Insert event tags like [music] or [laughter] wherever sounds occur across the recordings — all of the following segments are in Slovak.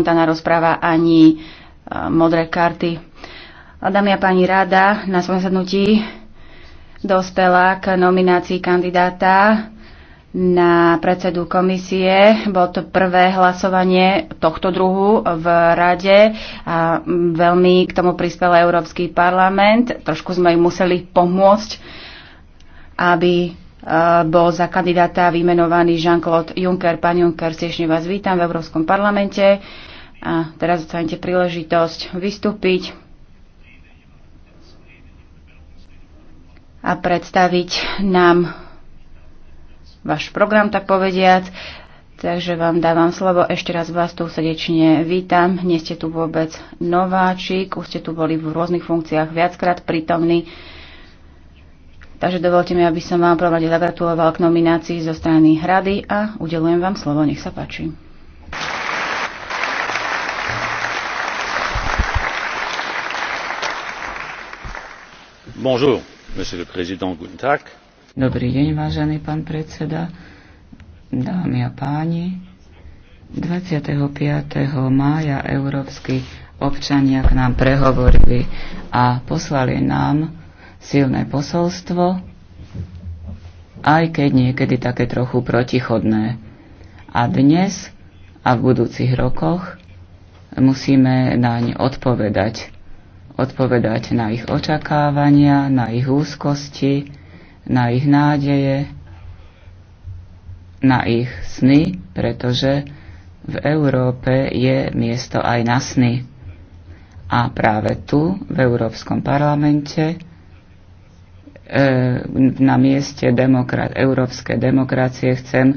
spontánna rozpráva ani e, modré karty. Dámy a páni, rada na svojom sadnutí dospela k nominácii kandidáta na predsedu komisie. Bolo to prvé hlasovanie tohto druhu v rade a veľmi k tomu prispel Európsky parlament. Trošku sme im museli pomôcť, aby e, bol za kandidáta vymenovaný Jean-Claude Juncker. Pán Juncker, srdečne vás vítam v Európskom parlamente. A teraz dostanete príležitosť vystúpiť a predstaviť nám váš program, tak povediac. Takže vám dávam slovo. Ešte raz vás tu srdečne vítam. Nie ste tu vôbec nováčik, už ste tu boli v rôznych funkciách viackrát prítomní. Takže dovolte mi, aby som vám prvade zagratuloval k nominácii zo strany Hrady a udelujem vám slovo. Nech sa páči. Dobrý deň, vážený pán predseda, dámy a páni. 25. mája európsky občania k nám prehovorili a poslali nám silné posolstvo, aj keď niekedy také trochu protichodné. A dnes a v budúcich rokoch musíme naň odpovedať odpovedať na ich očakávania, na ich úzkosti, na ich nádeje, na ich sny, pretože v Európe je miesto aj na sny. A práve tu, v Európskom parlamente, e, na mieste demokrat, európskej demokracie chcem e,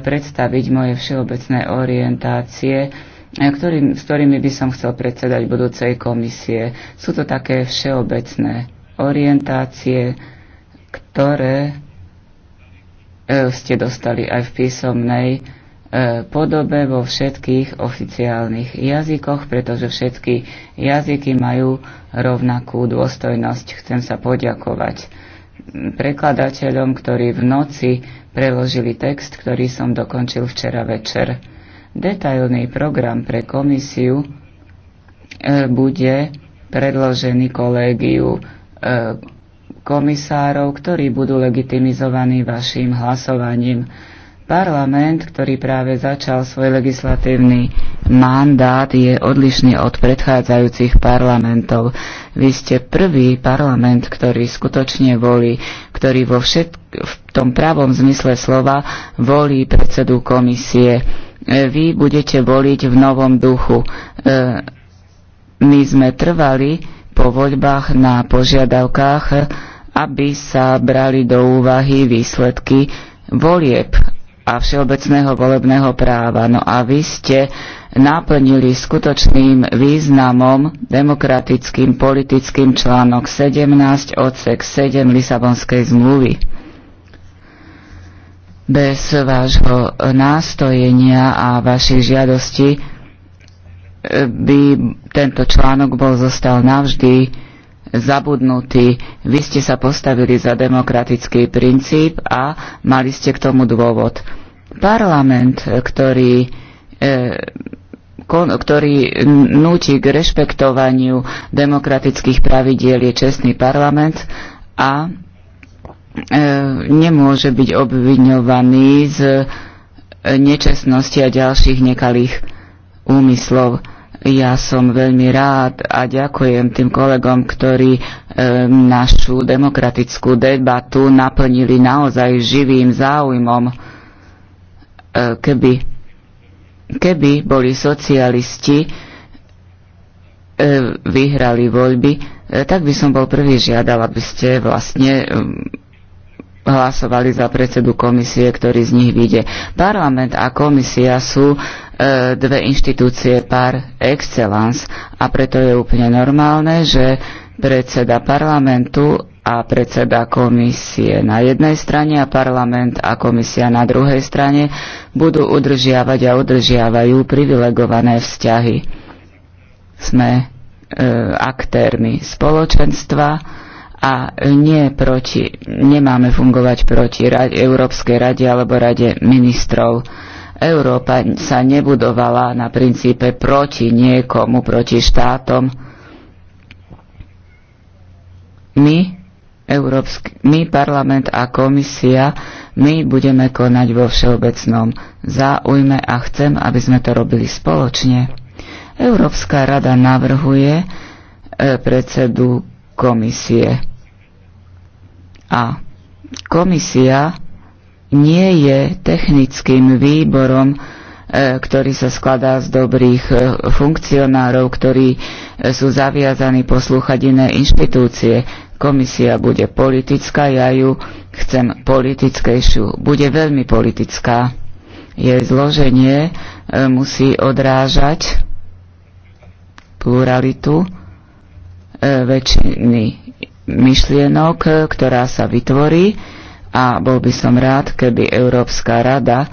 predstaviť moje všeobecné orientácie ktorý, s ktorými by som chcel predsedať budúcej komisie. Sú to také všeobecné orientácie, ktoré e, ste dostali aj v písomnej e, podobe vo všetkých oficiálnych jazykoch, pretože všetky jazyky majú rovnakú dôstojnosť. Chcem sa poďakovať prekladateľom, ktorí v noci preložili text, ktorý som dokončil včera večer. Detailný program pre komisiu e, bude predložený kolégiu e, komisárov, ktorí budú legitimizovaní vašim hlasovaním. Parlament, ktorý práve začal svoj legislatívny mandát, je odlišný od predchádzajúcich parlamentov. Vy ste prvý parlament, ktorý skutočne volí, ktorý vo všet- v tom pravom zmysle slova volí predsedu komisie E, vy budete voliť v novom duchu. E, my sme trvali po voľbách na požiadavkách, aby sa brali do úvahy výsledky volieb a všeobecného volebného práva. No a vy ste naplnili skutočným významom demokratickým politickým článok 17 odsek 7 Lisabonskej zmluvy. Bez vášho nástojenia a vašich žiadostí e, by tento článok bol zostal navždy zabudnutý. Vy ste sa postavili za demokratický princíp a mali ste k tomu dôvod. Parlament, ktorý e, ktorý núti k rešpektovaniu demokratických pravidiel, je čestný parlament a E, nemôže byť obviňovaný z e, nečestnosti a ďalších nekalých úmyslov. Ja som veľmi rád a ďakujem tým kolegom, ktorí e, našu demokratickú debatu naplnili naozaj živým záujmom. E, keby, keby boli socialisti e, vyhrali voľby, e, tak by som bol prvý žiadal, aby ste vlastne. E, hlasovali za predsedu komisie, ktorý z nich vyjde. Parlament a komisia sú e, dve inštitúcie par excellence a preto je úplne normálne, že predseda parlamentu a predseda komisie na jednej strane a parlament a komisia na druhej strane budú udržiavať a udržiavajú privilegované vzťahy. Sme e, aktérmi spoločenstva, a nie proti, nemáme fungovať proti rade, Európskej rade alebo Rade ministrov. Európa sa nebudovala na princípe proti niekomu, proti štátom. My, Európsky, my, parlament a komisia, my budeme konať vo všeobecnom záujme a chcem, aby sme to robili spoločne. Európska rada navrhuje e, predsedu komisie. A komisia nie je technickým výborom, e, ktorý sa skladá z dobrých e, funkcionárov, ktorí e, sú zaviazaní poslúchať iné inštitúcie. Komisia bude politická, ja ju chcem politickejšiu. Bude veľmi politická. Jej zloženie musí odrážať pluralitu väčšiny myšlienok, eh, ktorá sa vytvorí a bol by som rád, keby Európska rada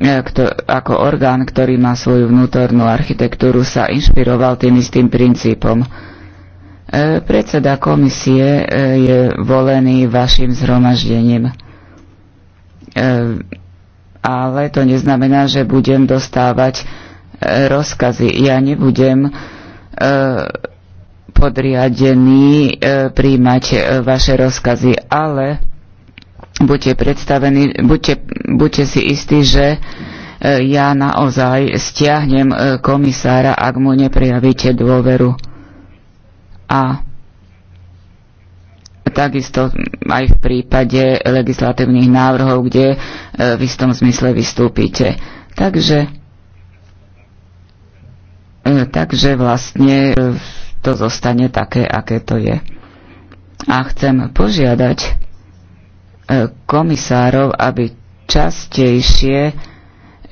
eh, ako orgán, ktorý má svoju vnútornú architektúru, sa inšpiroval tým istým princípom. Eh, predseda komisie je volený vašim zhromaždením. Ale to neznamená, že budem dostávať rozkazy. Ja nebudem podriadení e, príjmať e, vaše rozkazy, ale buďte predstavení, buďte, buďte si istí, že e, ja naozaj stiahnem e, komisára, ak mu neprejavíte dôveru. A takisto aj v prípade legislatívnych návrhov, kde e, v istom zmysle vystúpite. Takže, e, takže vlastne e, to zostane také, aké to je. A chcem požiadať e, komisárov, aby častejšie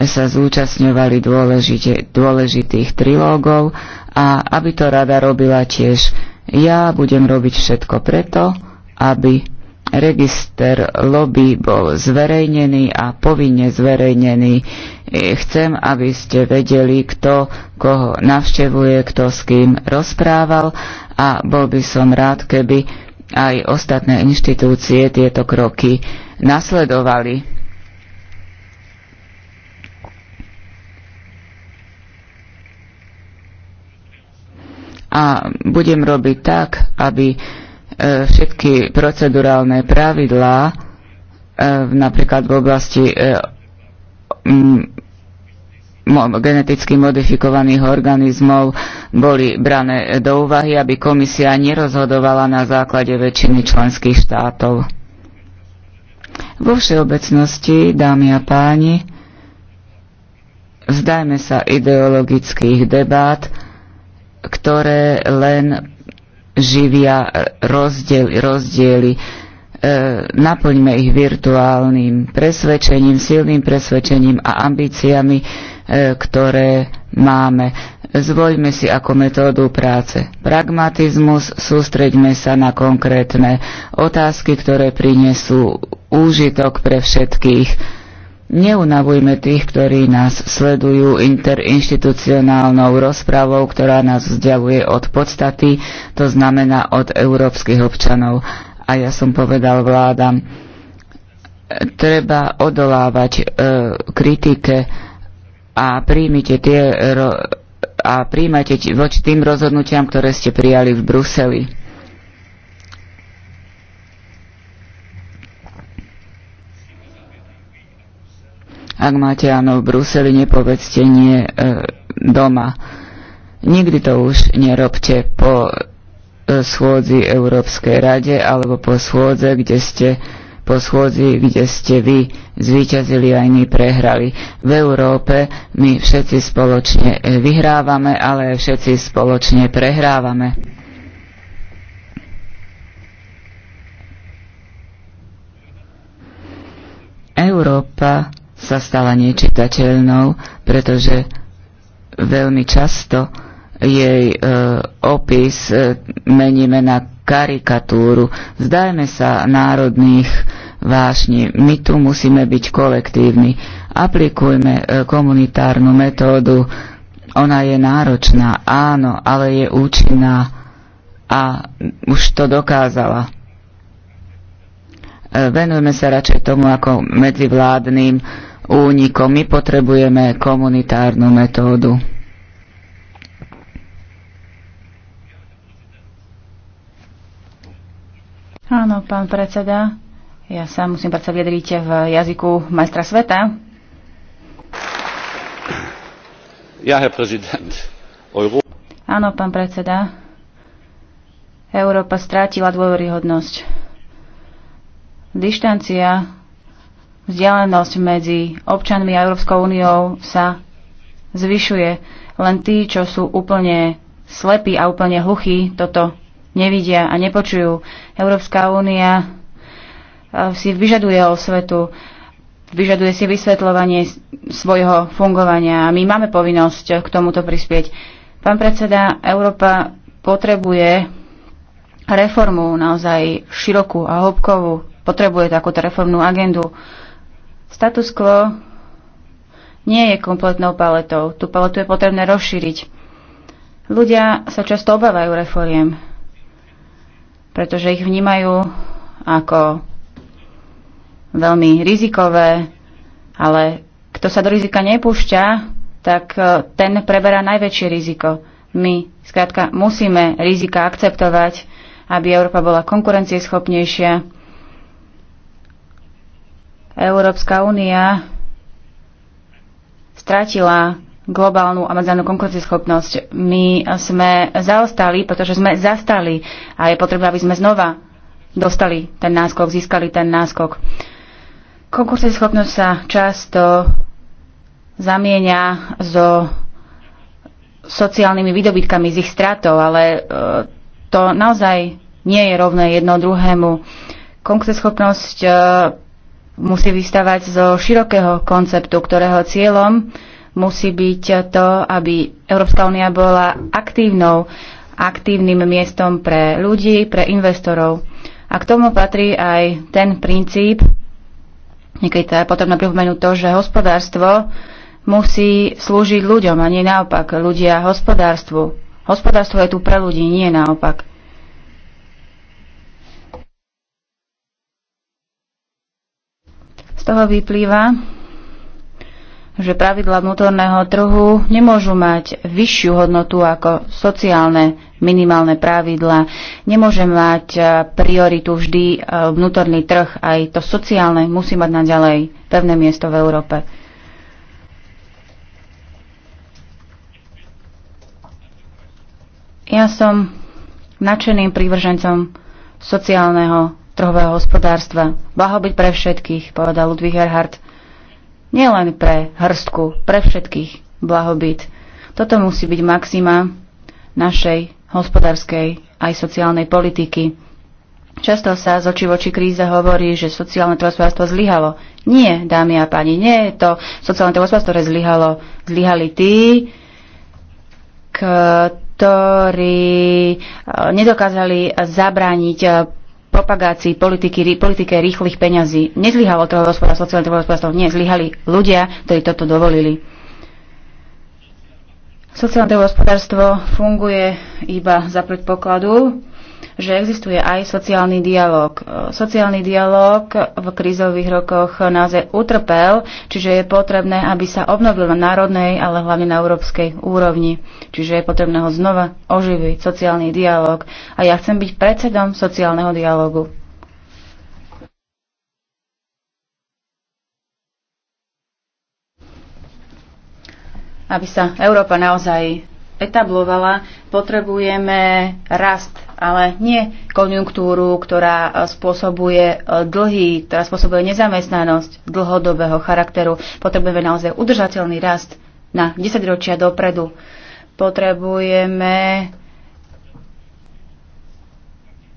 sa zúčastňovali dôležite, dôležitých trilógov a aby to rada robila tiež. Ja budem robiť všetko preto, aby register lobby bol zverejnený a povinne zverejnený. E, chcem, aby ste vedeli, kto koho navštevuje, kto s kým rozprával a bol by som rád, keby aj ostatné inštitúcie tieto kroky nasledovali. A budem robiť tak, aby e, všetky procedurálne pravidlá, e, napríklad v oblasti geneticky modifikovaných organizmov boli brané do úvahy, aby komisia nerozhodovala na základe väčšiny členských štátov. Vo všeobecnosti, dámy a páni, vzdajme sa ideologických debát, ktoré len živia rozdiel, rozdiely. E, naplňme ich virtuálnym presvedčením, silným presvedčením a ambíciami, E, ktoré máme. Zvoľme si ako metódu práce pragmatizmus, sústreďme sa na konkrétne otázky, ktoré prinesú úžitok pre všetkých. Neunavujme tých, ktorí nás sledujú interinstitucionálnou rozpravou, ktorá nás vzdialuje od podstaty, to znamená od európskych občanov. A ja som povedal vládam, treba odolávať e, kritike, a príjmite tie a príjmate voči tým rozhodnutiam, ktoré ste prijali v Bruseli. Ak máte áno v Bruseli, nepovedzte nie e, doma. Nikdy to už nerobte po e, schôdzi Európskej rade alebo po schôdze, kde ste e, po schôdzi, kde ste vy zvíťazili aj my prehrali. V Európe my všetci spoločne e, vyhrávame, ale všetci spoločne prehrávame. Európa sa stala nečitateľnou, pretože veľmi často jej e, opis e, meníme na karikatúru. Vzdajme sa národných vášni. My tu musíme byť kolektívni. Aplikujme e, komunitárnu metódu. Ona je náročná, áno, ale je účinná a už to dokázala. E, venujme sa radšej tomu ako medzivládnym únikom. My potrebujeme komunitárnu metódu. Áno, pán predseda. Ja sa musím predsa vyjadriť v jazyku majstra sveta. Ja, herr prezident. Euró... Áno, pán predseda. Európa strátila dôveryhodnosť. Dištancia, vzdialenosť medzi občanmi a Európskou úniou sa zvyšuje. Len tí, čo sú úplne slepí a úplne hluchí, toto nevidia a nepočujú. Európska únia eh, si vyžaduje o svetu, vyžaduje si vysvetľovanie svojho fungovania a my máme povinnosť k tomuto prispieť. Pán predseda, Európa potrebuje reformu naozaj širokú a hĺbkovú. Potrebuje takúto reformnú agendu. Status quo nie je kompletnou paletou. Tú paletu je potrebné rozšíriť. Ľudia sa často obávajú reforiem pretože ich vnímajú ako veľmi rizikové, ale kto sa do rizika nepúšťa, tak e, ten preberá najväčšie riziko. My skrátka musíme rizika akceptovať, aby Európa bola konkurencieschopnejšia. Európska únia stratila globálnu a medzinárodnú konkurencieschopnosť. My sme zaostali, pretože sme zastali a je potrebné, aby sme znova dostali ten náskok, získali ten náskok. Konkurencieschopnosť sa často zamieňa so sociálnymi výdobytkami z ich stratov, ale e, to naozaj nie je rovné jedno druhému. Konkurencieschopnosť e, musí vystávať zo širokého konceptu, ktorého cieľom musí byť to, aby Európska únia bola aktívnou, aktívnym miestom pre ľudí, pre investorov. A k tomu patrí aj ten princíp, niekedy to je potrebné pripomenúť to, že hospodárstvo musí slúžiť ľuďom a nie naopak ľudia hospodárstvu. Hospodárstvo je tu pre ľudí, nie naopak. Z toho vyplýva, že pravidla vnútorného trhu nemôžu mať vyššiu hodnotu ako sociálne minimálne pravidla. Nemôže mať e, prioritu vždy e, vnútorný trh, aj to sociálne musí mať naďalej pevné miesto v Európe. Ja som nadšeným prívržencom sociálneho trhového hospodárstva. Blahobyt pre všetkých, povedal Ludwig Erhard. Nielen pre hrstku, pre všetkých blahobyt. Toto musí byť maxima našej hospodárskej aj sociálnej politiky. Často sa z oči voči kríze hovorí, že sociálne trospodárstvo zlyhalo. Nie, dámy a páni, nie je to sociálne trospodárstvo, ktoré zlyhalo. Zlyhali tí, ktorí eh, nedokázali zabrániť eh, propagácii politiky, politike rýchlych peňazí. Nezlyhalo toho hospodárstvo, sociálne trhové hospodárstvo, nie, zlyhali ľudia, ktorí toto dovolili. Sociálne hospodárstvo funguje iba za predpokladu, že existuje aj sociálny dialog. E, sociálny dialog v krízových rokoch naozaj utrpel, čiže je potrebné, aby sa obnovil na národnej, ale hlavne na európskej úrovni. Čiže je potrebné ho znova oživiť, sociálny dialog. A ja chcem byť predsedom sociálneho dialogu. aby sa Európa naozaj etablovala, potrebujeme rast, ale nie konjunktúru, ktorá e, spôsobuje e, dlhy, ktorá spôsobuje nezamestnanosť dlhodobého charakteru. Potrebujeme naozaj udržateľný rast na 10 ročia dopredu. Potrebujeme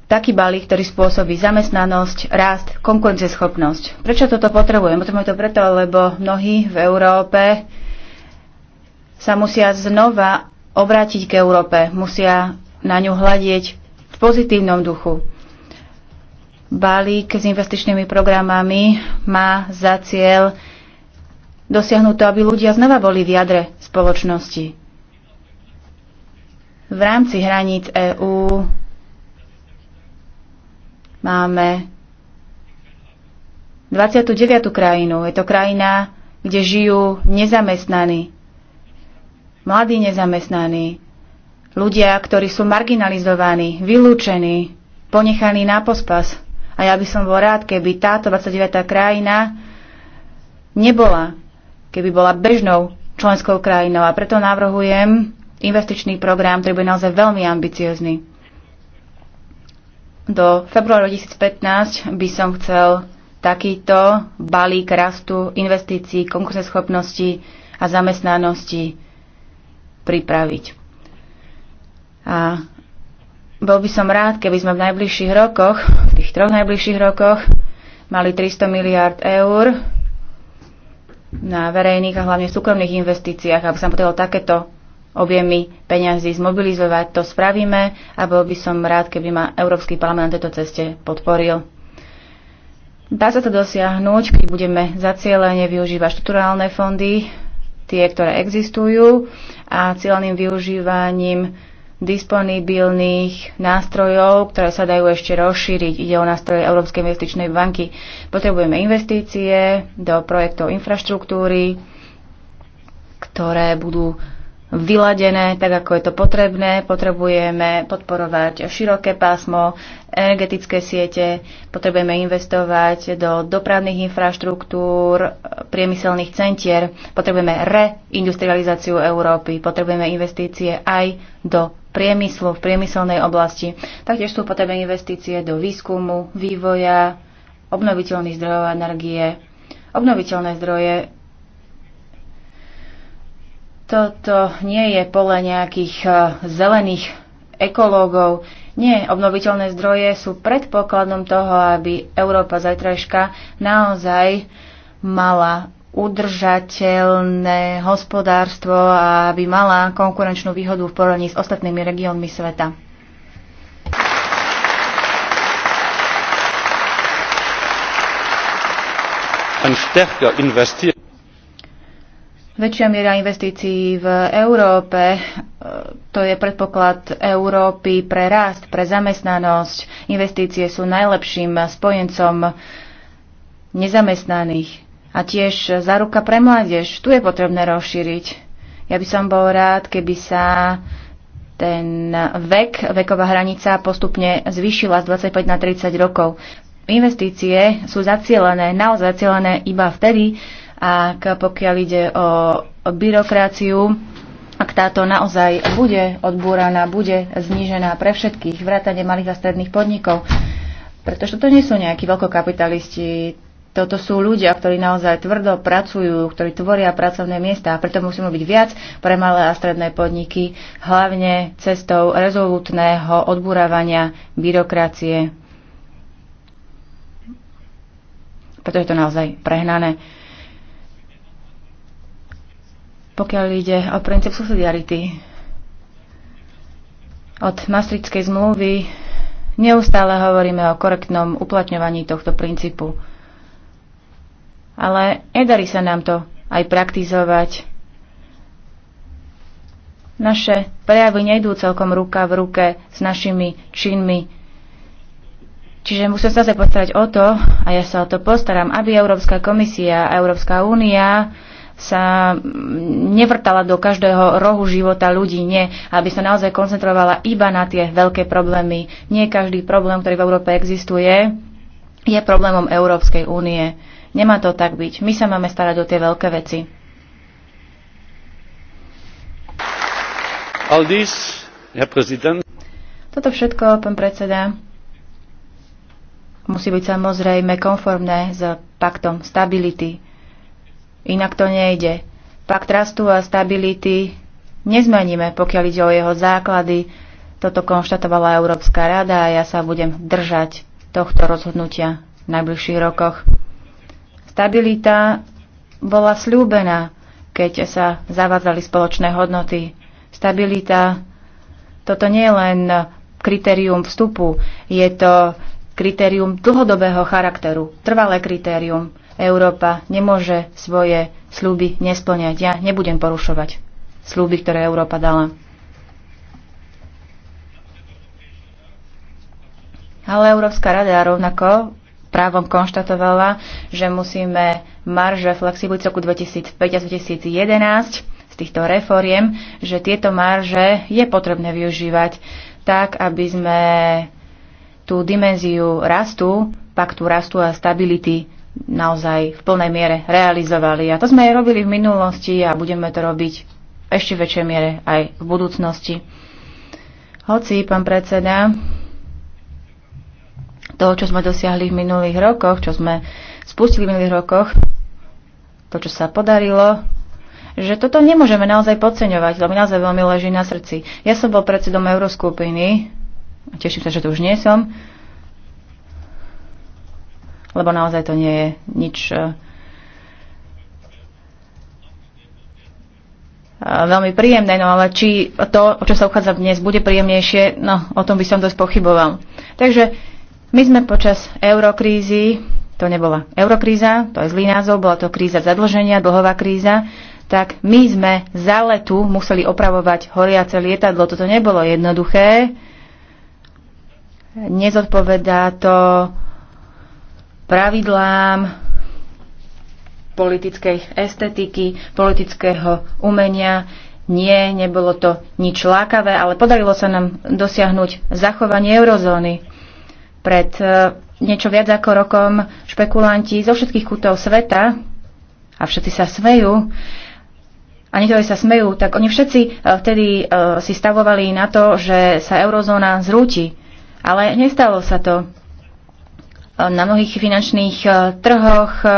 taký balík, ktorý spôsobí zamestnanosť, rast, konkurenceschopnosť. Prečo toto potrebujeme? Potrebujeme to preto, lebo mnohí v Európe sa musia znova obrátiť k Európe, musia na ňu hľadieť v pozitívnom duchu. Balík s investičnými programami má za cieľ dosiahnuť to, aby ľudia znova boli v jadre spoločnosti. V rámci hraníc EÚ máme 29. krajinu. Je to krajina, kde žijú nezamestnaní mladí nezamestnaní, ľudia, ktorí sú marginalizovaní, vylúčení, ponechaní na pospas. A ja by som bol rád, keby táto 29. krajina nebola, keby bola bežnou členskou krajinou. A preto navrhujem investičný program, ktorý bude naozaj veľmi ambiciozný. Do februára 2015 by som chcel takýto balík rastu investícií, konkurenceschopnosti a zamestnanosti pripraviť. A bol by som rád, keby sme v najbližších rokoch, v tých troch najbližších rokoch, mali 300 miliard eur na verejných a hlavne súkromných investíciách, aby sa potrebovalo takéto objemy peňazí zmobilizovať. To spravíme a bol by som rád, keby ma Európsky parlament na tejto ceste podporil. Dá sa to dosiahnuť, keď budeme zacielene využívať štrukturálne fondy, tie, ktoré existujú a cieľným využívaním disponibilných nástrojov, ktoré sa dajú ešte rozšíriť. Ide o nástroje Európskej investičnej banky. Potrebujeme investície do projektov infraštruktúry, ktoré budú vyladené tak, ako je to potrebné. Potrebujeme podporovať široké pásmo, energetické siete, potrebujeme investovať do dopravných infraštruktúr, priemyselných centier, potrebujeme reindustrializáciu Európy, potrebujeme investície aj do priemyslu, v priemyselnej oblasti. Taktiež sú potrebné investície do výskumu, vývoja, obnoviteľných zdrojov energie. Obnoviteľné zdroje toto nie je pole nejakých e, zelených ekológov. Nie, obnoviteľné zdroje sú predpokladom toho, aby Európa zajtrajška naozaj mala udržateľné hospodárstvo a aby mala konkurenčnú výhodu v porovnaní s ostatnými regiónmi sveta. Ein stärker investieren. Väčšia miera investícií v Európe, e, to je predpoklad Európy pre rast, pre zamestnanosť. Investície sú najlepším spojencom nezamestnaných. A tiež záruka pre mládež, tu je potrebné rozšíriť. Ja by som bol rád, keby sa ten vek, veková hranica postupne zvýšila z 25 na 30 rokov. Investície sú zacielené, naozaj zacielené iba vtedy, a pokiaľ ide o byrokraciu, ak táto naozaj bude odbúraná, bude znížená pre všetkých, vrátane malých a stredných podnikov. Pretože to nie sú nejakí veľkokapitalisti, toto sú ľudia, ktorí naozaj tvrdo pracujú, ktorí tvoria pracovné miesta a preto musíme byť viac pre malé a stredné podniky, hlavne cestou rezolutného odburávania byrokracie. Preto je to naozaj prehnané pokiaľ ide o princíp subsidiarity. Od Maastrichtskej zmluvy neustále hovoríme o korektnom uplatňovaní tohto princípu. Ale nedarí sa nám to aj praktizovať. Naše prejavy nejdú celkom ruka v ruke s našimi činmi. Čiže musím sa postarať o to, a ja sa o to postaram, aby Európska komisia a Európska únia sa mm, nevrtala do každého rohu života ľudí, nie, aby sa naozaj koncentrovala iba na tie veľké problémy. Nie každý problém, ktorý v Európe existuje, je problémom Európskej únie. Nemá to tak byť. My sa máme starať o tie veľké veci. Aldis, Herr Toto všetko, pán predseda, musí byť samozrejme konformné s paktom stability Inak to nejde. Pak trastu a stability nezmeníme, pokiaľ ide o jeho základy. Toto konštatovala Európska rada a ja sa budem držať tohto rozhodnutia v najbližších rokoch. Stabilita bola slúbená, keď sa zavádzali spoločné hodnoty. Stabilita toto nie je len kritérium vstupu, je to kritérium dlhodobého charakteru, trvalé kritérium. Európa nemôže svoje slúby nesplňať. Ja nebudem porušovať slúby, ktoré Európa dala. Ale Európska rada rovnako právom konštatovala, že musíme marže flexibility roku 2005 a 2011 z týchto reforiem, že tieto marže je potrebné využívať tak, aby sme tú dimenziu rastu, paktu rastu a stability naozaj v plnej miere realizovali. A to sme aj robili v minulosti a budeme to robiť v ešte väčšej miere aj v budúcnosti. Hoci, pán predseda, toho, čo sme dosiahli v minulých rokoch, čo sme spustili v minulých rokoch, to, čo sa podarilo, že toto nemôžeme naozaj podceňovať, lebo naozaj veľmi leží na srdci. Ja som bol predsedom Euroskupiny, teším sa, že tu už nie som, lebo naozaj to nie je nič e, veľmi príjemné, no ale či to, o čo sa uchádza dnes, bude príjemnejšie, no o tom by som dosť pochyboval. Takže my sme počas eurokrízy, to nebola eurokríza, to je zlý názov, bola to kríza zadlženia, dlhová kríza, tak my sme za letu museli opravovať horiace lietadlo. Toto nebolo jednoduché. Nezodpovedá to pravidlám, politickej estetiky, politického umenia. Nie, nebolo to nič lákavé, ale podarilo sa nám dosiahnuť zachovanie eurozóny. Pred e, niečo viac ako rokom špekulanti zo všetkých kútov sveta, a všetci sa smejú, a niektorí sa smejú, tak oni všetci e, vtedy e, si stavovali na to, že sa eurozóna zrúti. Ale nestalo sa to. Na mnohých finančných e, trhoch e,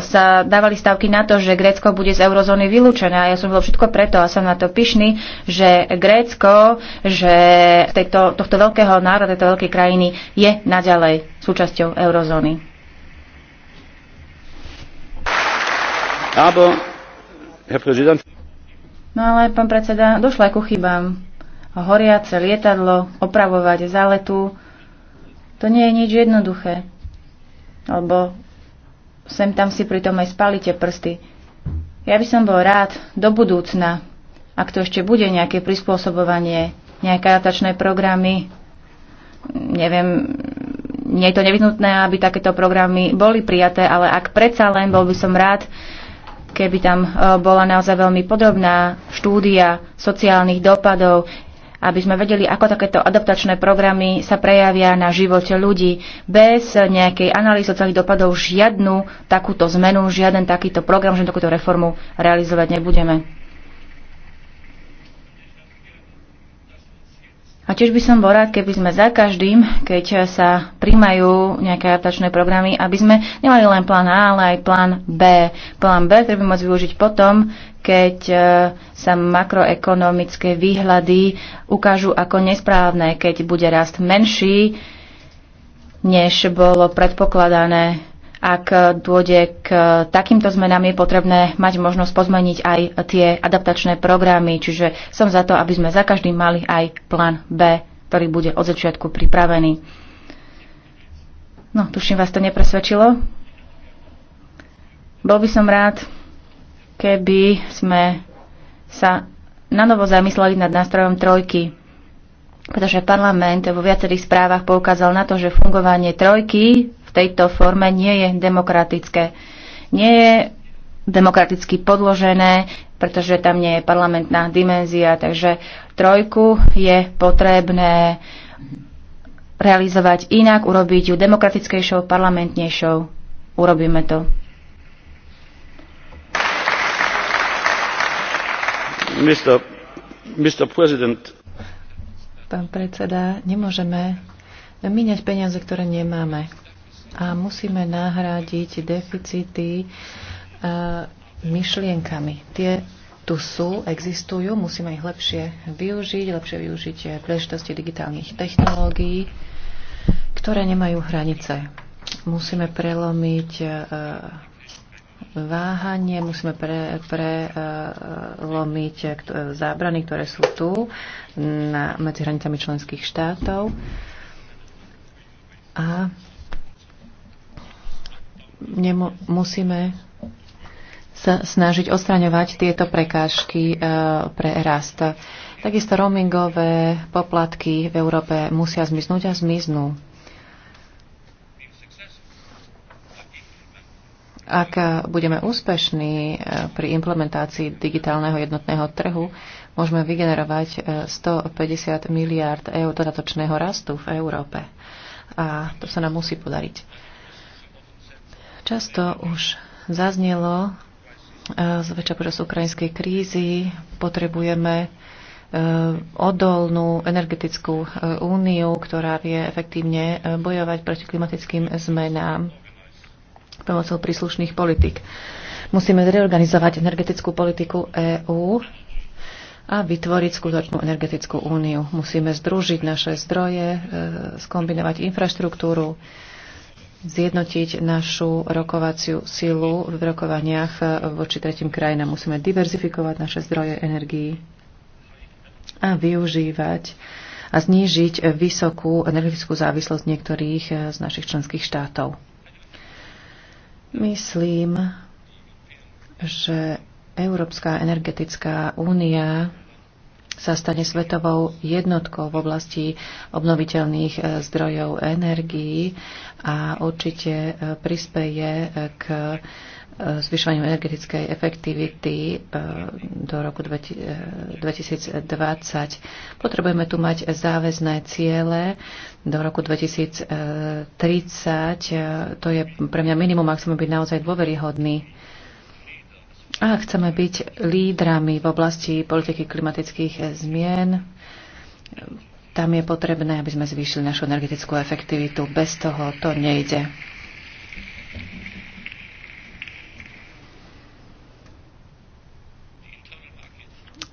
sa dávali stavky na to, že Grécko bude z eurozóny vylúčené. a Ja som bol všetko preto a som na to pyšný, že Grécko, že tejto, tohto veľkého národa, tejto veľkej krajiny je naďalej súčasťou eurozóny. No ale, pán predseda, došlo aj ku chybám. Horiace lietadlo, opravovať záletu, to nie je nič jednoduché, lebo sem tam si pritom aj spalíte prsty. Ja by som bol rád do budúcna, ak to ešte bude nejaké prispôsobovanie, nejaké adaptačné programy. Neviem, nie je to nevyhnutné, aby takéto programy boli prijaté, ale ak predsa len, bol by som rád, keby tam e, bola naozaj veľmi podobná štúdia sociálnych dopadov, aby sme vedeli, ako takéto adaptačné programy sa prejavia na živote ľudí. Bez nejakej analýzy celých dopadov žiadnu takúto zmenu, žiaden takýto program, žiadnu takúto reformu realizovať nebudeme. A tiež by som bol rád, keby sme za každým, keď sa príjmajú nejaké adaptačné programy, aby sme nemali len plán A, ale aj plán B. Plán B treba môcť využiť potom, keď e, sa makroekonomické výhľady ukážu ako nesprávne, keď bude rast menší, než bolo predpokladané ak dôjde k takýmto zmenám, je potrebné mať možnosť pozmeniť aj tie adaptačné programy, čiže som za to, aby sme za každým mali aj plán B, ktorý bude od začiatku pripravený. No, tuším, vás to nepresvedčilo. Bol by som rád, keby sme sa nanovo zamysleli nad nástrojom trojky, pretože parlament vo viacerých správach poukázal na to, že fungovanie trojky tejto forme nie je demokratické. Nie je demokraticky podložené, pretože tam nie je parlamentná dimenzia, takže trojku je potrebné realizovať inak, urobiť ju demokratickejšou, parlamentnejšou. Urobíme to. Mr. Mr. President. Pán predseda, nemôžeme míňať peniaze, ktoré nemáme a musíme nahradiť deficity e, myšlienkami. Tie tu sú, existujú, musíme ich lepšie využiť, lepšie využiť príležitosti digitálnych technológií, ktoré nemajú hranice. Musíme prelomiť e, váhanie, musíme pre, prelomiť e, zábrany, ktoré sú tu na, medzi hranicami členských štátov a musíme sa snažiť ostraňovať tieto prekážky e, pre rast. Takisto roamingové poplatky v Európe musia zmiznúť a zmiznú. Ak budeme úspešní e, pri implementácii digitálneho jednotného trhu, môžeme vygenerovať 150 e, miliard eur dodatočného rastu v Európe. A to sa nám musí podariť. Často už zaznelo, e, zväčša počas ukrajinskej krízy potrebujeme e, odolnú energetickú e, úniu, ktorá vie efektívne bojovať proti klimatickým zmenám pomocou príslušných politik. Musíme zreorganizovať energetickú politiku EÚ a vytvoriť skutočnú energetickú úniu. Musíme združiť naše zdroje, skombinovať infraštruktúru, zjednotiť našu rokovaciu silu v rokovaniach e, voči tretím krajinám. Musíme diverzifikovať naše zdroje energii a využívať a znížiť vysokú energetickú závislosť niektorých e, z našich členských štátov. Myslím, že Európska energetická únia sa stane svetovou jednotkou v oblasti obnoviteľných e, zdrojov energií a určite e, prispeje e, k zvyšovaniu energetickej efektivity do roku 2020. Potrebujeme tu mať záväzné ciele do roku 2030. To je pre mňa minimum, ak chceme byť naozaj dôveryhodný. A chceme byť lídrami v oblasti politiky klimatických zmien. Tam je potrebné, aby sme zvýšili našu energetickú efektivitu. Bez toho to nejde.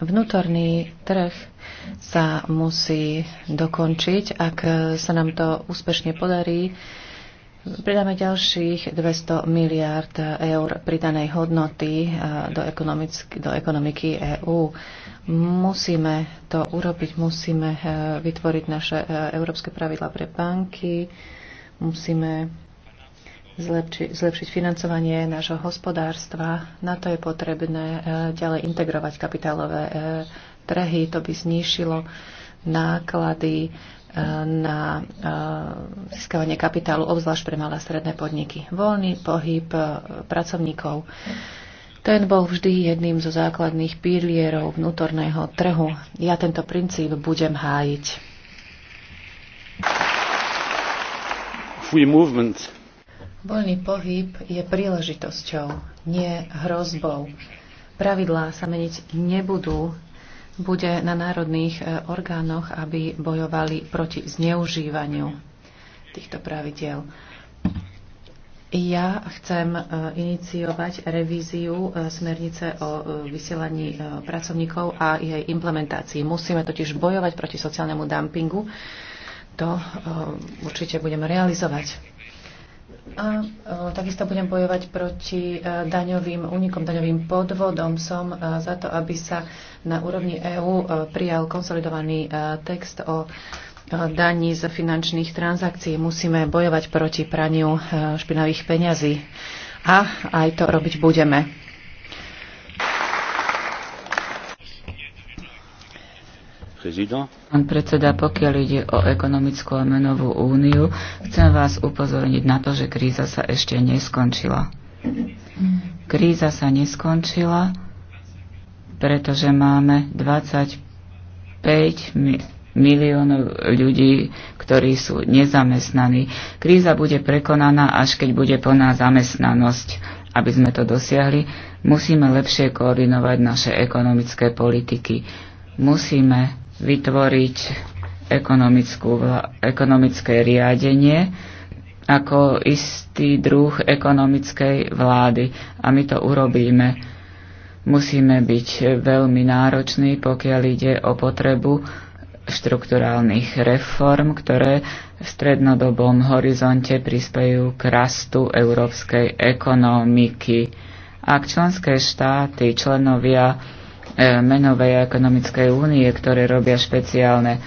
Vnútorný trh sa musí dokončiť. Ak sa nám to úspešne podarí, Pridáme ďalších 200 miliárd eur pridanej hodnoty eh, do, do ekonomiky EÚ. Musíme to urobiť, musíme eh, vytvoriť naše eh, európske pravidla pre banky, musíme zlepši, zlepšiť financovanie nášho hospodárstva. Na to je potrebné ďalej integrovať kapitálové trhy, to by znišilo náklady na e, získavanie kapitálu, obzvlášť pre malé a stredné podniky. Voľný pohyb e, pracovníkov. Ten bol vždy jedným zo základných pilierov vnútorného trhu. Ja tento princíp budem hájiť. Free movement. Voľný pohyb je príležitosťou, nie hrozbou. Pravidlá sa meniť nebudú, bude na národných e, orgánoch, aby bojovali proti zneužívaniu týchto pravidiel. Ja chcem e, iniciovať revíziu e, smernice o vysielaní pracovníkov a jej implementácii. Musíme totiž bojovať proti sociálnemu dumpingu. To určite budeme realizovať. A e, takisto budem bojovať proti e, daňovým únikom, daňovým podvodom. Som e, za to, aby sa na úrovni EÚ prijal konsolidovaný text o daní z finančných transakcií. Musíme bojovať proti praniu špinavých peňazí. A aj to robiť budeme. Pán predseda, pokiaľ ide o ekonomickú a menovú úniu, chcem vás upozorniť na to, že kríza sa ešte neskončila. Kríza sa neskončila, pretože máme 25 miliónov ľudí, ktorí sú nezamestnaní. Kríza bude prekonaná, až keď bude plná zamestnanosť. Aby sme to dosiahli, musíme lepšie koordinovať naše ekonomické politiky. Musíme vytvoriť ekonomické riadenie ako istý druh ekonomickej vlády. A my to urobíme. Musíme byť veľmi nároční, pokiaľ ide o potrebu štrukturálnych reform, ktoré v strednodobom horizonte prispejú k rastu európskej ekonomiky. Ak členské štáty, členovia E, menovej a ekonomickej únie, ktoré robia špeciálne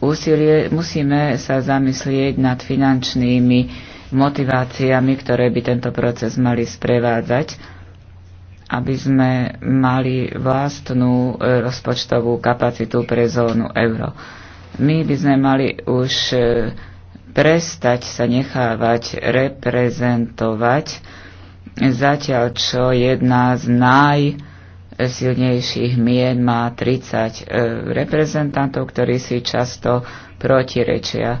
úsilie, musíme sa zamyslieť nad finančnými motiváciami, ktoré by tento proces mali sprevádzať, aby sme mali vlastnú e, rozpočtovú kapacitu pre zónu euro. My by sme mali už e, prestať sa nechávať reprezentovať, zatiaľ čo jedna z naj silnejších mien má 30 e, reprezentantov, ktorí si často protirečia. E,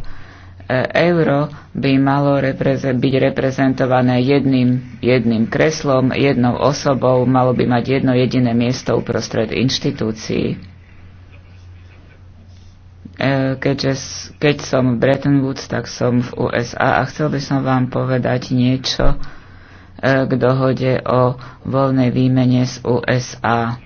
euro by malo byť reprezentované jedným, jedným kreslom, jednou osobou, malo by mať jedno jediné miesto uprostred inštitúcií. E, keďže, keď som v Bretton Woods, tak som v USA a chcel by som vám povedať niečo, E, k dohode o voľnej výmene z USA.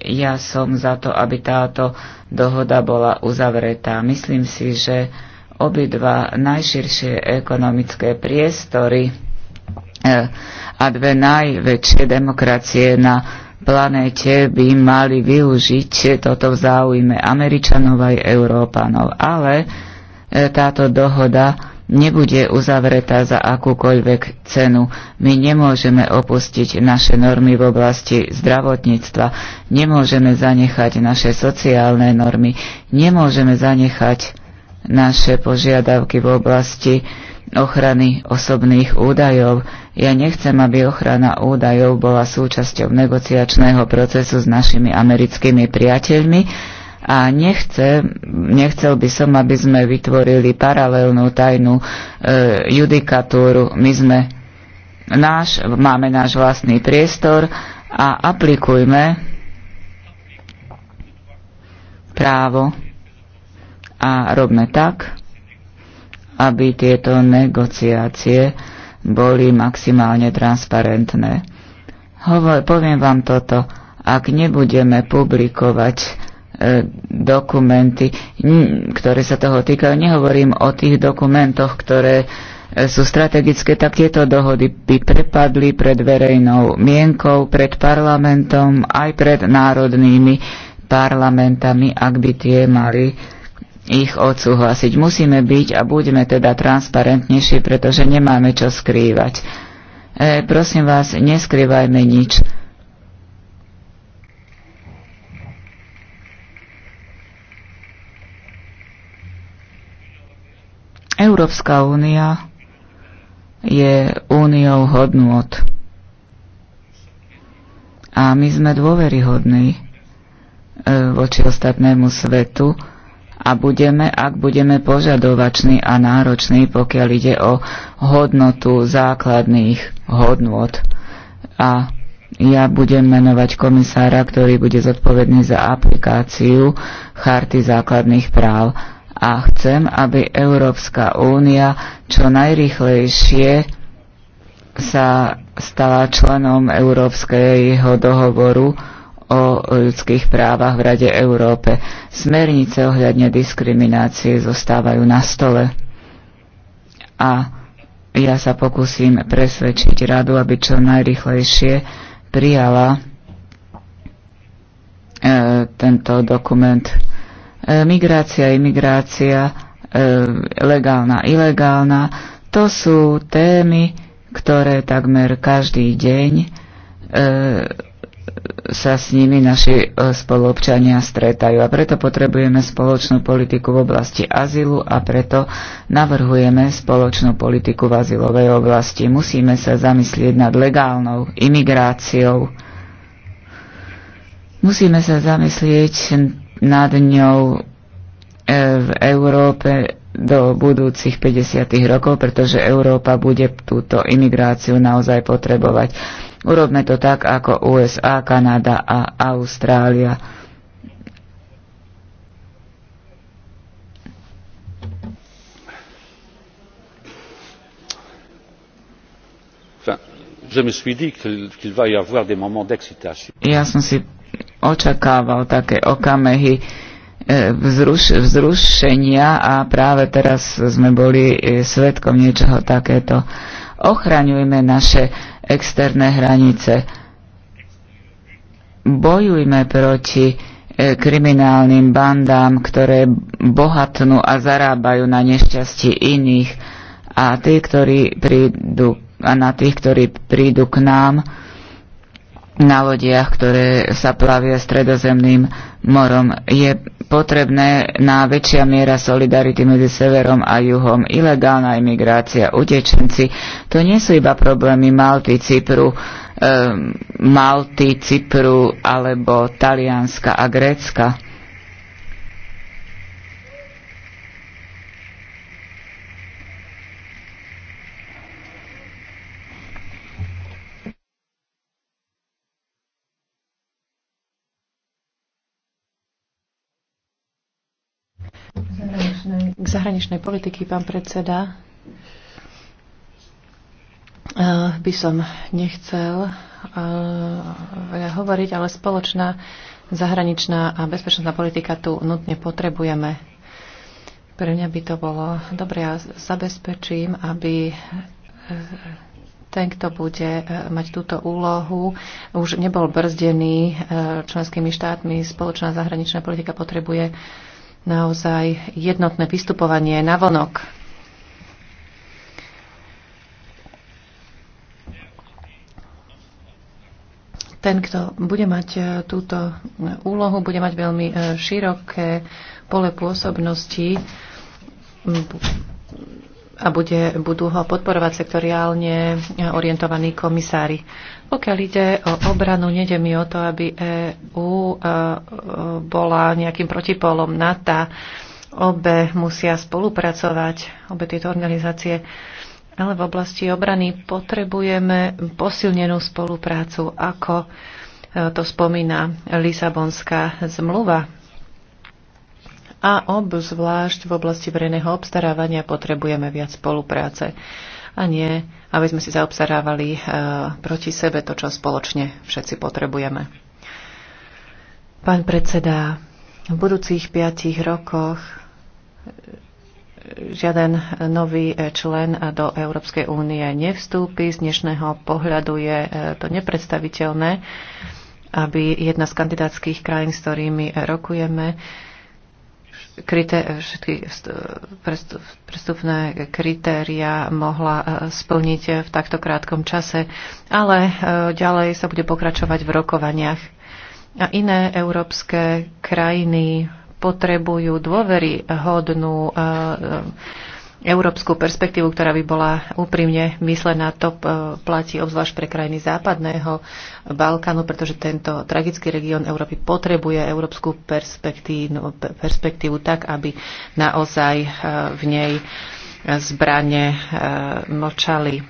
Ja som za to, aby táto dohoda bola uzavretá. Myslím si, že obidva najširšie ekonomické priestory e, a dve najväčšie demokracie na planéte by mali využiť toto v záujme Američanov aj Európanov. Ale e, táto dohoda nebude uzavretá za akúkoľvek cenu. My nemôžeme opustiť naše normy v oblasti zdravotníctva, nemôžeme zanechať naše sociálne normy, nemôžeme zanechať naše požiadavky v oblasti ochrany osobných údajov. Ja nechcem, aby ochrana údajov bola súčasťou negociačného procesu s našimi americkými priateľmi, a nechce, nechcel by som, aby sme vytvorili paralelnú tajnú e, judikatúru. My sme náš, máme náš vlastný priestor a aplikujme právo a robme tak, aby tieto negociácie boli maximálne transparentné. Hovor, poviem vám toto, ak nebudeme publikovať E, dokumenty, ktoré sa toho týkajú. Nehovorím o tých dokumentoch, ktoré e, sú strategické, tak tieto dohody by prepadli pred verejnou mienkou, pred parlamentom, aj pred národnými parlamentami, ak by tie mali ich odsúhlasiť. Musíme byť a budeme teda transparentnejší, pretože nemáme čo skrývať. E, prosím vás, neskrývajme nič Európska únia je úniou hodnôt. A my sme dôveryhodní e, voči ostatnému svetu a budeme, ak budeme požadovační a nároční, pokiaľ ide o hodnotu základných hodnôt. A ja budem menovať komisára, ktorý bude zodpovedný za aplikáciu Charty základných práv a chcem, aby Európska únia čo najrychlejšie sa stala členom Európskeho dohovoru o ľudských právach v Rade Európe. Smernice ohľadne diskriminácie zostávajú na stole. A ja sa pokúsim presvedčiť radu, aby čo najrychlejšie prijala e, tento dokument E, migrácia, imigrácia, e, legálna, ilegálna, to sú témy, ktoré takmer každý deň e, sa s nimi naši e, spoluobčania stretajú a preto potrebujeme spoločnú politiku v oblasti azylu a preto navrhujeme spoločnú politiku v azylovej oblasti. Musíme sa zamyslieť nad legálnou imigráciou. Musíme sa zamyslieť nad ňou e, v Európe do budúcich 50. rokov, pretože Európa bude túto imigráciu naozaj potrebovať. Urobme to tak ako USA, Kanada a Austrália. Ja som si očakával také okamehy e, vzruš, vzrušenia a práve teraz sme boli e, svetkom niečoho takéto. Ochraňujme naše externé hranice. Bojujme proti e, kriminálnym bandám, ktoré bohatnú a zarábajú na nešťastí iných a tí, ktorí prídu a na tých, ktorí prídu k nám, na lodiach, ktoré sa plavia stredozemným morom. Je potrebné na väčšia miera solidarity medzi severom a juhom. Ilegálna imigrácia, utečenci, to nie sú iba problémy Malty, Cypru, eh, Malty, Cypru alebo Talianska a Grécka K zahraničnej politiky, pán predseda, eh, by som nechcel eh, hovoriť, ale spoločná zahraničná a bezpečnostná politika tu nutne potrebujeme. Pre mňa by to bolo dobre, ja zabezpečím, aby eh, ten, kto bude mať túto úlohu, už nebol brzdený členskými štátmi. Spoločná zahraničná politika potrebuje naozaj jednotné vystupovanie na vonok. Ten, kto bude mať e, túto e, úlohu, bude mať veľmi e, široké pole pôsobnosti a bude, budú ho podporovať sektoriálne orientovaní komisári. Pokiaľ ide o obranu, nede mi o to, aby EÚ e, e, bola nejakým protipolom NATO. Obe musia spolupracovať, obe tieto organizácie. Ale v oblasti obrany potrebujeme posilnenú spoluprácu, ako e, to spomína Lisabonská zmluva. A obzvlášť v oblasti verejného obstarávania potrebujeme viac spolupráce a nie, aby sme si zaobstarávali eh, proti sebe to, čo spoločne všetci potrebujeme. Pán predseda, v budúcich piatich rokoch eh, žiaden nový eh, člen do Európskej únie nevstúpi. Z dnešného pohľadu je to nepredstaviteľné, aby jedna z kandidátskych krajín, s ktorými rokujeme, kryté, e, všetky e, prestupné kritéria mohla e, splniť v takto krátkom čase, ale ďalej sa bude pokračovať v rokovaniach. A iné európske krajiny potrebujú dôveryhodnú európsku perspektívu, ktorá by bola úprimne myslená, to e, platí obzvlášť pre krajiny západného Balkánu, pretože tento tragický región Európy potrebuje európsku perspektívu, perspektívu tak, aby naozaj e, v nej zbranie močali.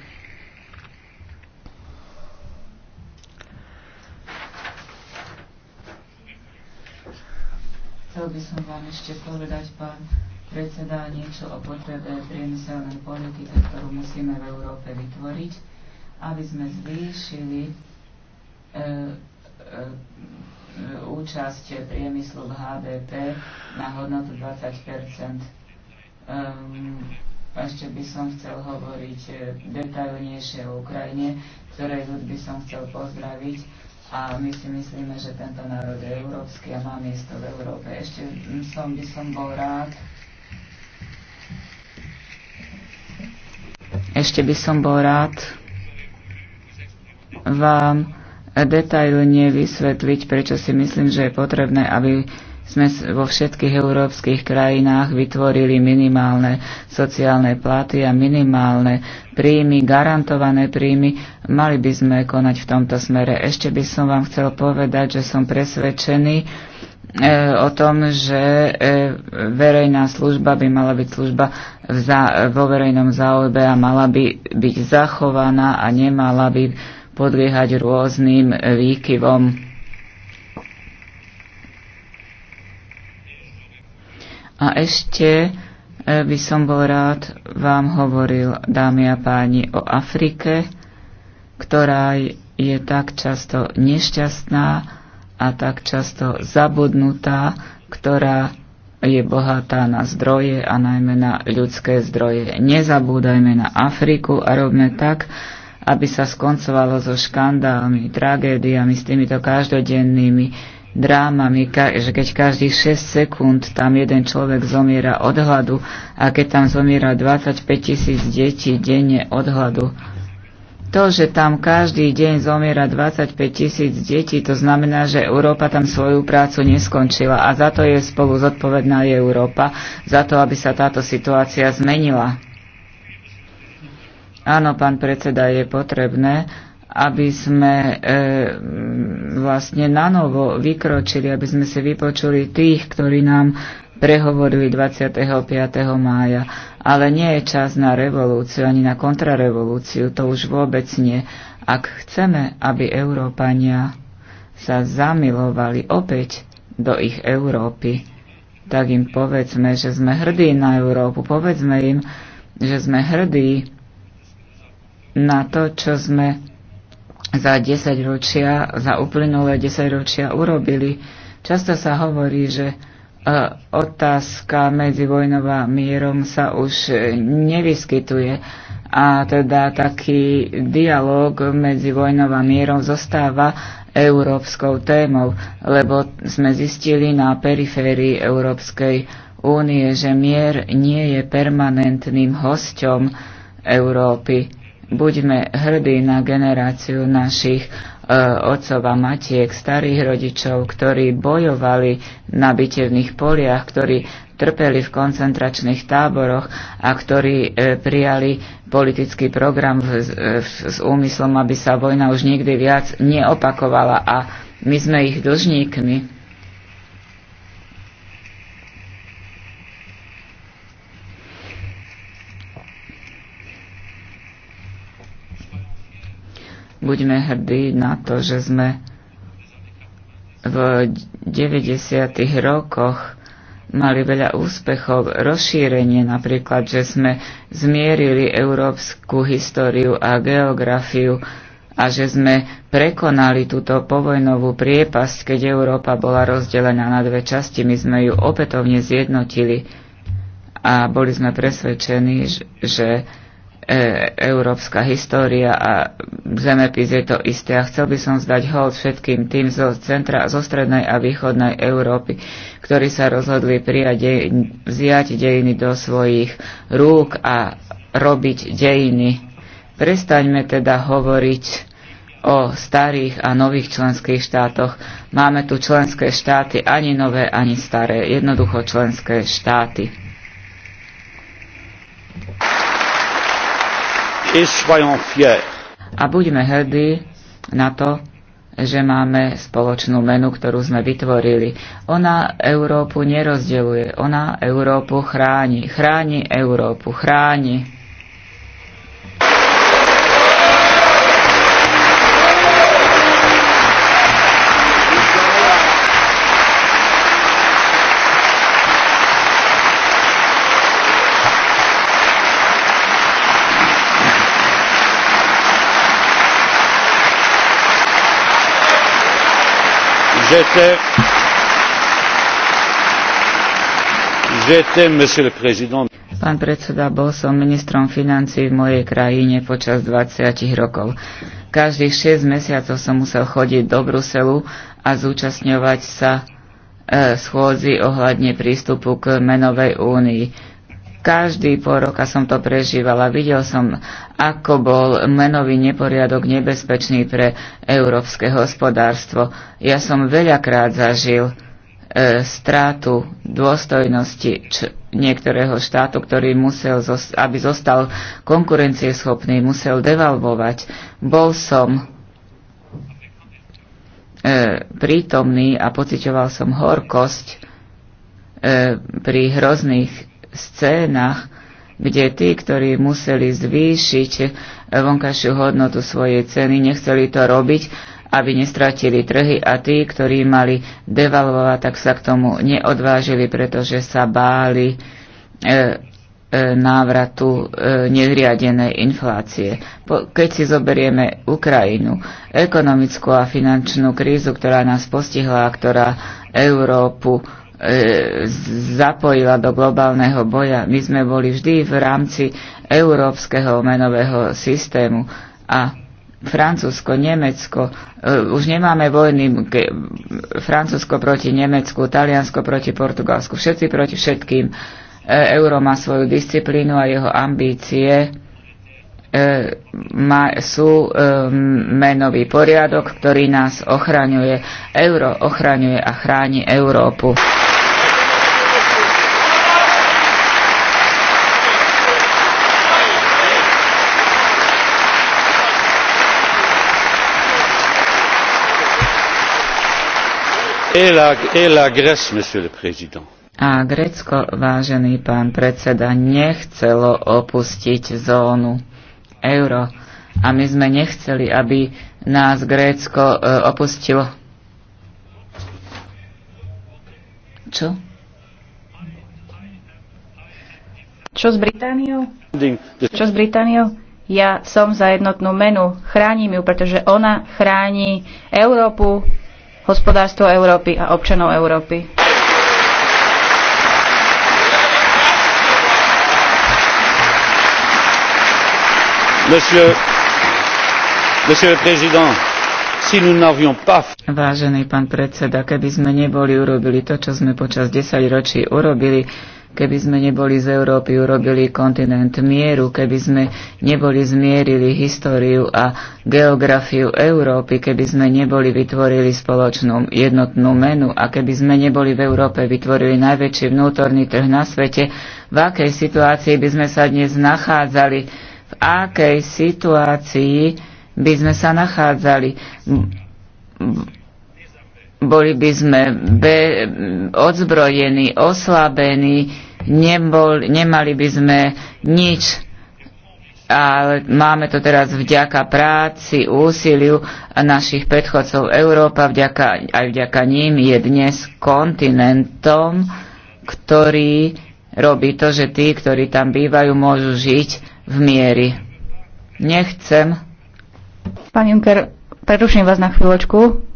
Chcel by som vám ešte povedať, pán predseda niečo o potrebe priemyselnej politiky, ktorú musíme v Európe vytvoriť, aby sme zvýšili e, e, účasť priemyslu v HDP na hodnotu 20 um, ehm, Ešte by som chcel hovoriť e, detailnejšie o Ukrajine, ktorej ľud by som chcel pozdraviť a my si myslíme, že tento národ je európsky a má miesto v Európe. Ešte som by som bol rád, Ešte by som bol rád vám detailne vysvetliť, prečo si myslím, že je potrebné, aby sme vo všetkých európskych krajinách vytvorili minimálne sociálne platy a minimálne príjmy, garantované príjmy. Mali by sme konať v tomto smere. Ešte by som vám chcel povedať, že som presvedčený, E, o tom, že e, verejná služba by mala byť služba vo verejnom záujme a mala by byť zachovaná a nemala by podliehať rôznym výkyvom. A ešte e, by som bol rád vám hovoril, dámy a páni, o Afrike, ktorá je tak často nešťastná, a tak často zabudnutá, ktorá je bohatá na zdroje a najmä na ľudské zdroje. Nezabúdajme na Afriku a robme tak, aby sa skoncovalo so škandálmi, tragédiami, s týmito každodennými drámami, že keď každých 6 sekúnd tam jeden človek zomiera od hladu a keď tam zomiera 25 tisíc detí denne od hladu. To, že tam každý deň zomiera 25 tisíc detí, to znamená, že Európa tam svoju prácu neskončila a za to je spolu zodpovedná je Európa, za to, aby sa táto situácia zmenila. Áno, pán predseda, je potrebné, aby sme e, vlastne nanovo vykročili, aby sme si vypočuli tých, ktorí nám prehovorili 25. mája ale nie je čas na revolúciu ani na kontrarevolúciu, to už vôbec nie. Ak chceme, aby Európania sa zamilovali opäť do ich Európy, tak im povedzme, že sme hrdí na Európu, povedzme im, že sme hrdí na to, čo sme za 10 ročia, za uplynulé 10 ročia urobili. Často sa hovorí, že E, otázka medzi a mierom sa už nevyskytuje a teda taký dialog medzi vojnou a mierom zostáva európskou témou, lebo sme zistili na periférii Európskej únie, že mier nie je permanentným hosťom Európy. Buďme hrdí na generáciu našich E, otcov a matiek, starých rodičov, ktorí bojovali na bitevných poliach, ktorí trpeli v koncentračných táboroch a ktorí e, prijali politický program v, e, v, s úmyslom, aby sa vojna už nikdy viac neopakovala a my sme ich dlžníkmi Buďme hrdí na to, že sme v 90. rokoch mali veľa úspechov, rozšírenie napríklad, že sme zmierili európsku históriu a geografiu a že sme prekonali túto povojnovú priepasť, keď Európa bola rozdelená na dve časti, my sme ju opätovne zjednotili a boli sme presvedčení, že e, európska história a zemepis je to isté. A chcel by som zdať hold všetkým tým zo centra, zo strednej a východnej Európy, ktorí sa rozhodli prijať dej, vziať dejiny do svojich rúk a robiť dejiny. Prestaňme teda hovoriť o starých a nových členských štátoch. Máme tu členské štáty, ani nové, ani staré, jednoducho členské štáty. A buďme hrdí na to, že máme spoločnú menu, ktorú sme vytvorili. Ona Európu nerozdeluje, ona Európu chráni, chráni Európu, chráni. Pán predseda, bol som ministrom financí v mojej krajine počas 20 rokov. Každých 6 mesiacov som musel chodiť do Bruselu a zúčastňovať sa e, schôdzi ohľadne prístupu k menovej únii každý pol roka som to prežívala. Videl som, ako bol menový neporiadok nebezpečný pre európske hospodárstvo. Ja som veľakrát zažil e, strátu dôstojnosti č- niektorého štátu, ktorý musel, zos- aby zostal konkurencieschopný, musel devalvovať. Bol som e, prítomný a pocitoval som horkosť e, pri hrozných scénach, kde tí, ktorí museli zvýšiť vonkajšiu hodnotu svojej ceny, nechceli to robiť, aby nestratili trhy a tí, ktorí mali devalvovať, tak sa k tomu neodvážili, pretože sa báli e, e, návratu e, nezriadenej inflácie. Po, keď si zoberieme Ukrajinu, ekonomickú a finančnú krízu, ktorá nás postihla a ktorá Európu E, zapojila do globálneho boja. My sme boli vždy v rámci európskeho menového systému a Francúzsko, Nemecko, e, už nemáme vojny Francúzsko proti Nemecku, Taliansko proti Portugalsku, všetci proti všetkým. E, euro má svoju disciplínu a jeho ambície ma, sú menový poriadok, ktorý nás ochraňuje. Euro ochraňuje a chráni Európu. A Grécko, vážený pán predseda, nechcelo opustiť zónu euro. A my sme nechceli, aby nás Grécko e, opustilo. Čo? Čo s Britániou? Čo s Britániou? Ja som za jednotnú menu. Chránim ju, pretože ona chráni Európu, hospodárstvo Európy a občanov Európy. Monsieur, monsieur le président, si nous n'avions pas... Vážený pán predseda, keby sme neboli urobili to, čo sme počas 10 ročí urobili, keby sme neboli z Európy urobili kontinent mieru, keby sme neboli zmierili históriu a geografiu Európy, keby sme neboli vytvorili spoločnú jednotnú menu a keby sme neboli v Európe vytvorili najväčší vnútorný trh na svete, v akej situácii by sme sa dnes nachádzali, v akej situácii by sme sa nachádzali boli by sme be- odzbrojení, oslabení, nebol, nemali by sme nič, ale máme to teraz vďaka práci, úsiliu našich predchodcov Európa, vďaka, aj vďaka ním je dnes kontinentom, ktorý robí to, že tí, ktorí tam bývajú, môžu žiť v miery. Nechcem. Pán Juncker, preruším vás na chvíľočku.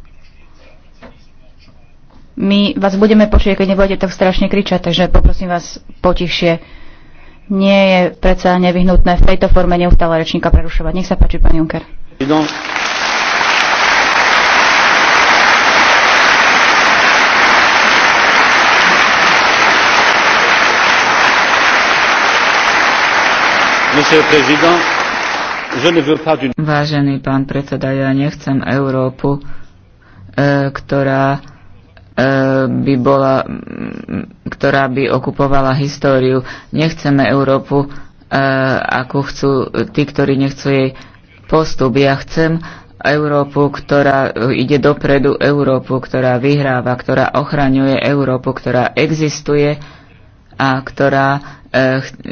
My vás budeme počuť, keď nebudete tak strašne kričať, takže poprosím vás potichšie. Nie je predsa nevyhnutné v tejto forme neustále rečníka prerušovať. Nech sa páči, pán Juncker. Vážený pán predseda, ja nechcem Európu, e, ktorá E, by bola, ktorá by okupovala históriu. Nechceme Európu, e, ako chcú tí, ktorí nechcú jej postup. Ja chcem Európu, ktorá ide dopredu, Európu, ktorá vyhráva, ktorá ochraňuje Európu, ktorá existuje a ktorá e,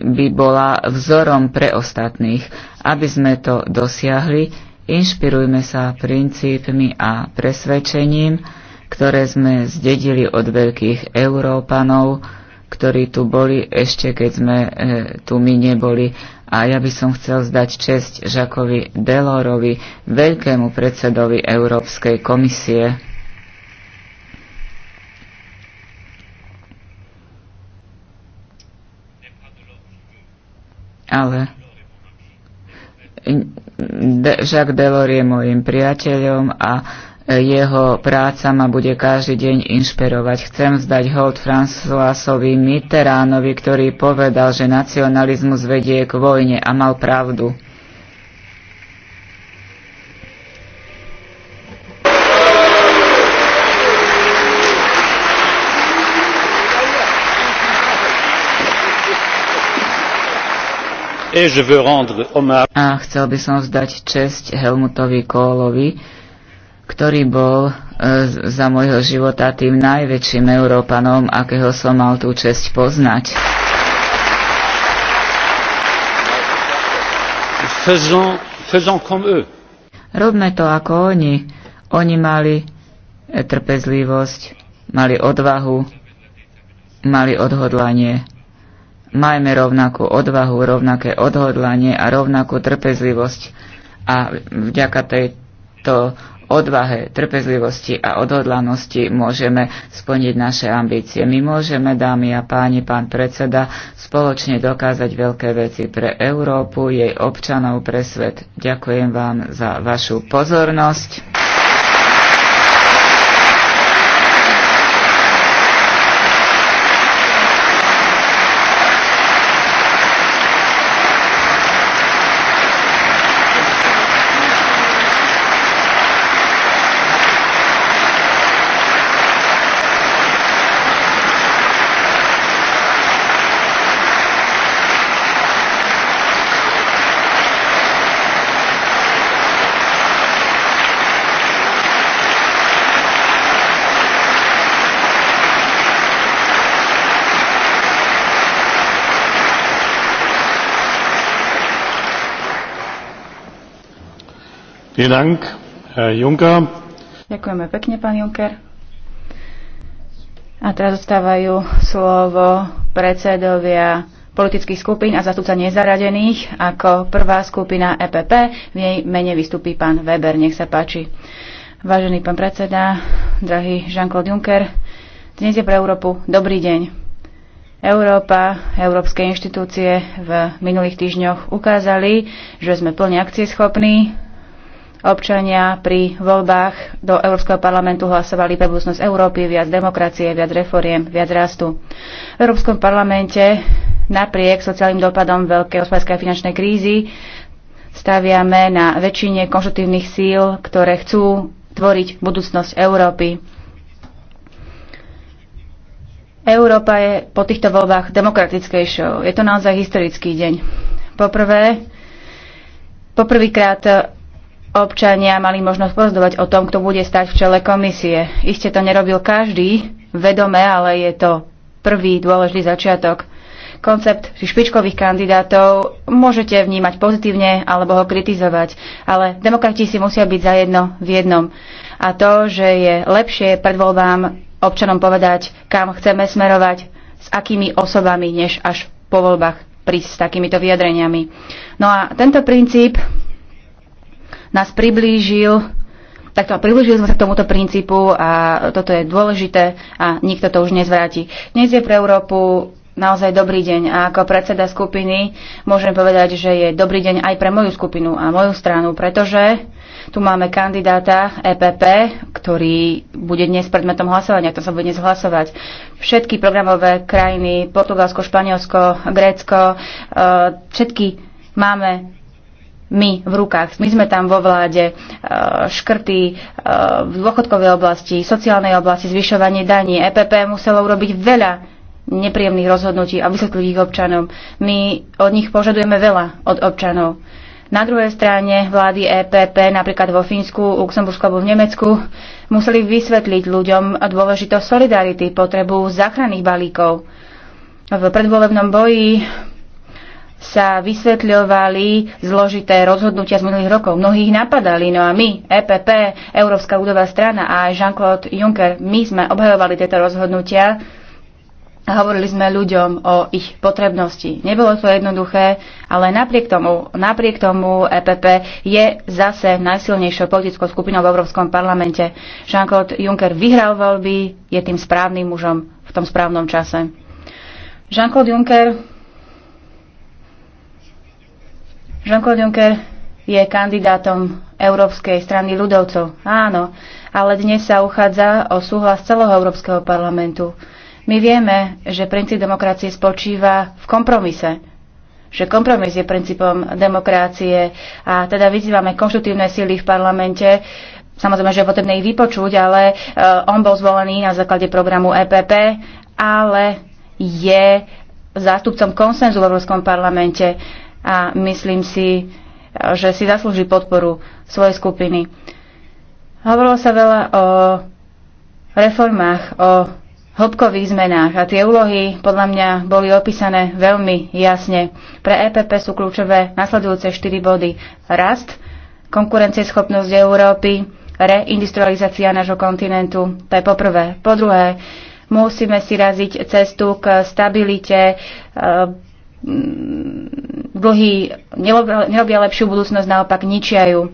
by bola vzorom pre ostatných. Aby sme to dosiahli, inšpirujme sa princípmi a presvedčením, ktoré sme zdedili od veľkých Európanov, ktorí tu boli ešte, keď sme e, tu my neboli. A ja by som chcel zdať česť Žakovi Delorovi, veľkému predsedovi Európskej komisie. Ale De- Jacques Delors je môjim priateľom a jeho práca ma bude každý deň inšpirovať. Chcem zdať hold Françoisovi Mitteránovi, ktorý povedal, že nacionalizmus vedie k vojne a mal pravdu. A chcel by som vzdať česť Helmutovi Kólovi, ktorý bol e, za môjho života tým najväčším Európanom, akého som mal tú čest poznať. Robme to ako oni. Oni mali e, trpezlivosť, mali odvahu, mali odhodlanie. Majme rovnakú odvahu, rovnaké odhodlanie a rovnakú trpezlivosť. A vďaka tejto odvahe, trpezlivosti a odhodlanosti môžeme splniť naše ambície. My môžeme, dámy a páni, pán predseda, spoločne dokázať veľké veci pre Európu, jej občanov, pre svet. Ďakujem vám za vašu pozornosť. Ďakujeme pekne, pán Juncker. A teraz zostávajú slovo predsedovia politických skupín a zastupca nezaradených. Ako prvá skupina EPP v jej mene vystupí pán Weber. Nech sa páči. Vážený pán predseda, drahý Jean-Claude Juncker, dnes je pre Európu dobrý deň. Európa, európske inštitúcie v minulých týždňoch ukázali, že sme plne akcieschopní, občania pri voľbách do Európskeho parlamentu hlasovali pre budúcnosť Európy, viac demokracie, viac reforiem, viac rastu. V Európskom parlamente napriek sociálnym dopadom veľkej hospodárskej a finančnej krízy staviame na väčšine konštruktívnych síl, ktoré chcú tvoriť budúcnosť Európy. Európa je po týchto voľbách demokratickejšou. Je to naozaj historický deň. Poprvé, poprvýkrát občania mali možnosť pozdovať o tom, kto bude stať v čele komisie. Iste to nerobil každý, vedome, ale je to prvý dôležitý začiatok. Koncept špičkových kandidátov môžete vnímať pozitívne alebo ho kritizovať, ale demokrati si musia byť zajedno v jednom. A to, že je lepšie pred voľbám občanom povedať, kam chceme smerovať, s akými osobami, než až po voľbách prísť s takýmito vyjadreniami. No a tento princíp nás priblížil Takto priblížili sme sa k tomuto princípu a toto je dôležité a nikto to už nezvráti. Dnes je pre Európu naozaj dobrý deň a ako predseda skupiny môžem povedať, že je dobrý deň aj pre moju skupinu a moju stranu, pretože tu máme kandidáta EPP, ktorý bude dnes predmetom hlasovania, to sa bude dnes hlasovať. Všetky programové krajiny, Portugalsko, Španielsko, Grécko, eh, všetky máme my v rukách. My sme tam vo vláde, e, škrty e, v dôchodkovej oblasti, sociálnej oblasti, zvyšovanie daní. EPP muselo urobiť veľa nepríjemných rozhodnutí a vysvetliť ich občanom. My od nich požadujeme veľa od občanov. Na druhej strane vlády EPP, napríklad vo Fínsku, Luxembursku alebo v Nemecku, museli vysvetliť ľuďom dôležitosť solidarity, potrebu záchranných balíkov. V predvolebnom boji sa vysvetľovali zložité rozhodnutia z minulých rokov. Mnohí ich napadali, no a my, EPP, Európska ľudová strana a aj Jean-Claude Juncker, my sme obhajovali tieto rozhodnutia a hovorili sme ľuďom o ich potrebnosti. Nebolo to jednoduché, ale napriek tomu, napriek tomu EPP je zase najsilnejšou politickou skupinou v Európskom parlamente. Jean-Claude Juncker vyhral voľby, je tým správnym mužom v tom správnom čase. Jean-Claude Juncker Jean-Claude Juncker je kandidátom Európskej strany ľudovcov. Áno, ale dnes sa uchádza o súhlas celého Európskeho parlamentu. My vieme, že princíp demokracie spočíva v kompromise, že kompromis je princípom demokracie a teda vyzývame konštruktívne síly v parlamente. Samozrejme, že je potrebné ich vypočuť, ale eh, on bol zvolený na základe programu EPP, ale je zástupcom konsenzu v Európskom parlamente a myslím si, že si zaslúži podporu svojej skupiny. Hovorilo sa veľa o reformách, o hĺbkových zmenách a tie úlohy podľa mňa boli opísané veľmi jasne. Pre EPP sú kľúčové nasledujúce štyri body. Rast, konkurencieschopnosť Európy, reindustrializácia nášho kontinentu, to je poprvé. Po druhé, musíme si raziť cestu k stabilite, e, Mm, dlhy nerobia lepšiu budúcnosť, naopak ničia ju.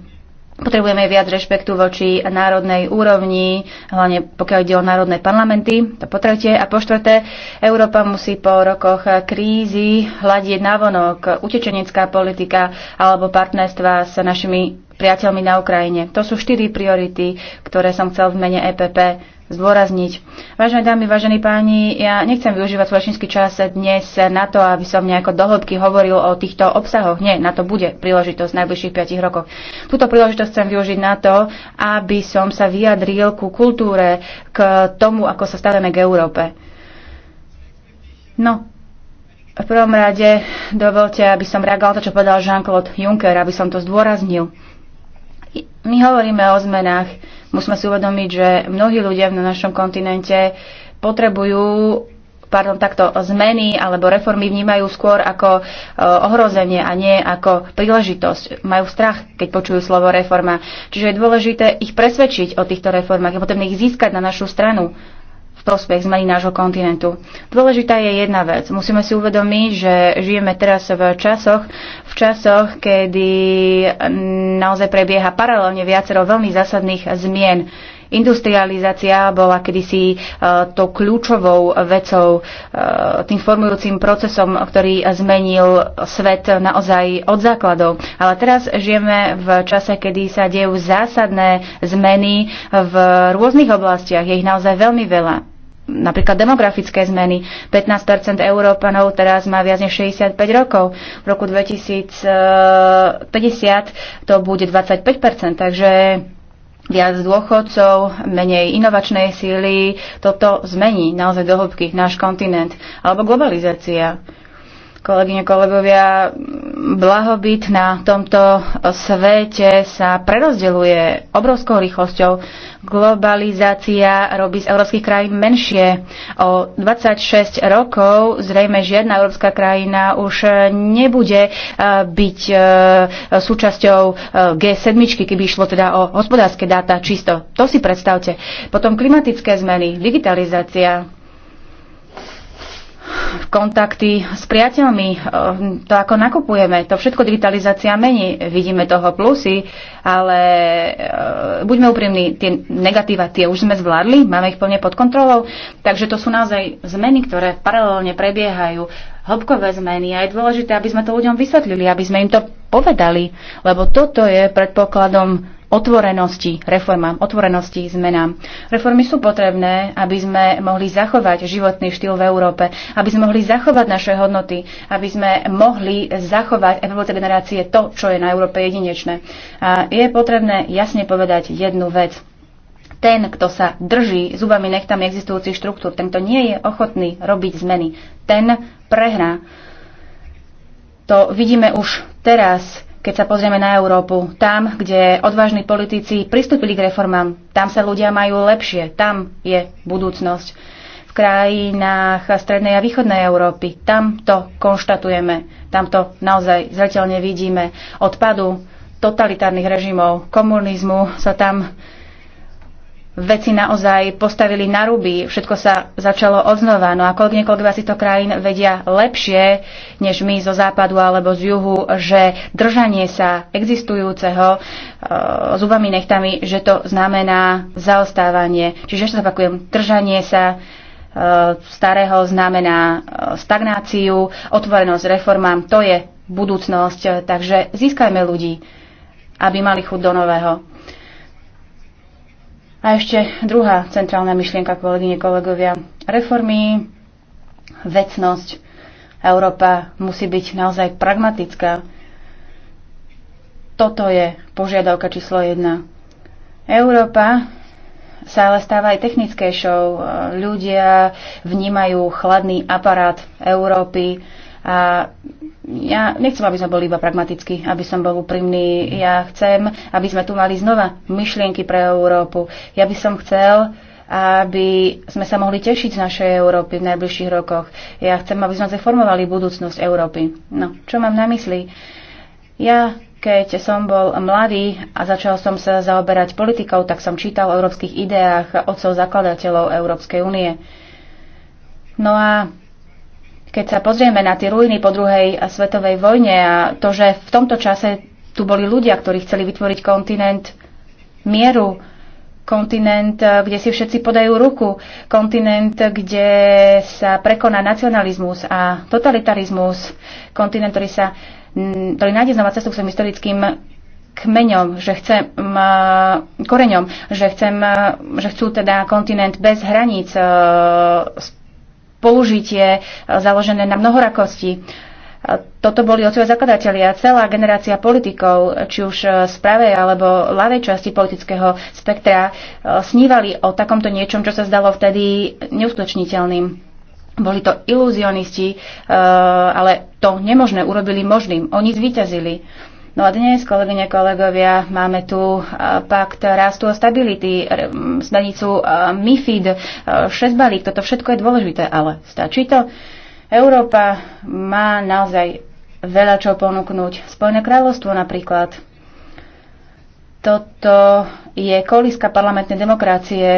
Potrebujeme viac rešpektu voči národnej úrovni, hlavne pokiaľ ide o národné parlamenty, to po tretie. A po štvrté, Európa musí po rokoch krízy hľadiť navonok utečenecká politika alebo partnerstva s našimi priateľmi na Ukrajine. To sú štyri priority, ktoré som chcel v mene EPP zdôrazniť. Vážené dámy, vážení páni, ja nechcem využívať svoj čas dnes na to, aby som nejako dohodky hovoril o týchto obsahoch. Nie, na to bude príležitosť v najbližších 5 rokoch. Túto príležitosť chcem využiť na to, aby som sa vyjadril ku kultúre, k tomu, ako sa staviame k Európe. No, v prvom rade dovolte, aby som reagoval to, čo povedal Jean-Claude Juncker, aby som to zdôraznil. My hovoríme o zmenách. Musíme si uvedomiť, že mnohí ľudia na našom kontinente potrebujú pardon, takto zmeny alebo reformy vnímajú skôr ako e, ohrozenie a nie ako príležitosť. Majú strach, keď počujú slovo reforma. Čiže je dôležité ich presvedčiť o týchto reformách. Je potrebné ich získať na našu stranu v prospech zmeny nášho kontinentu. Dôležitá je jedna vec. Musíme si uvedomiť, že žijeme teraz v časoch, v časoch, kedy mm, naozaj prebieha paralelne viacero veľmi zásadných zmien. Industrializácia bola kedysi e, tou kľúčovou vecou, e, tým formujúcim procesom, ktorý zmenil svet naozaj od základov. Ale teraz žijeme v čase, kedy sa dejú zásadné zmeny v rôznych oblastiach. Je ich naozaj veľmi veľa napríklad demografické zmeny. 15 Európanov teraz má viac než 65 rokov. V roku 2050 e, to bude 25 takže viac dôchodcov, menej inovačnej síly. Toto zmení naozaj dohlbky náš kontinent. Alebo globalizácia Kolegyne, kolegovia, blahobyt na tomto svete sa prerozdeluje obrovskou rýchlosťou. Globalizácia robí z európskych krajín menšie. O 26 rokov zrejme žiadna európska krajina už nebude eh, byť eh, súčasťou eh, G7, keby išlo teda o hospodárske dáta čisto. To si predstavte. Potom klimatické zmeny, digitalizácia, kontakty s priateľmi, e, to ako nakupujeme, to všetko digitalizácia mení. Vidíme toho plusy, ale e, buďme úprimní, tie negatíva, tie už sme zvládli, máme ich plne pod kontrolou, takže to sú naozaj zmeny, ktoré paralelne prebiehajú, hĺbkové zmeny a je dôležité, aby sme to ľuďom vysvetlili, aby sme im to povedali, lebo toto je predpokladom otvorenosti reformám, otvorenosti zmenám. Reformy sú potrebné, aby sme mohli zachovať životný štýl v Európe, aby sme mohli zachovať naše hodnoty, aby sme mohli zachovať evolúcia generácie to, čo je na Európe jedinečné. A je potrebné jasne povedať jednu vec ten, kto sa drží zubami nechtami existujúcich štruktúr, ten, kto nie je ochotný robiť zmeny, ten prehrá. To vidíme už teraz keď sa pozrieme na Európu, tam, kde odvážni politici pristúpili k reformám, tam sa ľudia majú lepšie, tam je budúcnosť. V krajinách strednej a východnej Európy, tam to konštatujeme, tam to naozaj zreteľne vidíme. Odpadu totalitárnych režimov, komunizmu sa tam veci naozaj postavili na ruby, všetko sa začalo odznova. No a kolegyne, niekoľko si to krajín vedia lepšie, než my zo západu alebo z juhu, že držanie sa existujúceho e, zubami nechtami, že to znamená zaostávanie. Čiže ešte zapakujem, držanie sa e, starého znamená e, stagnáciu, otvorenosť reformám, to je budúcnosť, takže získajme ľudí, aby mali chuť do nového. A ešte druhá centrálna myšlienka, kolegyne, kolegovia. Reformy, vecnosť. Európa musí byť naozaj pragmatická. Toto je požiadavka číslo jedna. Európa sa ale stáva aj technickejšou. Ľudia vnímajú chladný aparát Európy a ja nechcem, aby sme boli iba pragmatickí, aby som bol úprimný. Ja chcem, aby sme tu mali znova myšlienky pre Európu. Ja by som chcel, aby sme sa mohli tešiť z našej Európy v najbližších rokoch. Ja chcem, aby sme zreformovali budúcnosť Európy. No, čo mám na mysli? Ja, keď som bol mladý a začal som sa zaoberať politikou, tak som čítal o európskych ideách otcov zakladateľov Európskej únie. No a keď sa pozrieme na tie ruiny po druhej svetovej vojne a to, že v tomto čase tu boli ľudia, ktorí chceli vytvoriť kontinent mieru, kontinent, eh, kde si všetci podajú ruku, kontinent, kde sa prekoná nacionalizmus a totalitarizmus, kontinent, ktorý sa mm, ktorý nájde znova cestu k svojim historickým kmeňom, že chcem eh, koreňom, že, chcem, eh, že chcú teda kontinent bez hraníc použitie e, založené na mnohorakosti. E, Toto boli otcovia zakladatelia, celá generácia politikov, či už e, z pravej alebo ľavej časti politického spektra, snívali o takomto niečom, čo sa zdalo vtedy neuskutočniteľným. Boli to iluzionisti, ale to nemožné urobili možným. Oni zvíťazili. No a dnes, kolegyne, kolegovia, máme tu e, pakt rastu a stability, stanicu e, MIFID, 6 e, balík, toto všetko je dôležité, ale stačí to? Európa má naozaj veľa čo ponúknuť. Spojené kráľovstvo napríklad. Toto je kolíska parlamentnej demokracie,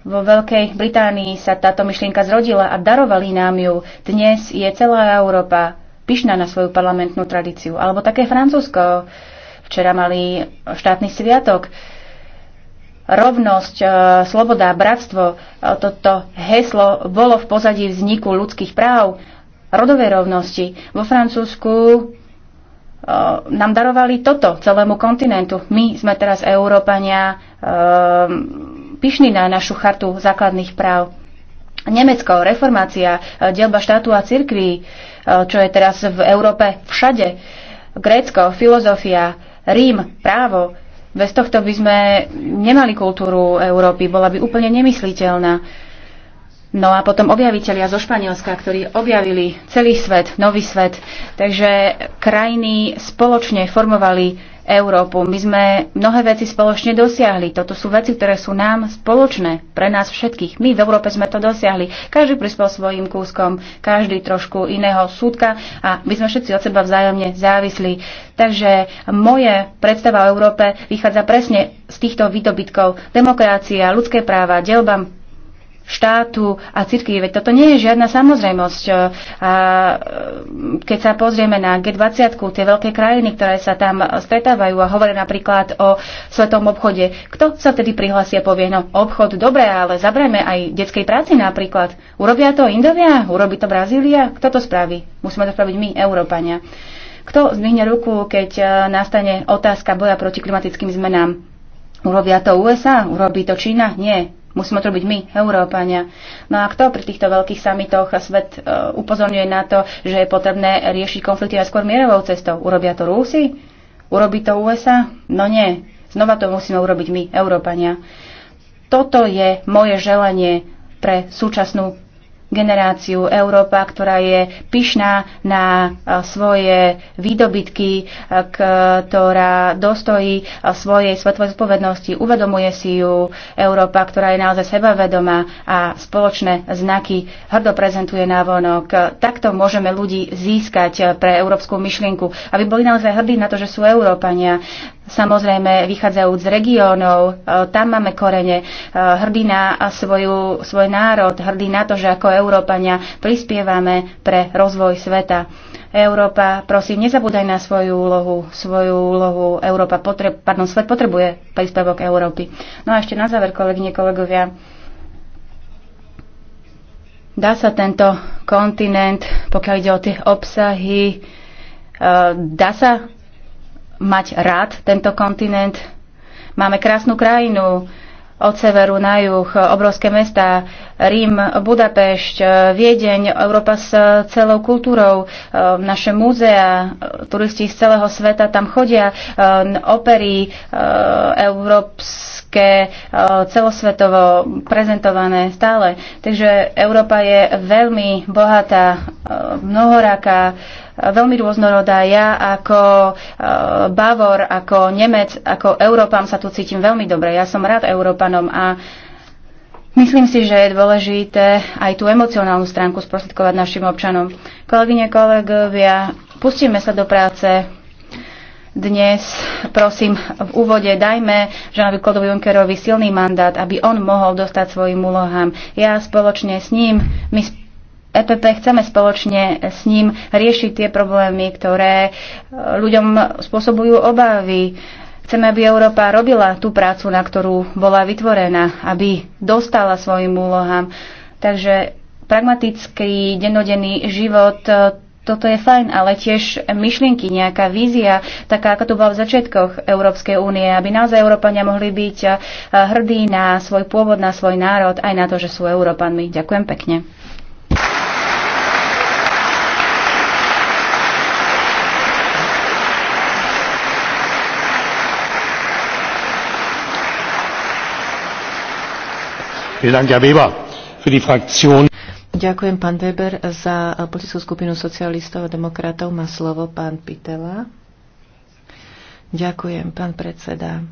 vo Veľkej Británii sa táto myšlienka zrodila a darovali nám ju. Dnes je celá Európa pyšná na svoju parlamentnú tradíciu. Alebo také Francúzsko. Včera mali štátny sviatok. Rovnosť, e, sloboda, bratstvo, e, toto heslo bolo v pozadí vzniku ľudských práv, rodovej rovnosti. Vo Francúzsku e, nám darovali toto celému kontinentu. My sme teraz Európania pyšní na našu chartu základných práv. Nemecko, reformácia, e, delba štátu a cirkví, e, čo je teraz v Európe všade, Grécko, filozofia, Rím, právo. Bez tohto by sme nemali kultúru Európy, bola by úplne nemysliteľná. No a potom objavitelia zo Španielska, ktorí objavili celý svet, nový svet. Takže krajiny spoločne formovali Európu. My sme mnohé veci spoločne dosiahli. Toto sú veci, ktoré sú nám spoločné, pre nás všetkých. My v Európe sme to dosiahli. Každý prispel svojim kúskom, každý trošku iného súdka a my sme všetci od seba vzájomne závislí. Takže moje predstava o Európe vychádza presne z týchto výdobytkov. Demokracia, ľudské práva, delba štátu a cirkvi. Veď toto nie je žiadna samozrejmosť. A keď sa pozrieme na G20, tie veľké krajiny, ktoré sa tam stretávajú a hovoria napríklad o svetom obchode, kto sa vtedy prihlasí a povie, no obchod, dobre, ale zabrajme aj detskej práci napríklad. Urobia to Indovia? Urobí to Brazília? Kto to spraví? Musíme to spraviť my, Európania. Kto zmihne ruku, keď e, nastane otázka boja proti klimatickým zmenám? Urobia to USA? Urobí to Čína? Nie. Musíme to robiť my, Európania. No a kto pri týchto veľkých samitoch svet uh, upozorňuje na to, že je potrebné riešiť konflikty aj skôr mierovou cestou? Urobia to Rúsi? Urobí to USA? No nie. Znova to musíme urobiť my, Európania. Toto je moje želanie pre súčasnú generáciu Európa, ktorá je pyšná na e, svoje výdobytky, e, ktorá dostojí e, svojej svetovej zodpovednosti, uvedomuje si ju Európa, ktorá je naozaj sebavedomá a spoločné znaky hrdo prezentuje na vonok. Takto môžeme ľudí získať pre európsku myšlienku, aby boli naozaj hrdí na to, že sú Európania samozrejme vychádzajúc z regiónov, e, tam máme korene, e, hrdí na svoju, svoj národ, hrdí na to, že ako Európania prispievame pre rozvoj sveta. Európa, prosím, nezabúdaj na svoju úlohu. Svoju úlohu Európa potreb, pardon, svet potrebuje príspevok Európy. No a ešte na záver, kolegyne, kolegovia, dá sa tento kontinent, pokiaľ ide o tie obsahy, e, dá sa mať rád tento kontinent. Máme krásnu krajinu, od severu na juh, obrovské mesta, Rím, Budapešť, Viedeň, Európa s celou kultúrou, eh, naše múzea, turisti z celého sveta tam chodia, eh, opery eh, európske, celosvetovo prezentované stále. Takže Európa je veľmi bohatá, mnohoraká, veľmi rôznorodá. Ja ako e, Bavor, ako Nemec, ako Európan sa tu cítim veľmi dobre. Ja som rád Európanom a Myslím si, že je dôležité aj tú emocionálnu stránku sprostredkovať našim občanom. Kolegyne, kolegovia, pustíme sa do práce, dnes, prosím, v úvode dajme Žanovi Klodovi Junkerovi silný mandát, aby on mohol dostať svojim úlohám. Ja spoločne s ním, my EPP chceme spoločne s ním riešiť tie problémy, ktoré e, ľuďom spôsobujú obavy. Chceme, aby Európa robila tú prácu, na ktorú bola vytvorená, aby dostala svojim úlohám. Takže pragmatický, dennodenný život, e, toto je fajn, ale tiež myšlienky, nejaká vízia, taká ako to bola v začiatkoch Európskej únie, aby naozaj Európania mohli byť e, hrdí na svoj pôvod, na svoj národ, aj na to, že sú Európanmi. Ďakujem pekne. Ďakujem, pán Weber. Za politickú skupinu socialistov a demokratov má slovo pán Pitela. Ďakujem, pán predseda.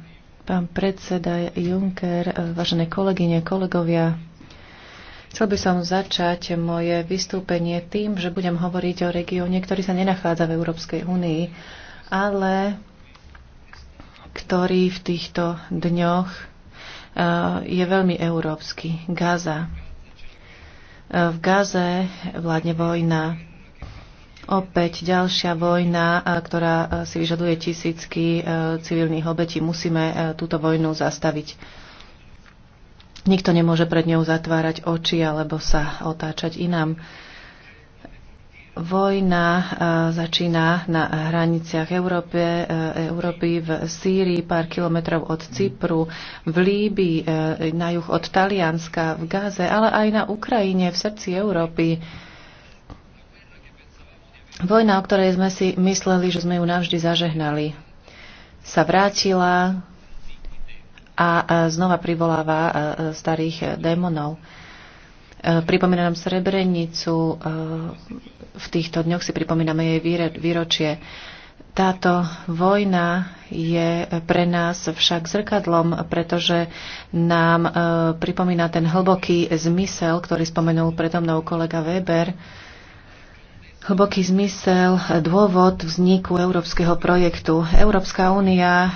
Pán predseda Juncker, vážené kolegyne, kolegovia, Chcel by som začať moje vystúpenie tým, že budem hovoriť o regióne, ktorý sa nenachádza v Európskej únii, ale ktorý v týchto dňoch Eh, je veľmi európsky. Gaza. Eh, v Gaze vládne vojna. Opäť ďalšia vojna, eh, ktorá si vyžaduje tisícky civilných obetí. Musíme túto vojnu zastaviť. Nikto nemôže pred ňou zatvárať oči alebo sa otáčať inám. Vojna e, začína na hraniciach Európy, e, Európy v Sýrii, pár kilometrov od Cypru, v Líbii, e, na juh od Talianska, v Gaze, ale aj na Ukrajine, v srdci Európy. Vojna, o ktorej sme si mysleli, že sme ju navždy zažehnali, sa vrátila a znova privoláva starých démonov. Pripomína nám Srebrenicu, v týchto dňoch si pripomíname jej výročie. Táto vojna je pre nás však zrkadlom, pretože nám e, pripomína ten hlboký zmysel, ktorý spomenul predo mnou kolega Weber, hlboký zmysel, dôvod vzniku európskeho projektu. Európska únia e,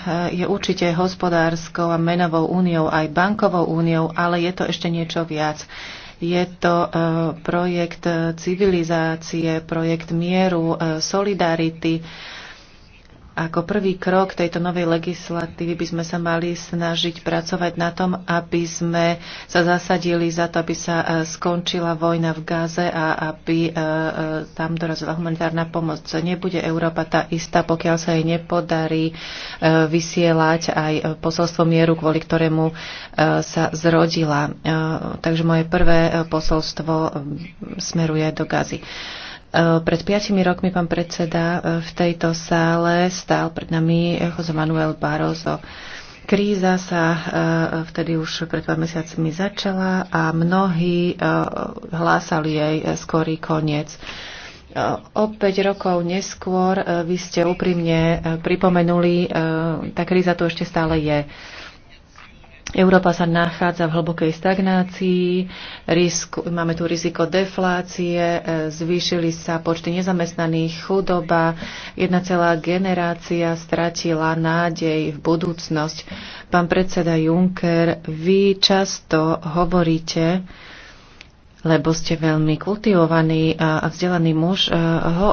je určite hospodárskou a menovou úniou, aj bankovou úniou, ale je to ešte niečo viac. Je to e, projekt civilizácie, projekt mieru, e, solidarity, ako prvý krok tejto novej legislatívy by sme sa mali snažiť pracovať na tom, aby sme sa zasadili za to, aby sa e, skončila vojna v Gáze a aby e, e, tam dorazila humanitárna pomoc. Nebude Európa tá istá, pokiaľ sa jej nepodarí vysielať aj posolstvo mieru, kvôli ktorému sa zrodila. Takže moje prvé posolstvo smeruje do Gazy. Eh, pred piatimi rokmi pán predseda eh, v tejto sále stál pred nami Jose Manuel Barroso. Kríza sa eh, vtedy už pred dva mesiacmi začala a mnohí hlásali jej skorý koniec. O 5 rokov neskôr vy ste úprimne pripomenuli, tá kríza tu ešte stále je. Európa sa nachádza v hlbokej stagnácii, risk, máme tu riziko deflácie, e, zvýšili sa počty nezamestnaných, chudoba, jedna celá generácia stratila nádej v budúcnosť. Pán predseda Juncker, vy často hovoríte, lebo ste veľmi kultivovaný e, a vzdelaný muž e,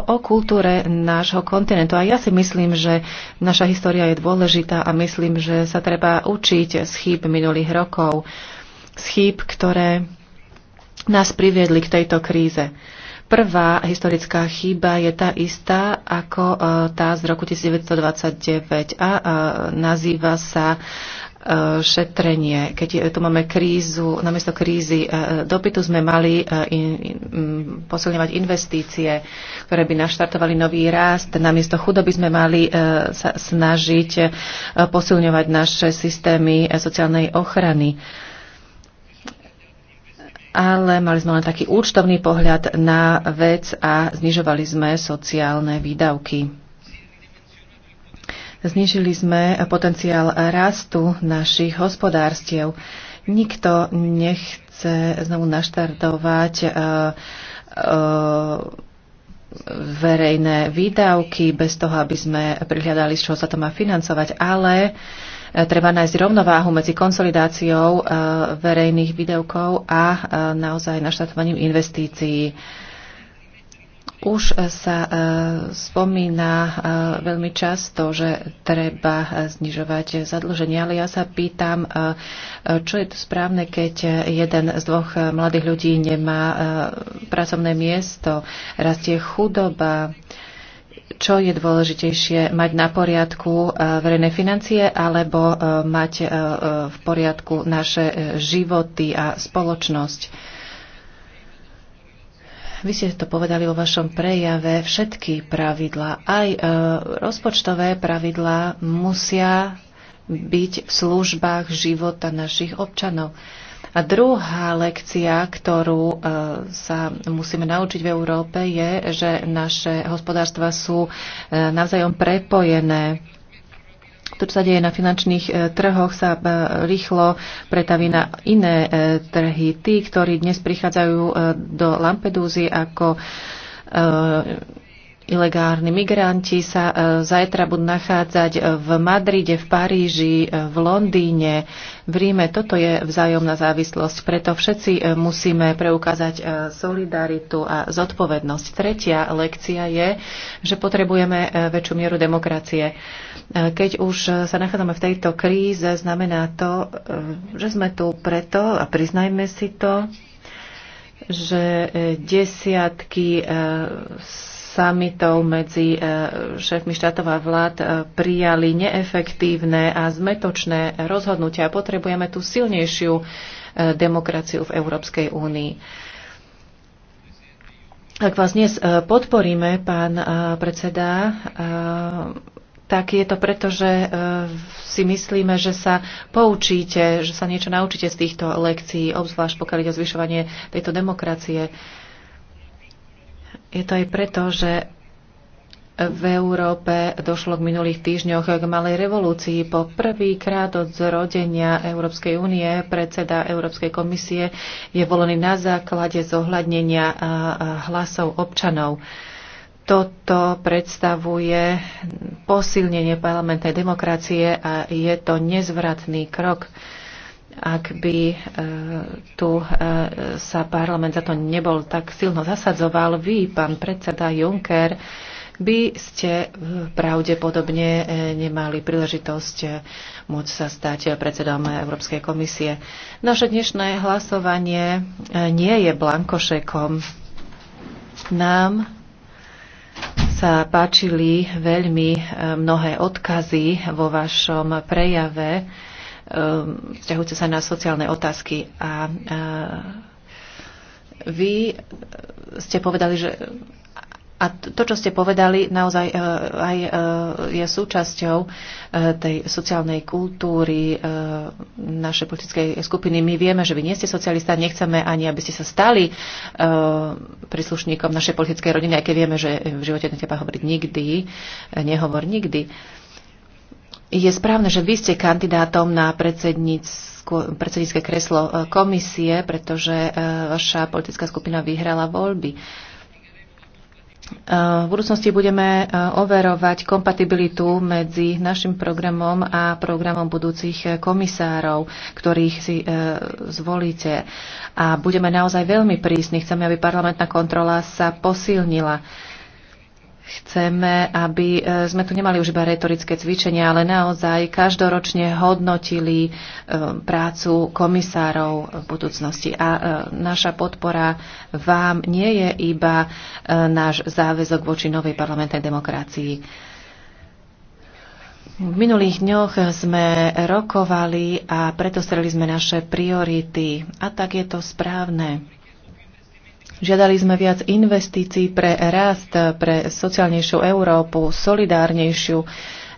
o kultúre nášho kontinentu. A ja si myslím, že naša história je dôležitá a myslím, že sa treba učiť z chýb minulých rokov, z chýb, ktoré nás priviedli k tejto kríze. Prvá historická chyba je tá istá ako e, tá z roku 1929 a e, nazýva sa e, šetrenie. Keď tu máme krízu, namiesto krízy dopytu sme mali in, in, posilňovať investície, ktoré by naštartovali nový rast. Namiesto chudoby sme mali sa snažiť posilňovať naše systémy sociálnej ochrany ale mali sme len taký účtovný pohľad na vec a znižovali sme sociálne výdavky. Znižili sme potenciál rastu našich hospodárstiev. Nikto nechce znovu naštartovať e, e, verejné výdavky bez toho, aby sme prihľadali, z čoho sa to má financovať, ale E, treba nájsť rovnováhu medzi konsolidáciou e, verejných výdavkov a e, naozaj naštartovaním investícií. Už sa spomína veľmi často, že treba znižovať zadlženie, ale ja sa pýtam, čo je to správne, keď jeden z dvoch mladých ľudí nemá pracovné miesto, rastie chudoba, čo je dôležitejšie mať na poriadku e, verejné financie alebo e, mať e, v poriadku naše životy a spoločnosť. Vy ste to povedali vo vašom prejave, všetky pravidlá, aj rozpočtové pravidlá musia byť v službách života našich občanov. A druhá lekcia, ktorú e, sa musíme naučiť v Európe, je, že naše hospodárstva sú e, navzájom prepojené. To, čo sa deje na finančných e, trhoch, sa rýchlo pretaví na iné trhy. Tí, ktorí dnes prichádzajú do Lampedúzy ako Ilegálni migranti sa e, zajtra budú nachádzať e, v Madride, v Paríži, e, v Londýne, v Ríme. Toto je vzájomná závislosť, preto všetci musíme preukázať solidaritu a zodpovednosť. Tretia lekcia je, že potrebujeme väčšiu mieru demokracie. Keď už sa nachádzame v tejto kríze, znamená to, že sme tu preto, a priznajme si to, že desiatky summitov medzi e, šéfmi štátov a vlád e, prijali neefektívne a zmetočné rozhodnutia. Potrebujeme tú silnejšiu e, demokraciu v Európskej únii. Ak vás dnes podporíme, pán predseda, tak je to preto, že si myslíme, že sa poučíte, že sa niečo naučíte z týchto lekcií, obzvlášť pokiaľ ide o zvyšovanie tejto demokracie. Je to aj preto, že v Európe došlo k minulých týždňoch k malej revolúcii. Po prvýkrát od zrodenia Európskej únie predseda Európskej komisie je volený na základe zohľadnenia hlasov občanov. Toto predstavuje posilnenie parlamentnej demokracie a je to nezvratný krok ak by e, tu e, sa parlament za to nebol tak silno zasadzoval, vy, pán predseda Juncker, by ste e, pravdepodobne nemali príležitosť môcť sa stať predsedom Európskej komisie. Naše dnešné hlasovanie nie je blankošekom. Nám sa páčili veľmi mnohé odkazy vo vašom prejave Eh, vzťahujúce sa na sociálne otázky. A eh, vy ste povedali, že a to, čo ste povedali, naozaj eh, aj je súčasťou tej sociálnej kultúry našej politickej skupiny. My vieme, že vy nie ste socialista, nechceme ani, aby ste sa stali príslušníkom našej politickej rodiny, aj keď vieme, že v živote na teba hovoriť nikdy, nehovor nikdy. Je správne, že vy ste kandidátom na predsednícke kreslo e, komisie, pretože e, vaša politická skupina vyhrala voľby. E, v budúcnosti budeme overovať kompatibilitu medzi našim programom a programom budúcich komisárov, ktorých si zvolíte. A budeme naozaj veľmi prísni. Chceme, aby parlamentná kontrola sa posilnila Chceme, aby e, sme tu nemali už iba retorické cvičenia, ale naozaj každoročne hodnotili e, prácu komisárov v budúcnosti. A e, naša podpora vám nie je iba náš záväzok voči novej parlamentnej demokracii. V minulých dňoch sme rokovali a preto sreli sme naše priority. A tak je to správne. Žiadali sme viac investícií pre rast, pre sociálnejšiu Európu, solidárnejšiu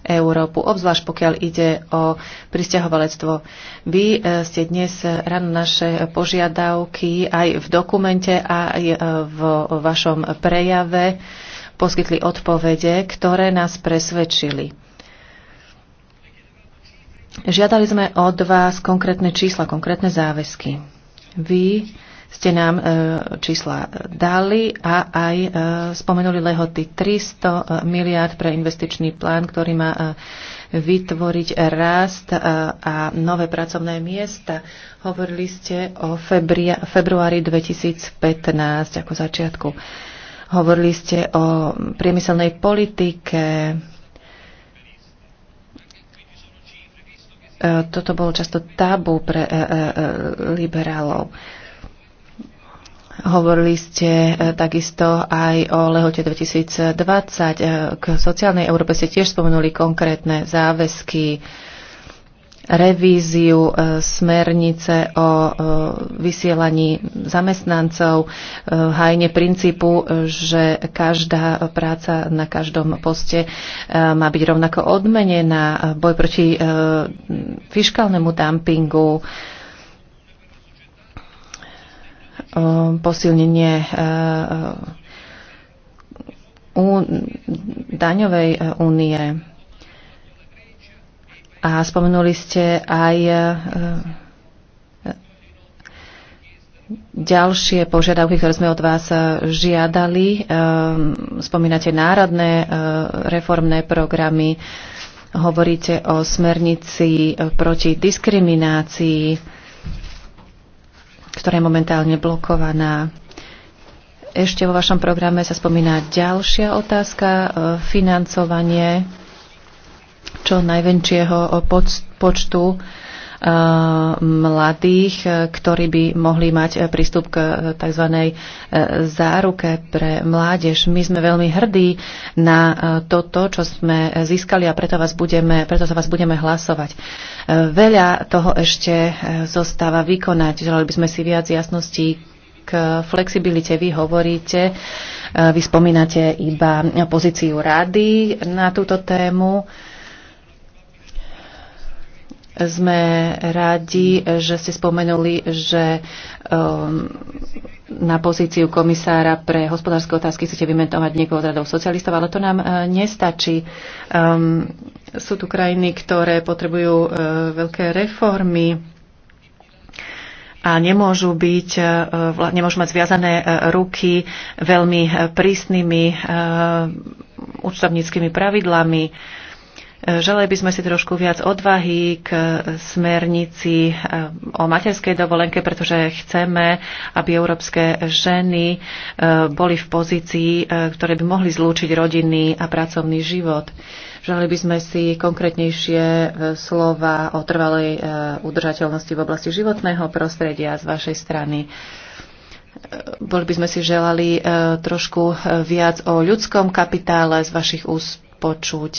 Európu, obzvlášť pokiaľ ide o pristahovalectvo. Vy eh, ste dnes ráno naše požiadavky aj v dokumente, aj eh, v vašom prejave poskytli odpovede, ktoré nás presvedčili. Žiadali sme od vás konkrétne čísla, konkrétne záväzky. Vy ste nám e, čísla dali a aj e, spomenuli lehoty 300 e, miliard pre investičný plán, ktorý má vytvoriť rast a nové pracovné miesta. Hovorili ste o februári 2015 ako začiatku. Hovorili ste o priemyselnej politike, toto bolo často tabu pre liberálov. Hovorili ste e, takisto aj o lehote 2020. E, k sociálnej Európe ste tiež spomenuli konkrétne záväzky, revíziu e, smernice o vysielaní zamestnancov, hajne princípu, že každá práca na každom poste má byť rovnako odmenená, boj proti fiskálnemu dumpingu, Um, posilnenie uh, uh, daňovej uh, únie. A spomenuli ste aj ďalšie požiadavky, ktoré sme od vás žiadali. Um, spomínate národné reformné programy, hovoríte o smernici proti diskriminácii, ktorá je momentálne blokovaná. Ešte vo vašom programe sa spomína ďalšia otázka, e, financovanie čo najväčšieho počtu Eh, mladých, eh, ktorí by mohli mať eh, prístup k tzv. záruke pre mládež. My sme veľmi hrdí na toto, čo sme získali a preto, vás budeme, preto sa vás budeme hlasovať. Veľa toho ešte zostáva vykonať. Želali by sme si viac jasností, k flexibilite vy hovoríte, vy spomínate iba pozíciu rady na túto tému. Sme radi, že ste spomenuli, že um, na pozíciu komisára pre hospodárske otázky chcete vymentovať niekoho z radov socialistov, ale to nám uh, nestačí. Um, sú tu krajiny, ktoré potrebujú uh, veľké reformy a nemôžu, byť, uh, nemôžu mať zviazané ruky veľmi prísnymi účtovníckými pravidlami Želeli by sme si trošku viac odvahy k smernici eh, o materskej dovolenke, pretože chceme, aby európske ženy eh, boli v pozícii, eh, ktoré by mohli zlúčiť rodinný a pracovný život. Želeli by sme si konkrétnejšie slova o trvalej udržateľnosti v oblasti životného prostredia z vašej strany boli by sme si želali trošku viac o ľudskom kapitále z vašich úst počuť.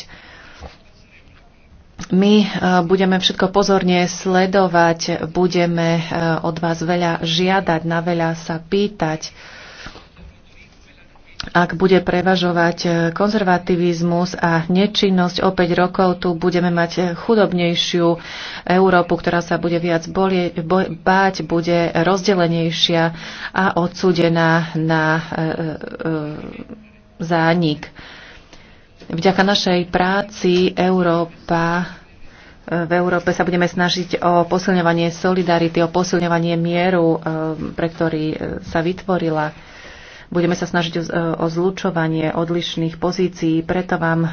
My e, budeme všetko pozorne sledovať, budeme e, od vás veľa žiadať, na veľa sa pýtať. Ak bude prevažovať e, konzervativizmus a nečinnosť o 5 rokov, tu budeme mať chudobnejšiu Európu, ktorá sa bude viac bolie, bo, báť, bude rozdelenejšia a odsudená na e, e, zánik. Vďaka našej práci Európa e, v Európe sa budeme snažiť o posilňovanie solidarity, o posilňovanie mieru, e, pre ktorý e, sa vytvorila. Budeme sa snažiť o zlučovanie odlišných pozícií, preto vám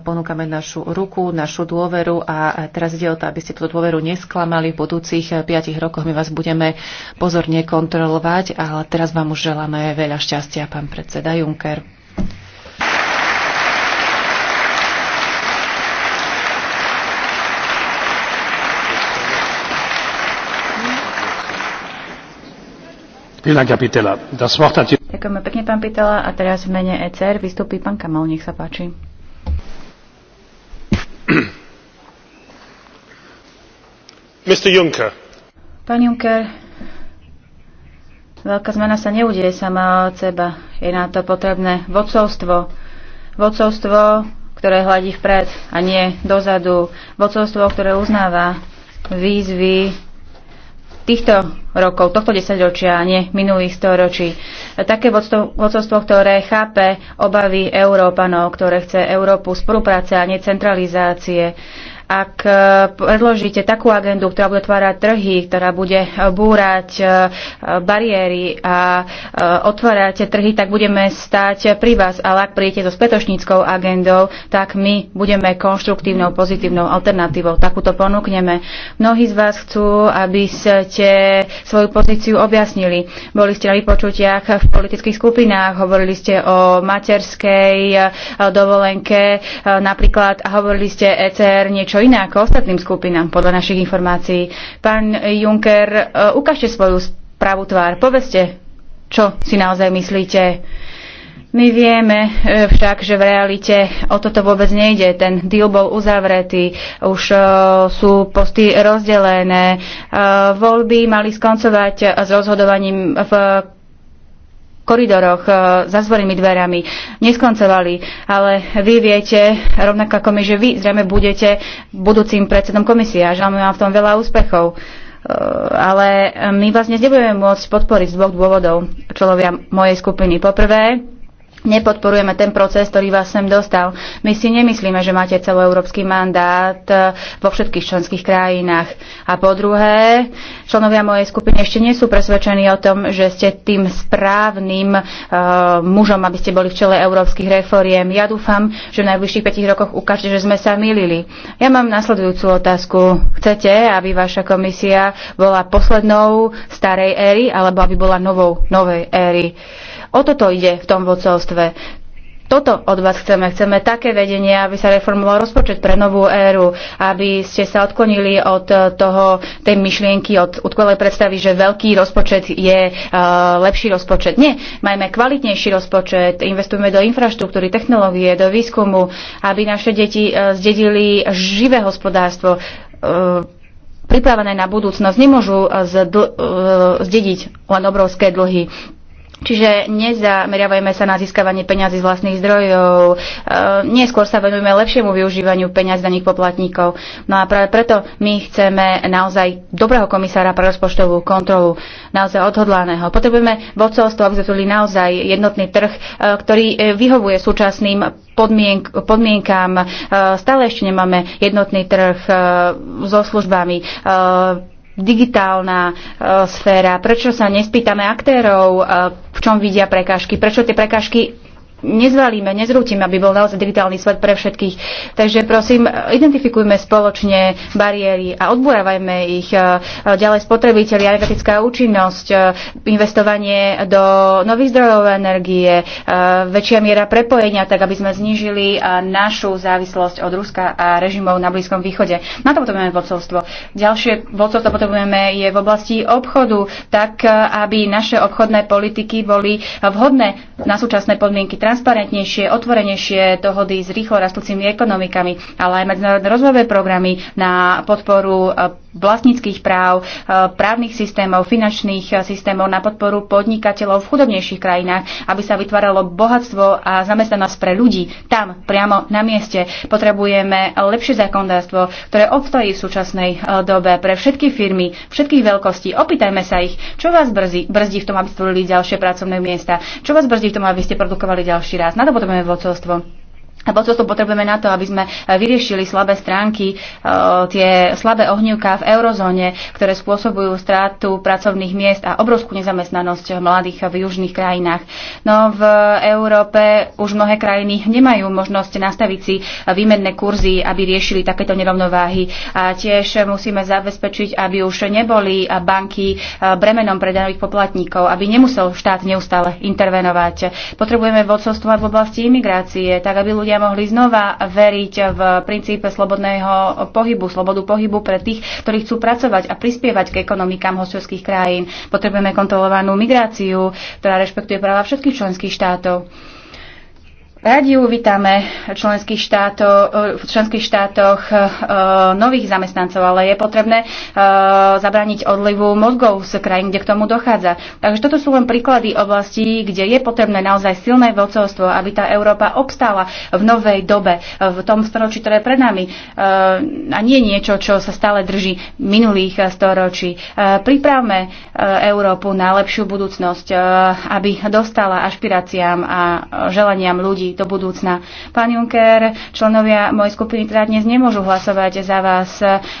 ponúkame našu ruku, našu dôveru a teraz ide o to, aby ste túto dôveru nesklamali. V budúcich piatich rokoch my vás budeme pozorne kontrolovať, ale teraz vám už želáme veľa šťastia, pán predseda Juncker. Ďakujeme pekne, pán Pitela. A teraz v mene ECR vystúpi pán Kamal. Nech sa páči. [clears throat] Mr. Juncker. Pán Juncker, veľká zmena sa neudie sama od seba. Je na to potrebné vodcovstvo. Vodcovstvo, ktoré hladí vpred a nie dozadu. Vodcovstvo, ktoré uznáva výzvy týchto rokov, tohto desaťročia, a nie minulých storočí. Také vodcovstvo, ktoré chápe obavy Európanov, ktoré chce Európu spolupráce a necentralizácie ak e, predložíte takú agendu, ktorá bude otvárať trhy, ktorá bude e, búrať e, bariéry a otvárať trhy, tak budeme stať pri vás. Ale ak príjete so spätočníckou agendou, tak my budeme konštruktívnou, pozitívnou alternatívou. Takúto ponúkneme. Mnohí z vás chcú, aby ste svoju pozíciu objasnili. Boli ste na vypočutiach v politických skupinách, hovorili ste o materskej dovolenke napríklad a hovorili ste ECR niečo iné ako ostatným skupinám, podľa našich informácií. Pán Juncker, e, ukážte svoju pravú tvár, povedzte, čo si naozaj myslíte. My vieme e, však, že v realite o toto vôbec nejde. Ten deal bol uzavretý, už e, sú posty rozdelené. Voľby mali skoncovať s rozhodovaním v koridoroch e, za zvorými dverami neskoncovali, ale vy viete, rovnako ako my, že vy zrejme budete budúcim predsedom komisie a želáme vám v tom veľa úspechov. E, ale my vás dnes nebudeme môcť podporiť z dvoch dôvodov človia mojej skupiny. Poprvé, nepodporujeme ten proces, ktorý vás sem dostal. My si nemyslíme, že máte celoeurópsky mandát eh, vo všetkých členských krajinách. A po druhé, členovia mojej skupiny ešte nie sú presvedčení o tom, že ste tým správnym uh, mužom, aby ste boli v čele európskych reforiem. Ja dúfam, že v najbližších 5 rokoch ukážete, že sme sa milili. Ja mám nasledujúcu otázku. Chcete, aby vaša komisia bola poslednou starej éry, alebo aby bola novou, novej éry? O toto ide v tom vodcovstve. Toto od vás chceme. Chceme také vedenie, aby sa reformoval rozpočet pre novú éru, aby ste sa odklonili od eh, toho, tej myšlienky, od utkvelej predstavy, že veľký rozpočet je uh, lepší rozpočet. Nie, majme kvalitnejší rozpočet, investujeme do infraštruktúry, technológie, do výskumu, aby naše deti uh, zdedili živé hospodárstvo, uh, pripravené na budúcnosť. Nemôžu zdediť len obrovské dlhy Čiže nezameriavajme sa na získavanie peňazí z vlastných zdrojov, e, neskôr sa venujeme lepšiemu využívaniu peňaz daných poplatníkov. No a práve preto my chceme naozaj dobrého komisára pre rozpočtovú kontrolu, naozaj odhodlaného. Potrebujeme vodcovstvo, aby sme naozaj jednotný trh, e, ktorý e, vyhovuje súčasným podmienk, podmienkám. E, stále ešte nemáme jednotný trh e, so službami. E, digitálna e, sféra, prečo sa nespýtame aktérov, e, v čom vidia prekážky, prečo tie prekážky nezvalíme, nezrútime, aby bol naozaj digitálny svet pre všetkých. Takže prosím, identifikujme spoločne bariéry a odburávajme ich. E, e, ďalej spotrebiteľi, energetická účinnosť, e, investovanie do nových zdrojov energie, väčšia miera prepojenia, tak aby sme znížili našu závislosť od Ruska a režimov na Blízkom východe. Na to potrebujeme vodcovstvo. Ďalšie vodcovstvo potrebujeme je v oblasti obchodu, tak aby naše obchodné politiky boli vhodné na súčasné podmienky transparentnejšie, otvorenejšie dohody s rýchlo rastúcimi ekonomikami, ale aj medzinárodné rozvojové programy na podporu e, vlastníckých práv, eh, právnych systémov, finančných eh, systémov na podporu podnikateľov v chudobnejších krajinách, aby sa vytváralo bohatstvo a zamestnanosť pre ľudí tam, priamo na mieste. Potrebujeme lepšie zákonodárstvo, ktoré obstojí v súčasnej eh, dobe pre všetky firmy, všetkých veľkostí. Opýtajme sa ich, čo vás brzdí, brzdí v tom, aby stvorili ďalšie pracovné miesta, čo vás brzdí v tom, aby ste produkovali ďalší raz. Na to potrebujeme vodcovstvo. A to potrebujeme na to, aby sme eh, vyriešili slabé stránky, eh, tie slabé ohnívka v eurozóne, ktoré spôsobujú strátu pracovných miest a obrovskú nezamestnanosť mladých v južných krajinách. No v Európe už mnohé krajiny nemajú možnosť nastaviť si eh, výmenné kurzy, aby riešili takéto nerovnováhy. A tiež musíme zabezpečiť, aby už neboli banky bremenom pre daných poplatníkov, aby nemusel štát neustále intervenovať. Potrebujeme vodcovstvo v oblasti imigrácie, tak aby ľudia ľudia mohli znova veriť v princípe slobodného pohybu, slobodu pohybu pre tých, ktorí chcú pracovať a prispievať k ekonomikám hostovských krajín. Potrebujeme kontrolovanú migráciu, ktorá rešpektuje práva všetkých členských štátov. Radi uvítame členských štáto, v členských štátoch e, nových zamestnancov, ale je potrebné e, zabrániť odlivu mozgov z krajín, kde k tomu dochádza. Takže toto sú len príklady oblastí, kde je potrebné naozaj silné vocovstvo, aby tá Európa obstála v novej dobe, v tom storočí, ktoré je pred nami. E, a nie niečo, čo sa stále drží minulých storočí. Pripravme Európu na lepšiu budúcnosť, aby dostala ašpiráciám a želaniam ľudí do budúcna. Pán Juncker, členovia mojej skupiny teda dnes nemôžu hlasovať za vás,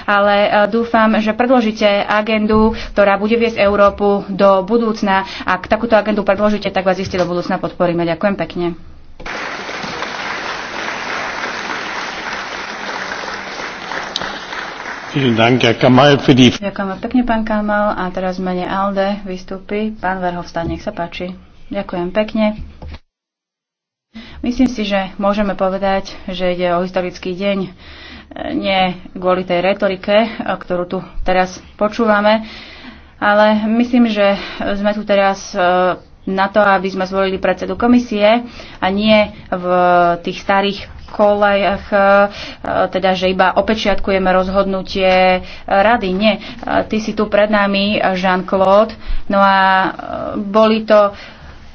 ale e, dúfam, že predložíte agendu, ktorá bude viesť Európu do budúcna. Ak takúto agendu predložíte, tak vás iste do budúcna podporíme. Ďakujem pekne. Ďakujem pekne, pán Kamal. A teraz v mene ALDE vystúpi pán Verhofstadt. Nech sa páči. Ďakujem pekne. Myslím si, že môžeme povedať, že ide o historický deň. E, nie kvôli tej retorike, e, ktorú tu teraz počúvame, ale myslím, že sme tu teraz e, na to, aby sme zvolili predsedu komisie a nie v tých starých kolejach, teda že iba opečiatkujeme rozhodnutie rady. Nie, ty si tu pred nami, Jean-Claude. No a boli to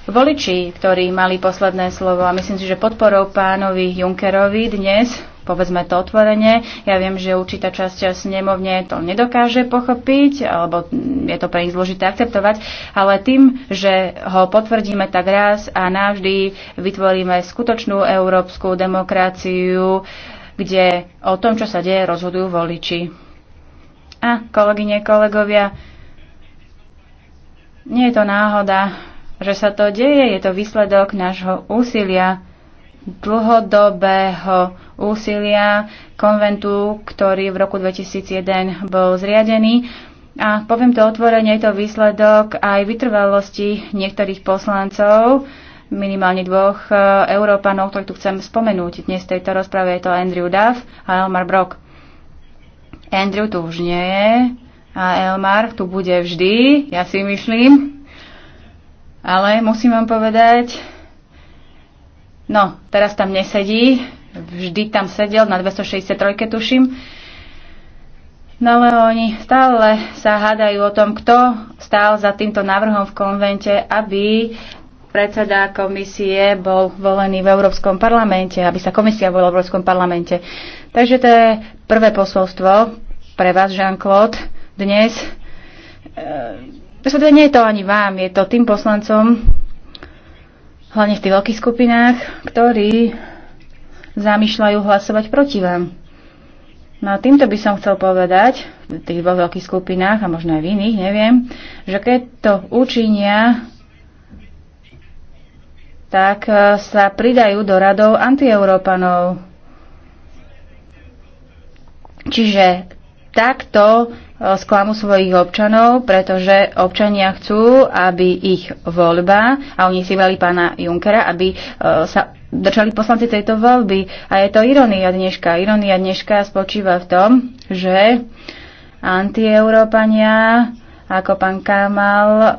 voliči, ktorí mali posledné slovo. A myslím si, že podporou pánovi Junkerovi dnes povedzme to otvorene. Ja viem, že určitá časť snemovne to nedokáže pochopiť, alebo je to pre nich zložité akceptovať, ale tým, že ho potvrdíme tak raz a navždy vytvoríme skutočnú európsku demokraciu, kde o tom, čo sa deje, rozhodujú voliči. A kolegyne, kolegovia, nie je to náhoda, že sa to deje. Je to výsledok nášho úsilia, dlhodobého úsilia konventu, ktorý v roku 2001 bol zriadený. A poviem to otvorene, je to výsledok aj vytrvalosti niektorých poslancov, minimálne dvoch e, Európanov, ktorých tu chcem spomenúť. Dnes v tejto rozprave je to Andrew Duff a Elmar Brock. Andrew tu už nie je a Elmar tu bude vždy, ja si myslím ale musím vám povedať, no, teraz tam nesedí, vždy tam sedel, na 263 tuším, No ale oni stále sa hádajú o tom, kto stál za týmto návrhom v konvente, aby predseda komisie bol volený v Európskom parlamente, aby sa komisia volila v Európskom parlamente. Takže to je prvé posolstvo pre vás, Jean-Claude, dnes. E teda nie je to ani vám, je to tým poslancom, hlavne v tých veľkých skupinách, ktorí zamýšľajú hlasovať proti vám. No a týmto by som chcel povedať, v tých dvoch veľkých skupinách a možno aj v iných, neviem, že keď to učinia, tak e, sa pridajú do radov antieurópanov. Čiže takto sklamú e, svojich občanov, pretože občania chcú, aby ich voľba, a oni si vali pána Junkera, aby e, sa držali poslanci tejto voľby. A je to ironia dneška. Ironia dneška spočíva v tom, že antieurópania ako pán Kamal, e,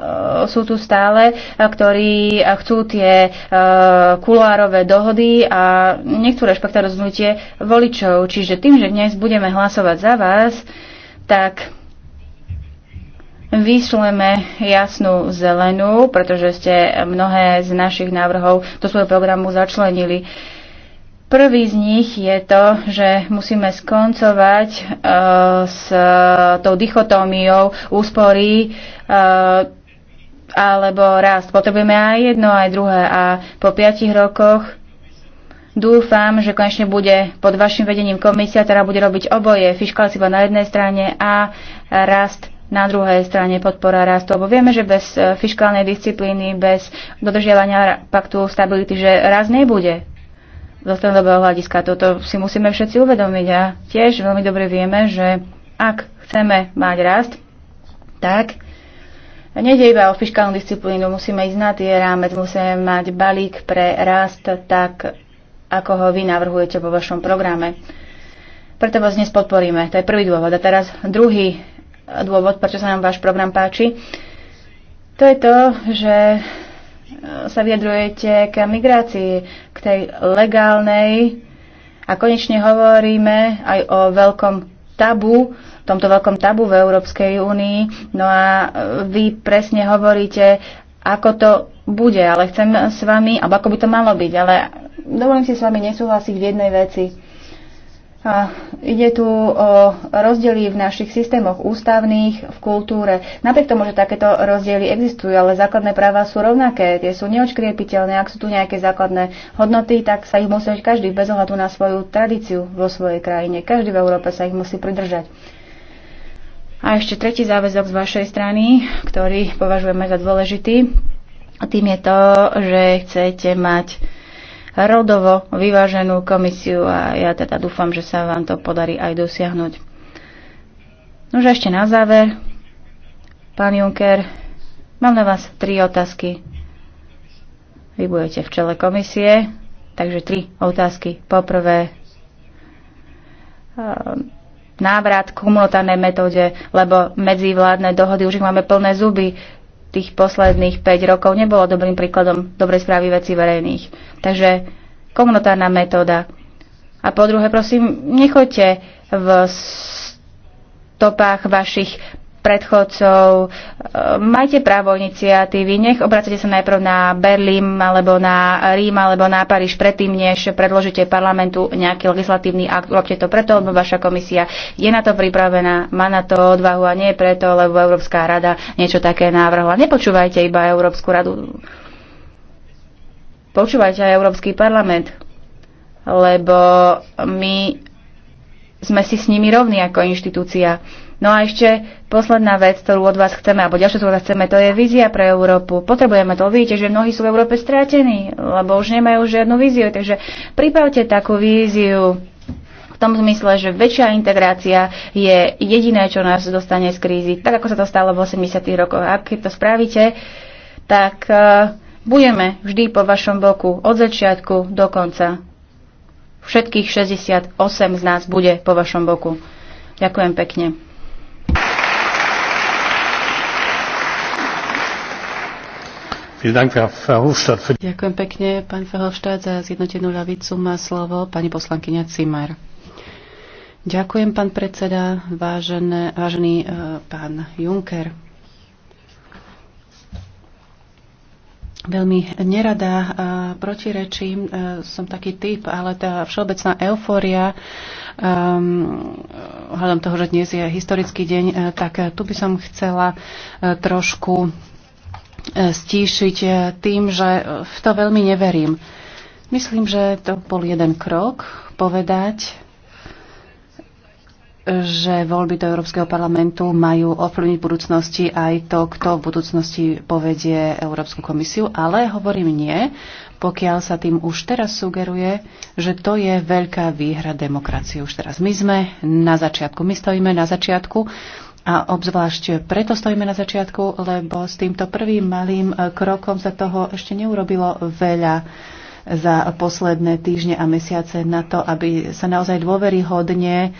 sú tu stále, ktorí chcú tie kuloárové dohody a nechcú rešpektovať rozhodnutie voličov. Čiže tým, že dnes budeme hlasovať za vás, tak vyšleme jasnú zelenú, pretože ste mnohé z našich návrhov do svojho programu začlenili. Prvý z nich je to, že musíme skoncovať e, s tou dichotómiou úspory e, alebo rast. Potrebujeme aj jedno, aj druhé. A po piatich rokoch Dúfam, že konečne bude pod vašim vedením komisia, ktorá bude robiť oboje, fiškalciva na jednej strane a rast na druhej strane podpora rastu. Lebo vieme, že bez eh, fiskálnej disciplíny, bez dodržiavania paktu stability, že rast nebude zo strednodobého hľadiska. Toto si musíme všetci uvedomiť a tiež veľmi dobre vieme, že ak chceme mať rast, tak nejde iba o fiskálnu disciplínu, musíme ísť na tie rámec, musíme mať balík pre rast tak ako ho vy navrhujete vo vašom programe. Preto vás dnes podporíme. To je prvý dôvod. A teraz druhý dôvod, prečo sa nám váš program páči, to je to, že e, sa vyjadrujete k migrácii, k tej legálnej a konečne hovoríme aj o veľkom tabu, tomto veľkom tabu v Európskej únii. No a e, vy presne hovoríte, ako to bude, ale chcem s vami, alebo ako by to malo byť, ale Dovolím si s vami nesúhlasiť v jednej veci. A ide tu o rozdiely v našich systémoch ústavných, v kultúre. Napriek tomu, že takéto rozdiely existujú, ale základné práva sú rovnaké, tie sú neočkriepiteľné. Ak sú tu nejaké základné hodnoty, tak sa ich musí každý bez ohľadu na svoju tradíciu vo svojej krajine. Každý v Európe sa ich musí pridržať. A ešte tretí záväzok z vašej strany, ktorý považujeme za dôležitý, a tým je to, že chcete mať rodovo vyváženú komisiu a ja teda dúfam, že sa vám to podarí aj dosiahnuť. Nož ešte na záver, pán Juncker, mám na vás tri otázky. Vy budete v čele komisie, takže tri otázky. Poprvé, ehm, návrat k humultánnej metóde, lebo medzivládne dohody už ich máme plné zuby tých posledných 5 rokov nebolo dobrým príkladom dobrej správy veci verejných. Takže komunitárna metóda. A po druhé, prosím, nechoďte v stopách vašich predchodcov. E, majte právo iniciatívy, nech obracate sa najprv na Berlín, alebo na Rím, alebo na Paríž predtým, než predložíte parlamentu nejaký legislatívny akt. Urobte to preto, lebo vaša komisia je na to pripravená, má na to odvahu a nie preto, lebo Európska rada niečo také návrhla. Nepočúvajte iba Európsku radu. Počúvajte aj Európsky parlament, lebo my sme si s nimi rovní ako inštitúcia. No a ešte posledná vec, ktorú od vás chceme, alebo ďalšia, ktorú od vás chceme, to je vízia pre Európu. Potrebujeme to. Vidíte, že mnohí sú v Európe stratení, lebo už nemajú žiadnu víziu. Takže pripravte takú víziu v tom zmysle, že väčšia integrácia je jediné, čo nás dostane z krízy, tak ako sa to stalo v 80. rokoch. A keď to spravíte, tak uh, budeme vždy po vašom boku od začiatku do konca. Všetkých 68 z nás bude po vašom boku. Ďakujem pekne. Ďakujem pekne, pán Verhofstadt. Za zjednotenú ľavicu má slovo pani poslankyňa Cimar. Ďakujem, pán predseda, vážené, vážený e, pán Juncker. Veľmi nerada e, protirečím, e, som taký typ, ale tá všeobecná eufória um, ehm, hľadom toho, že dnes je historický deň, tak tu by som chcela trošku E, stíšiť e, tým, že e, v to veľmi neverím. Myslím, že to bol jeden krok povedať, že voľby do Európskeho parlamentu majú ovplyvniť v budúcnosti aj to, kto v budúcnosti povedie Európsku komisiu, ale hovorím nie, pokiaľ sa tým už teraz sugeruje, že to je veľká výhra demokracie už teraz. My sme na začiatku, my stojíme na začiatku a obzvlášť preto stojíme na začiatku, lebo s týmto prvým malým eh, krokom sa toho ešte neurobilo veľa za posledné týždne a mesiace na to, aby sa naozaj dôveryhodne eh,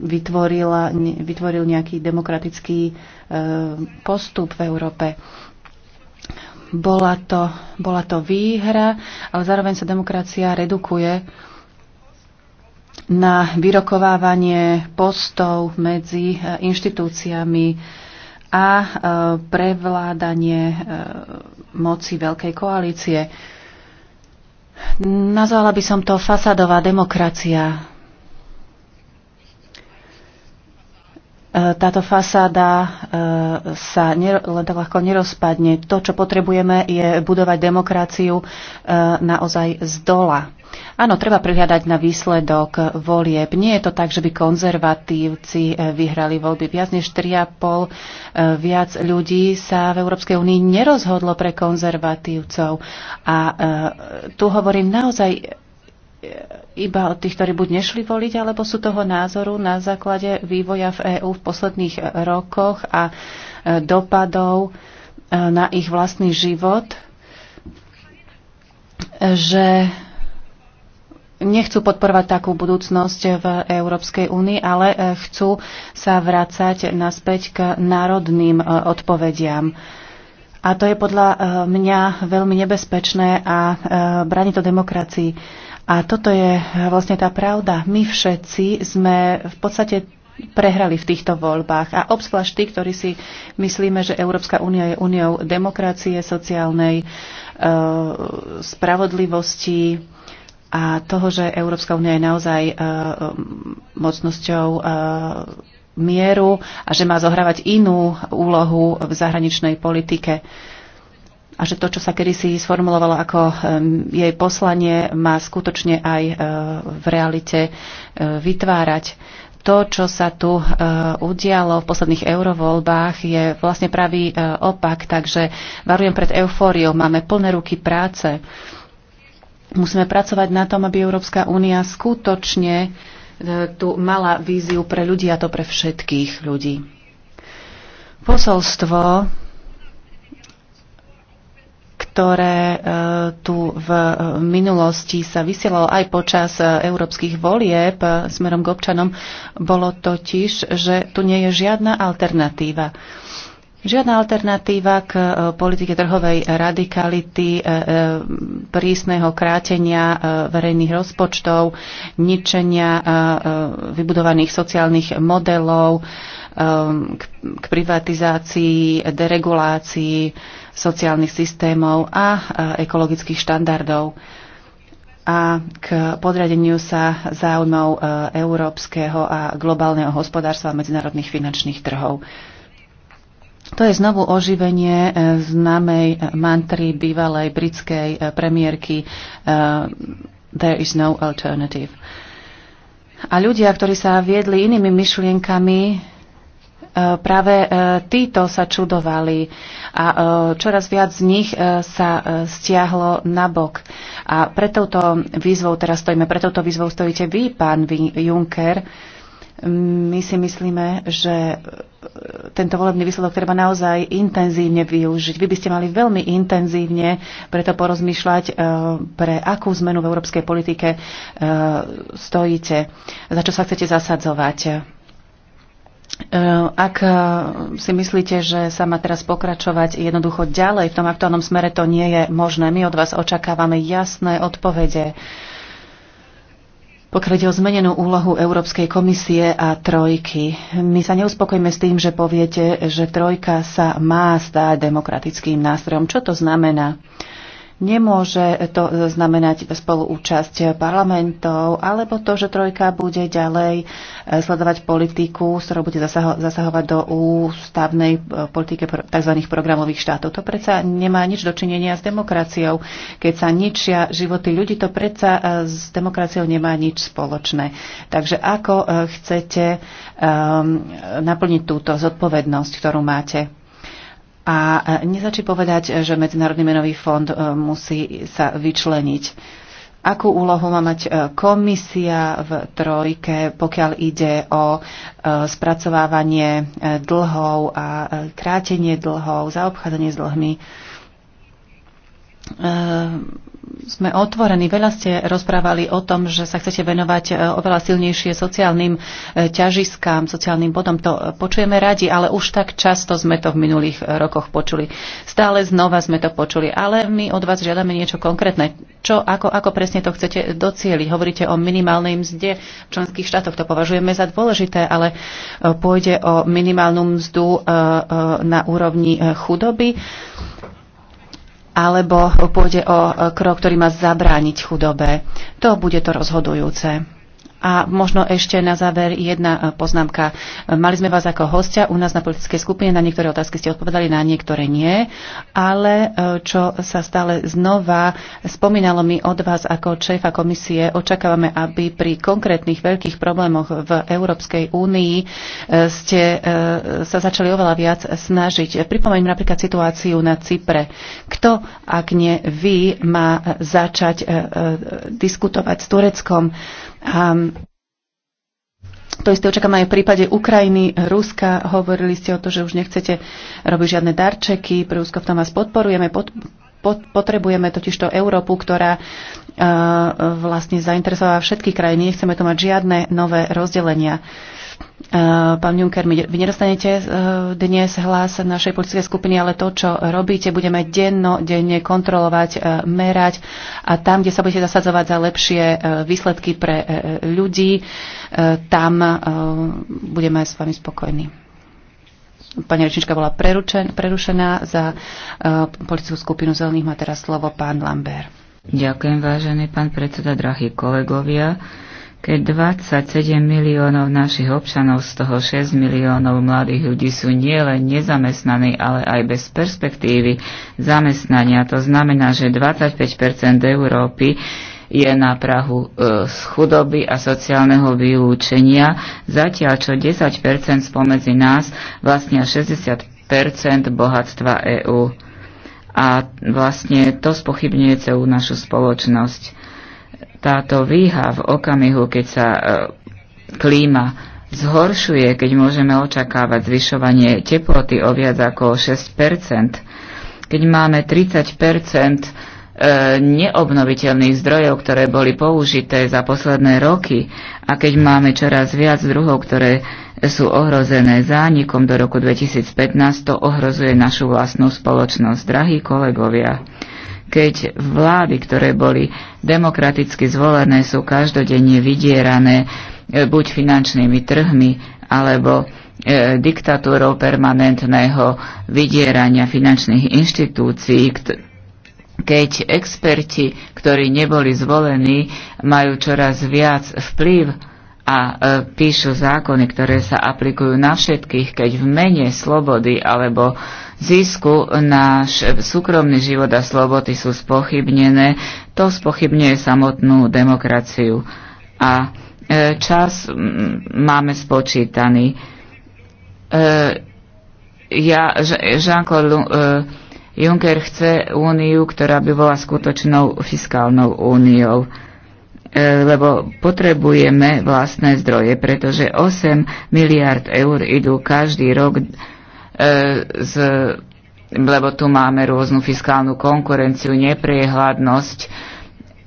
vytvorila, vytvoril nejaký demokratický eh, postup v Európe. Bola to, bola to výhra, ale zároveň sa demokracia redukuje na vyrokovávanie postov medzi e, inštitúciami a e, prevládanie e, moci veľkej koalície. Nazvala by som to fasadová demokracia. E, táto fasáda e, sa len ľahko nerozpadne. To, čo potrebujeme, je budovať demokraciu e, naozaj z dola. Áno, treba prihľadať na výsledok volieb. Nie je to tak, že by konzervatívci vyhrali voľby. Viac než 3,5 viac ľudí sa v Európskej únii nerozhodlo pre konzervatívcov. A tu hovorím naozaj iba od tých, ktorí buď nešli voliť, alebo sú toho názoru na základe vývoja v EÚ v posledných rokoch a e, dopadov e, na ich vlastný život, e, že nechcú podporovať takú budúcnosť v Európskej únii, ale chcú sa vrácať naspäť k národným odpovediam. A to je podľa mňa veľmi nebezpečné a bráni to demokracii. A toto je vlastne tá pravda. My všetci sme v podstate prehrali v týchto voľbách. A obzvlášť tí, ktorí si myslíme, že Európska únia je úniou demokracie, sociálnej e, spravodlivosti a toho, že Európska únia je naozaj e, mocnosťou e, mieru a že má zohrávať inú úlohu v zahraničnej politike. E, a že to, čo sa kedysi sformulovalo ako jej poslanie, má skutočne aj e, v realite e, vytvárať. To, čo sa tu e, udialo v posledných eurovoľbách, je vlastne pravý opak, takže varujem pred eufóriou, máme plné ruky práce. Musíme pracovať na tom, aby Európska únia skutočne tu mala víziu pre ľudí a to pre všetkých ľudí. Posolstvo ktoré e, tu v e, minulosti sa vysielalo aj počas e, európskych volieb smerom k občanom, bolo totiž, že tu nie je žiadna alternatíva. Žiadna alternatíva k politike trhovej radikality, prísneho krátenia verejných rozpočtov, ničenia vybudovaných sociálnych modelov, k privatizácii, deregulácii, sociálnych systémov a ekologických štandardov a k podriadeniu sa záujmov e, európskeho a globálneho hospodárstva a medzinárodných finančných trhov. To je znovu oživenie e, známej e, mantry bývalej britskej premiérky There is no alternative. A ľudia, ktorí sa viedli inými myšlienkami, Eh, práve eh, títo sa čudovali a eh, čoraz viac z nich sa stiahlo nabok. A pre touto výzvou teraz stojíme, pre touto výzvou stojíte vy, pán Juncker. Mm, my si myslíme, že tento volebný výsledok treba naozaj intenzívne využiť. Vy by ste mali veľmi intenzívne preto porozmýšľať, pre akú zmenu v európskej politike stojíte, za čo sa chcete zasadzovať. Eh, ak eh, si myslíte, že sa má teraz pokračovať jednoducho ďalej v tom aktuálnom smere, to nie je možné. My od vás očakávame jasné odpovede. Pokiaľ ide o zmenenú úlohu Európskej komisie a trojky, my sa neuspokojíme s tým, že poviete, že trojka sa má stáť demokratickým nástrojom. Čo to znamená? Nemôže to znamenať spoluúčasť parlamentov alebo to, že trojka bude ďalej e, sledovať politiku, s ktorou bude zasaho- zasahovať do ústavnej e, politike tzv. programových štátov. To predsa nemá nič dočinenia s demokraciou. Keď sa ničia životy ľudí, to predsa e, s demokraciou nemá nič spoločné. Takže ako chcete um, naplniť túto zodpovednosť, ktorú máte? A e, nezačí povedať, že Medzinárodný menový fond e, musí sa vyčleniť. Akú úlohu má mať e, komisia v trojke, pokiaľ ide o spracovávanie dlhov a krátenie dlhov, zaobchádzanie s dlhmi? sme otvorení. Veľa ste rozprávali o tom, že sa chcete venovať e, oveľa silnejšie sociálnym e, ťažiskám, sociálnym bodom. To počujeme radi, ale už tak často sme to v minulých e, rokoch počuli. Stále znova sme to počuli, ale my od vás žiadame niečo konkrétne. Čo, ako, ako presne to chcete docieliť? Hovoríte o minimálnej mzde v členských štátoch. To považujeme za dôležité, ale pôjde o minimálnu mzdu na úrovni chudoby alebo pôjde o krok, ktorý má zabrániť chudobe. To bude to rozhodujúce. A možno ešte na záver jedna e, poznámka. E, mali sme vás ako hostia u nás na politickej skupine, na niektoré otázky ste odpovedali, na niektoré nie, ale e, čo sa stále znova spomínalo mi od vás ako šéfa komisie, očakávame, aby pri konkrétnych veľkých problémoch v Európskej únii ste sa začali oveľa viac snažiť. Pripomeňme napríklad situáciu na Cypre. Kto, ak nie vy, má začať diskutovať s Tureckom? A to isté očakám aj v prípade Ukrajiny, Ruska. Hovorili ste o to, že už nechcete robiť žiadne darčeky. Pre Rusko v tom vás podporujeme. Pod, pod, potrebujeme totiž to Európu, ktorá uh, vlastne zainteresovala všetky krajiny. Nechceme tu mať žiadne nové rozdelenia. Uh, Eh, pán Juncker, vy nedostanete eh, dnes hlas našej politickej skupiny, ale to, čo robíte, budeme denno, denne kontrolovať, eh, merať a tam, kde sa budete zasadzovať za lepšie výsledky pre ľudí, tam budeme s vami spokojní. Pani rečnička bola prerušená za politickú skupinu zelených. Má teraz slovo pán Lambert. Ďakujem, vážený pán predseda, drahí kolegovia keď 27 miliónov našich občanov, z toho 6 miliónov mladých ľudí sú nielen nezamestnaní, ale aj bez perspektívy zamestnania. To znamená, že 25 Európy je na Prahu e, z chudoby a sociálneho vylúčenia, zatiaľ čo 10 spomedzi nás vlastne 60 bohatstva EÚ. A vlastne to spochybňuje celú našu spoločnosť táto výha v okamihu, keď sa e, klíma zhoršuje, keď môžeme očakávať zvyšovanie teploty o viac ako 6 keď máme 30 e, neobnoviteľných zdrojov, ktoré boli použité za posledné roky a keď máme čoraz viac druhov, ktoré sú ohrozené zánikom do roku 2015, to ohrozuje našu vlastnú spoločnosť. Drahí kolegovia, keď vlády, ktoré boli demokraticky zvolené, sú každodenne vydierané e, buď finančnými trhmi alebo e, diktatúrou permanentného vydierania finančných inštitúcií, keď experti, ktorí neboli zvolení, majú čoraz viac vplyv a e, píšu zákony, ktoré sa aplikujú na všetkých, keď v mene slobody alebo zisku, náš súkromný život a slobody sú spochybnené. To spochybňuje samotnú demokraciu. A e, čas máme spočítaný. E, ja, Jean-Claude e, Juncker chce úniu, ktorá by bola skutočnou fiskálnou úniou e, lebo potrebujeme vlastné zdroje, pretože 8 miliard eur idú každý rok E, z, lebo tu máme rôznu fiskálnu konkurenciu, nepriehľadnosť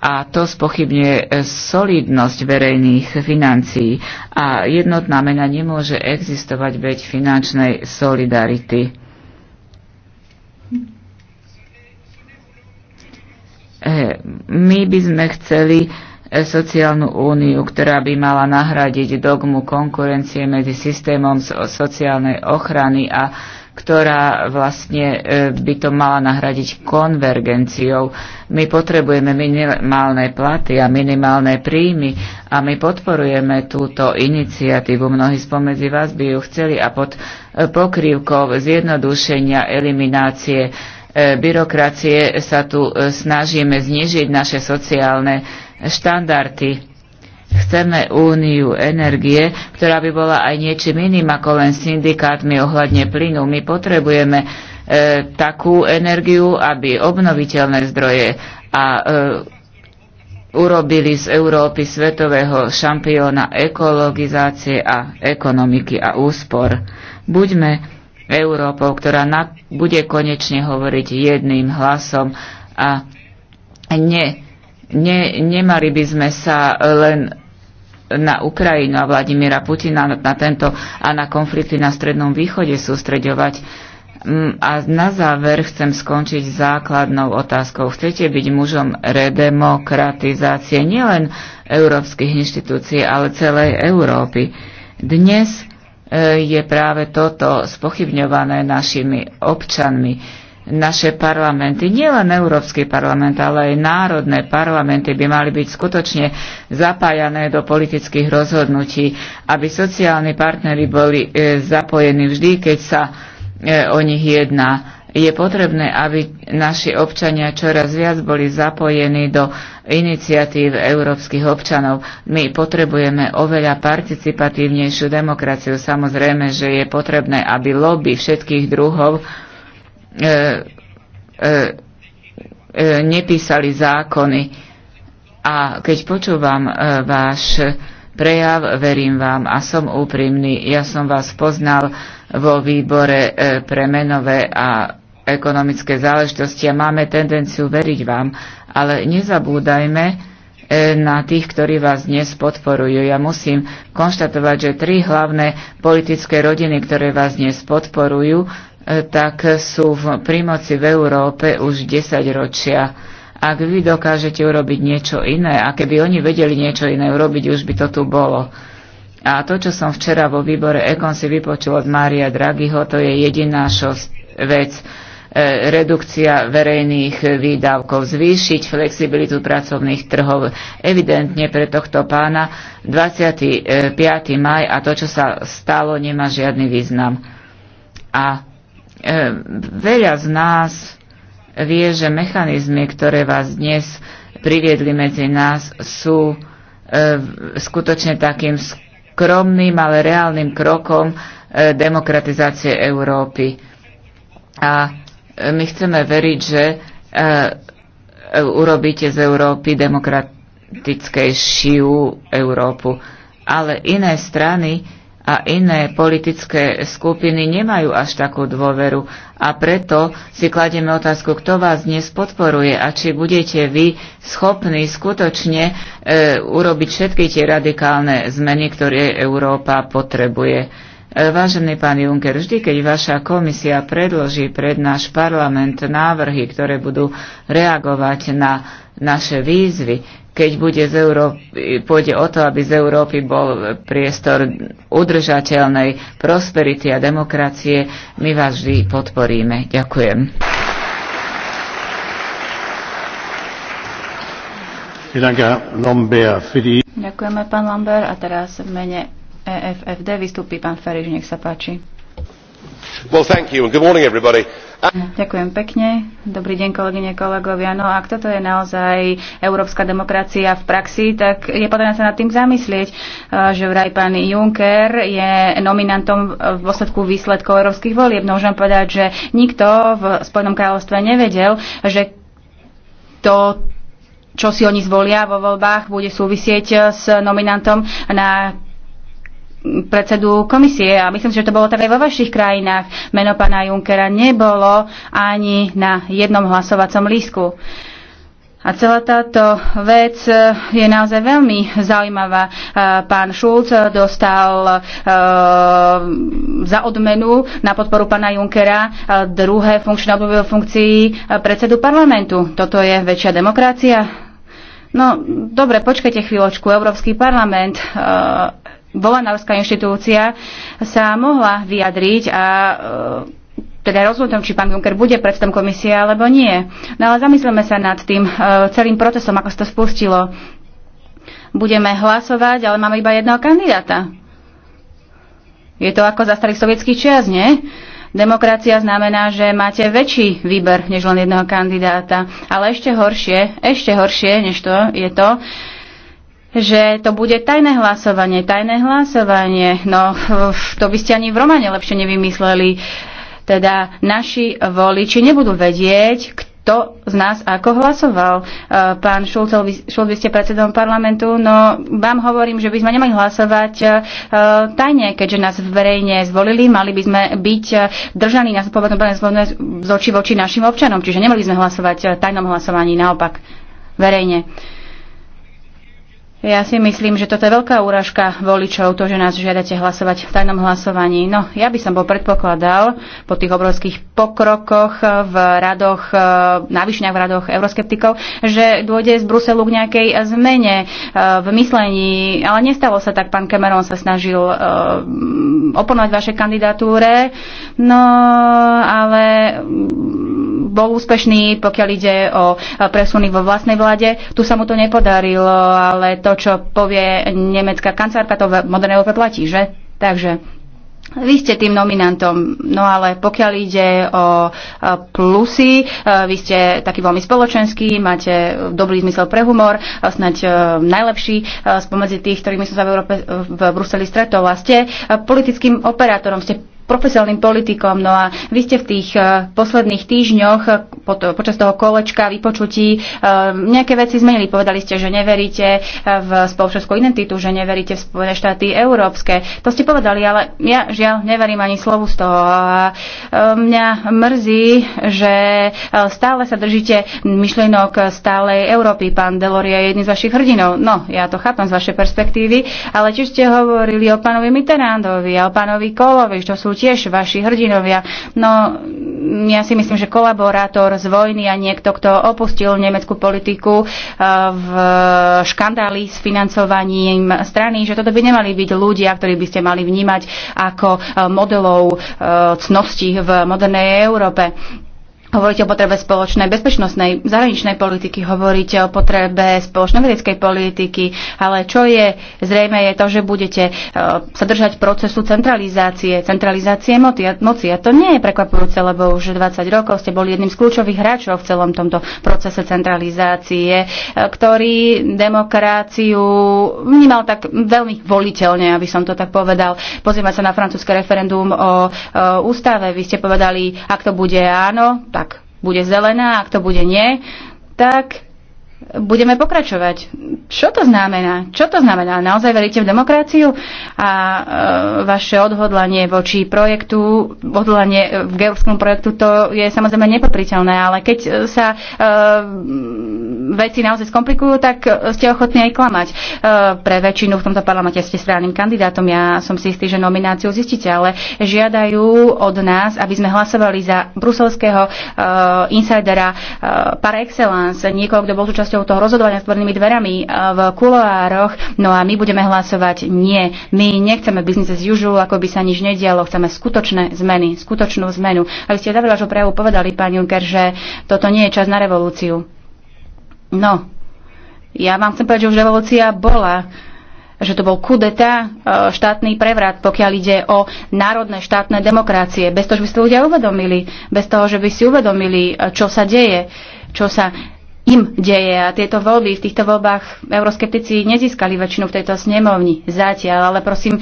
a to spochybňuje e, solidnosť verejných financií a jednotná mena nemôže existovať bez finančnej solidarity. E, my by sme chceli sociálnu úniu, ktorá by mala nahradiť dogmu konkurencie medzi systémom sociálnej ochrany a ktorá vlastne e, by to mala nahradiť konvergenciou. My potrebujeme minimálne platy a minimálne príjmy a my podporujeme túto iniciatívu. Mnohí spomedzi vás by ju chceli a pod e, pokrývkou zjednodušenia eliminácie e, byrokracie sa tu snažíme znižiť naše sociálne štandardy. Chceme úniu energie, ktorá by bola aj niečím iným ako len syndikátmi ohľadne plynu. My potrebujeme e, takú energiu, aby obnoviteľné zdroje a e, urobili z Európy svetového šampióna ekologizácie a ekonomiky a úspor. Buďme Európou, ktorá na, bude konečne hovoriť jedným hlasom a ne Ne, nemali by sme sa len na Ukrajinu a Vladimíra Putina na tento a na konflikty na Strednom východe sústreďovať. Mm, a na záver chcem skončiť základnou otázkou. Chcete byť mužom redemokratizácie nielen európskych inštitúcií, ale celej Európy. Dnes e, je práve toto spochybňované našimi občanmi naše parlamenty, nielen Európsky parlament, ale aj národné parlamenty by mali byť skutočne zapájané do politických rozhodnutí, aby sociálni partnery boli e, zapojení vždy, keď sa e, o nich jedná. Je potrebné, aby naši občania čoraz viac boli zapojení do iniciatív európskych občanov. My potrebujeme oveľa participatívnejšiu demokraciu. Samozrejme, že je potrebné, aby lobby všetkých druhov E, e, e, nepísali zákony. A keď počúvam váš prejav, verím vám a som úprimný. Ja som vás poznal vo výbore pre menové a ekonomické záležitosti a máme tendenciu veriť vám, ale nezabúdajme na tých, ktorí vás dnes podporujú. Ja musím konštatovať, že tri hlavné politické rodiny, ktoré vás dnes podporujú, E, tak sú v, prímoci v Európe už 10 ročia. Ak vy dokážete urobiť niečo iné, a keby oni vedeli niečo iné urobiť, už by to tu bolo. A to, čo som včera vo výbore Ekon si vypočul od Mária Draghiho, to je jediná šosť, vec. E, redukcia verejných výdavkov, zvýšiť flexibilitu pracovných trhov. Evidentne pre tohto pána 25. E, maj a to, čo sa stalo, nemá žiadny význam. A E, veľa z nás vie, že mechanizmy, ktoré vás dnes priviedli medzi nás, sú e, skutočne takým skromným, ale reálnym krokom e, demokratizácie Európy. A my chceme veriť, že urobíte z Európy demokratickejšiu Európu. Ale iné strany a iné politické skupiny nemajú až takú dôveru a preto si kladieme otázku, kto vás dnes podporuje a či budete vy schopní skutočne e, urobiť všetky tie radikálne zmeny, ktoré Európa potrebuje. E, vážený pán Juncker, vždy, keď vaša komisia predloží pred náš parlament návrhy, ktoré budú reagovať na naše výzvy, keď bude z Európy, pôjde o to, aby z Európy bol priestor udržateľnej prosperity a demokracie, my vás vždy podporíme. Ďakujem. Ďakujeme, pán Lambert. A teraz v mene EFFD vystúpi pán Feriž, nech sa páči. Ďakujem pekne. Dobrý deň, kolegyne, kolegovia. No ak toto je naozaj európska demokracia v praxi, tak je potrebné sa nad tým zamyslieť, eh, že vraj pán Juncker je nominantom v dôsledku výsledkov európskych volieb. No môžem povedať, že nikto v Spojenom kráľovstve nevedel, že to čo si oni zvolia vo voľbách, bude súvisieť s nominantom na predsedu komisie a myslím si, že to bolo tak aj vo vašich krajinách. Meno pána Junkera nebolo ani na jednom hlasovacom lístku. A celá táto vec je naozaj veľmi zaujímavá. Pán Šulc dostal e, za odmenu na podporu pána Junkera e, druhé funkčné obdobie funkcii e, predsedu parlamentu. Toto je väčšia demokracia? No, dobre, počkajte chvíľočku. Európsky parlament volanovská inštitúcia sa mohla vyjadriť a e, teda rozhodom, či pán Juncker bude predstavom komisie alebo nie. No ale zamyslíme sa nad tým e, celým procesom, ako sa to spustilo. Budeme hlasovať, ale máme iba jedného kandidáta. Je to ako za starých sovietských čias, nie? Demokracia znamená, že máte väčší výber než len jedného kandidáta. Ale ešte horšie, ešte horšie než to je to, že to bude tajné hlasovanie, tajné hlasovanie. No, to by ste ani v Romane lepšie nevymysleli. Teda naši voliči nebudú vedieť, kto z nás ako hlasoval. E, pán Šulcel, vy, Šul, vy ste predsedom parlamentu, no vám hovorím, že by sme nemali hlasovať e, tajne, keďže nás verejne zvolili, mali by sme byť e, držaní na zodpovednom z oči voči našim občanom, čiže nemali sme hlasovať tajnom hlasovaní, naopak verejne. Ja si myslím, že toto je veľká úražka voličov, to, že nás žiadate hlasovať v tajnom hlasovaní. No, ja by som bol predpokladal po tých obrovských pokrokoch v radoch, e, navyšňach v radoch euroskeptikov, že dôjde z Bruselu k nejakej zmene e, v myslení, ale nestalo sa tak. Pán Cameron sa snažil e, oponovať vaše kandidatúre, no ale mm, bol úspešný, pokiaľ ide o presuny vo vlastnej vláde. Tu sa mu to nepodarilo, ale to, čo povie nemecká kancelárka, to v modernej Európe platí, že? Takže vy ste tým nominantom, no ale pokiaľ ide o plusy, e, vy ste taký veľmi spoločenský, máte dobrý zmysel pre humor, e, snať e, najlepší spomedzi tých, ktorými som sa v, Európe, v Bruseli stretol a ste politickým operátorom, ste profesionálnym politikom. No a vy ste v tých eh, posledných týždňoch eh, počas toho kolečka vypočutí eh, nejaké veci zmenili. Povedali ste, že neveríte v spoločenskú identitu, že neveríte v Spojené štáty európske. To ste povedali, ale ja žiaľ neverím ani slovu z toho. A mňa mrzí, že stále sa držíte myšlienok stálej Európy. Pán Deloria je jedným z vašich hrdinov. No, ja to chápam z vašej perspektívy, ale tiež ste hovorili o pánovi Mitterrandovi a o pánovi Kolovi, čo sú tiež vaši hrdinovia. No ja si myslím, že kolaborátor z vojny a niekto, kto opustil nemeckú politiku eh, v škandáli s financovaním strany, že toto by nemali byť ľudia, ktorí by ste mali vnímať ako eh, modelov eh, cnosti v modernej Európe. Hovoríte o potrebe spoločnej bezpečnostnej zahraničnej politiky, hovoríte o potrebe spoločnej vedeckej politiky, ale čo je zrejme je to, že budete uh, sa držať procesu centralizácie, centralizácie moci. A to nie je prekvapujúce, lebo už 20 rokov ste boli jedným z kľúčových hráčov v celom tomto procese centralizácie, e, ktorý demokráciu vnímal tak veľmi voliteľne, aby som to tak povedal. Pozrieme sa na francúzske referendum o, uh, ústave. Vy ste povedali, ak to bude áno, tak bude zelená, ak to bude nie, tak budeme pokračovať. Čo to znamená? Čo to znamená? Naozaj veríte v demokraciu a e, vaše odhodlanie voči projektu, odhodlanie v geovskom projektu, to je samozrejme nepopriteľné, ale keď e, sa e, veci naozaj skomplikujú, tak e, ste ochotní aj klamať. E, pre väčšinu v tomto parlamente ste správnym kandidátom, ja som si istý, že nomináciu zistíte, ale žiadajú od nás, aby sme hlasovali za bruselského e, insidera e, par excellence, niekoho, kto bol súčasťou toho rozhodovania tvornými dverami eh, v kuloároch, no a my budeme hlasovať nie. My nechceme business as usual, ako by sa nič nedialo, chceme skutočné zmeny, skutočnú zmenu. A vy ste za vašu prejavu povedali, pán Juncker, že toto nie je čas na revolúciu. No, ja vám chcem povedať, že už revolúcia bola že to bol kudeta, eh, štátny prevrat, pokiaľ ide o národné štátne demokracie. Bez toho, že by ste ľudia uvedomili, bez toho, že by si uvedomili, eh, čo sa deje, čo sa im deje a tieto voľby, v týchto voľbách euroskeptici nezískali väčšinu v tejto snemovni zatiaľ, ale prosím, e,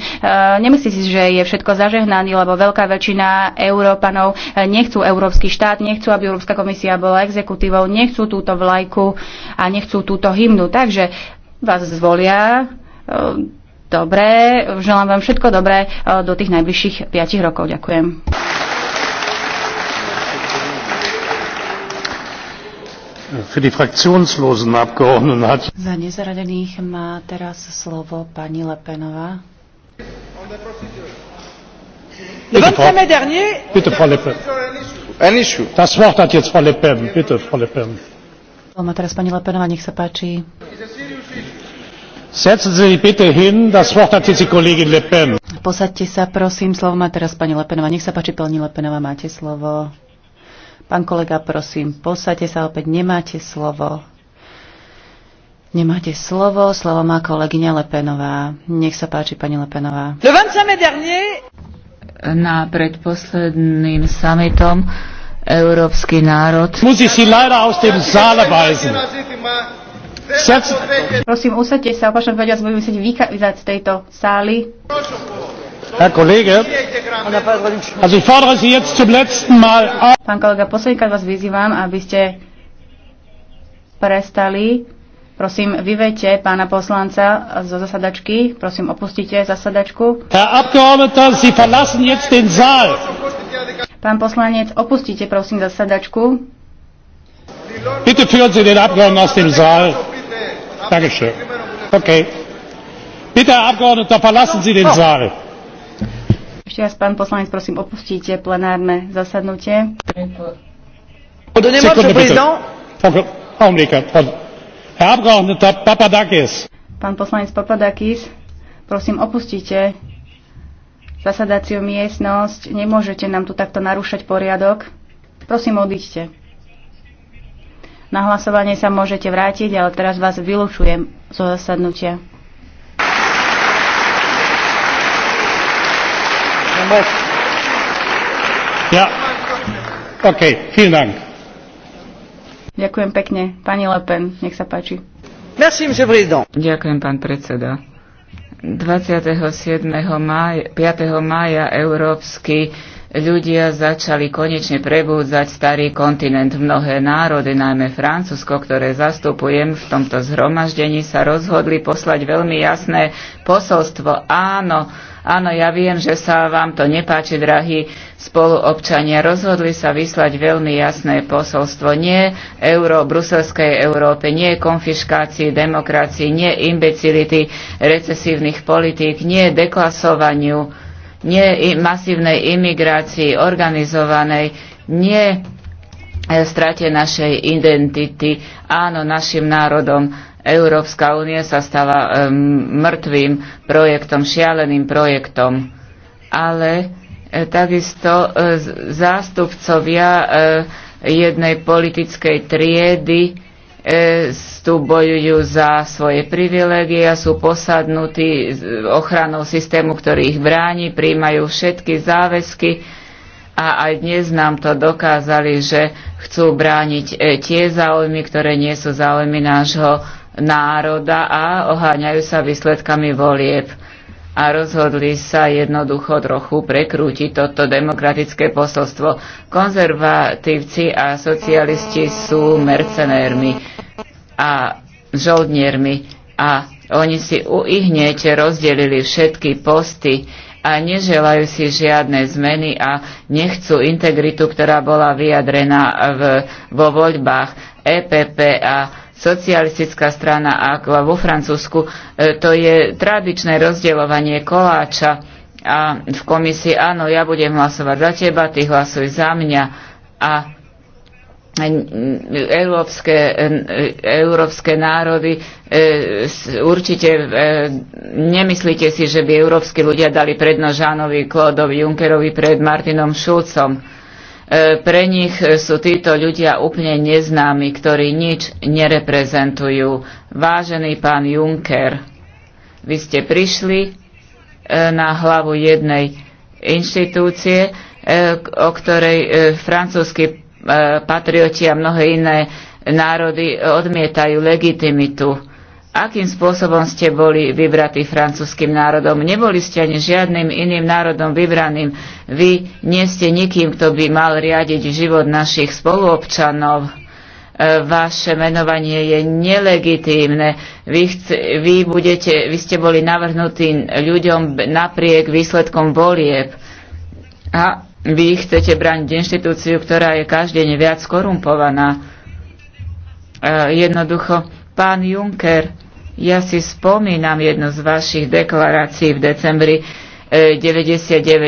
nemyslí si, že je všetko zažehnané, lebo veľká väčšina Európanov e, nechcú Európsky štát, nechcú, aby Európska komisia bola exekutívou, nechcú túto vlajku a nechcú túto hymnu. Takže vás zvolia, e, dobre, želám vám všetko dobré do tých najbližších 5 rokov. Ďakujem. Za nezaradených má teraz slovo pani Lepenová. Le 25 dernier, bitte, Frau Le Pen. Ein issue. Das Wort hat jetzt Frau Le Pen. Bitte, Frau Le Pen. Má teraz pani Lepenová, nech sa páči. Setzen Sie sich bitte hin, das Wort hat jetzt die Kollegin Le Pen. Posaďte sa, prosím, slovo má teraz pani Lepenová. Nech sa páči, pani Lepenová, máte slovo. Pán kolega, prosím, posaďte sa opäť, nemáte slovo. Nemáte slovo, slovo má kolegyňa Lepenová. Nech sa páči, pani Lepenová. Na predposledným summitom Európsky národ. Musí si leider aus dem Saale weisen. Prosím, usadte sa, opačne povedať, budeme musieť vykázať z tejto sály. Herr Kollege, also ich fordere Sie jetzt zum letzten Mal auf. Pán kolega, posledníkrát vás vyzývam, aby ste prestali. Prosím, vyvete pána poslanca zo zasadačky. Prosím, opustite zasadačku. Herr Abgeordneter, Sie verlassen jetzt den Saal. Pán poslanec, opustite prosím zasadačku. Bitte führen Sie den Abgeordneten aus dem Saal. Dankeschön. Okay. Bitte, Herr Abgeordneter, verlassen Sie den oh. Saal. Ešte raz, pán poslanec, prosím, opustíte plenárne zasadnutie. Pán poslanec Papadakis, prosím, opustite zasadaciu miestnosť. Nemôžete nám tu takto narúšať poriadok. Prosím, odíďte. Na hlasovanie sa môžete vrátiť, ale teraz vás vylúčujem zo zasadnutia. Ja. OK, vielen Dank. Ďakujem pekne. Pani Le Pen, nech sa páči. Merci, monsieur président. Ďakujem, pán predseda. 27. 5. mája Európsky ľudia začali konečne prebúdzať starý kontinent. Mnohé národy, najmä Francúzsko, ktoré zastupujem v tomto zhromaždení, sa rozhodli poslať veľmi jasné posolstvo. Áno, áno, ja viem, že sa vám to nepáči, drahí spoluobčania. Rozhodli sa vyslať veľmi jasné posolstvo. Nie euro bruselskej Európe, nie konfiškácii demokracii, nie imbecility recesívnych politík, nie deklasovaniu nie masívnej imigrácii, organizovanej, nie e, strate našej identity. Áno, našim národom Európska únie sa stala um, mŕtvým projektom, šialeným projektom. Ale e, takisto e, zástupcovia e, jednej politickej triedy E, tu bojujú za svoje privilégie a sú posadnutí ochranou systému, ktorý ich bráni, príjmajú všetky záväzky a aj dnes nám to dokázali, že chcú brániť e, tie záujmy, ktoré nie sú záujmy nášho národa a oháňajú sa výsledkami volieb a rozhodli sa jednoducho trochu prekrútiť toto demokratické posolstvo. Konzervatívci a socialisti sú mercenérmi a žoldniermi a oni si ihneď rozdelili všetky posty a neželajú si žiadne zmeny a nechcú integritu, ktorá bola vyjadrená v, vo voľbách EPP a socialistická strana a vo Francúzsku. E, to je tradičné rozdielovanie koláča a v komisii áno, ja budem hlasovať za teba, ty hlasuj za mňa a európske, európske národy e, určite e, nemyslíte si, že by európsky ľudia dali predno Žánovi, Klódovi, Junkerovi pred Martinom Šulcom. E, pre nich sú títo ľudia úplne neznámi, ktorí nič nereprezentujú. Vážený pán Juncker, vy ste prišli na hlavu jednej inštitúcie, o ktorej francúzsky E, patrioti a mnohé iné národy odmietajú legitimitu. Akým spôsobom ste boli vybratí francúzským národom? Neboli ste ani žiadnym iným národom vybraným. Vy nie ste nikým, kto by mal riadiť život našich spoluobčanov. E, vaše menovanie je nelegitímne. Vy, chce, vy, budete, vy ste boli navrhnutí ľuďom napriek výsledkom volieb. A vy chcete brániť inštitúciu, ktorá je každene viac korumpovaná. E, jednoducho, pán Juncker, ja si spomínam jednu z vašich deklarácií v decembri 99 e,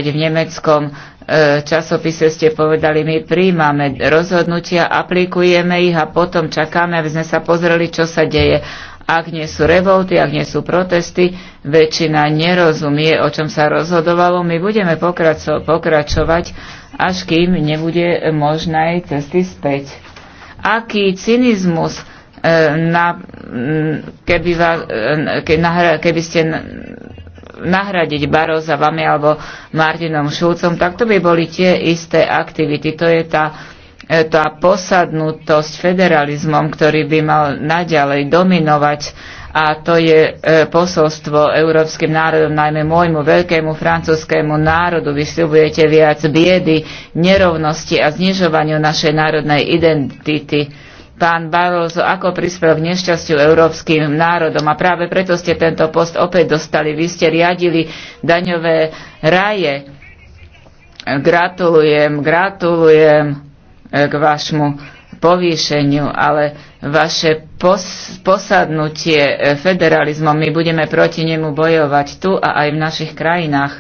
v nemeckom e, časopise ste povedali, my príjmame rozhodnutia, aplikujeme ich a potom čakáme, aby sme sa pozreli, čo sa deje. Ak nie sú revolty, ak nie sú protesty, väčšina nerozumie, o čom sa rozhodovalo. My budeme pokračo- pokračovať, až kým nebude možné cesty späť. Aký cynizmus, e, na, keby, va, e, ke, nahra, keby ste nahradiť za vami alebo Martinom Šulcom, tak to by boli tie isté aktivity. To je tá E, tá posadnutosť federalizmom, ktorý by mal naďalej dominovať a to je e, posolstvo európskym národom, najmä môjmu veľkému francúzskému národu. Vy viac biedy, nerovnosti a znižovaniu našej národnej identity. Pán Barroso, ako prispel k nešťastiu európskym národom a práve preto ste tento post opäť dostali. Vy ste riadili daňové raje. Gratulujem, gratulujem E, k vášmu povýšeniu, ale vaše pos- posadnutie e, federalizmom, my budeme proti nemu bojovať tu a aj v našich krajinách.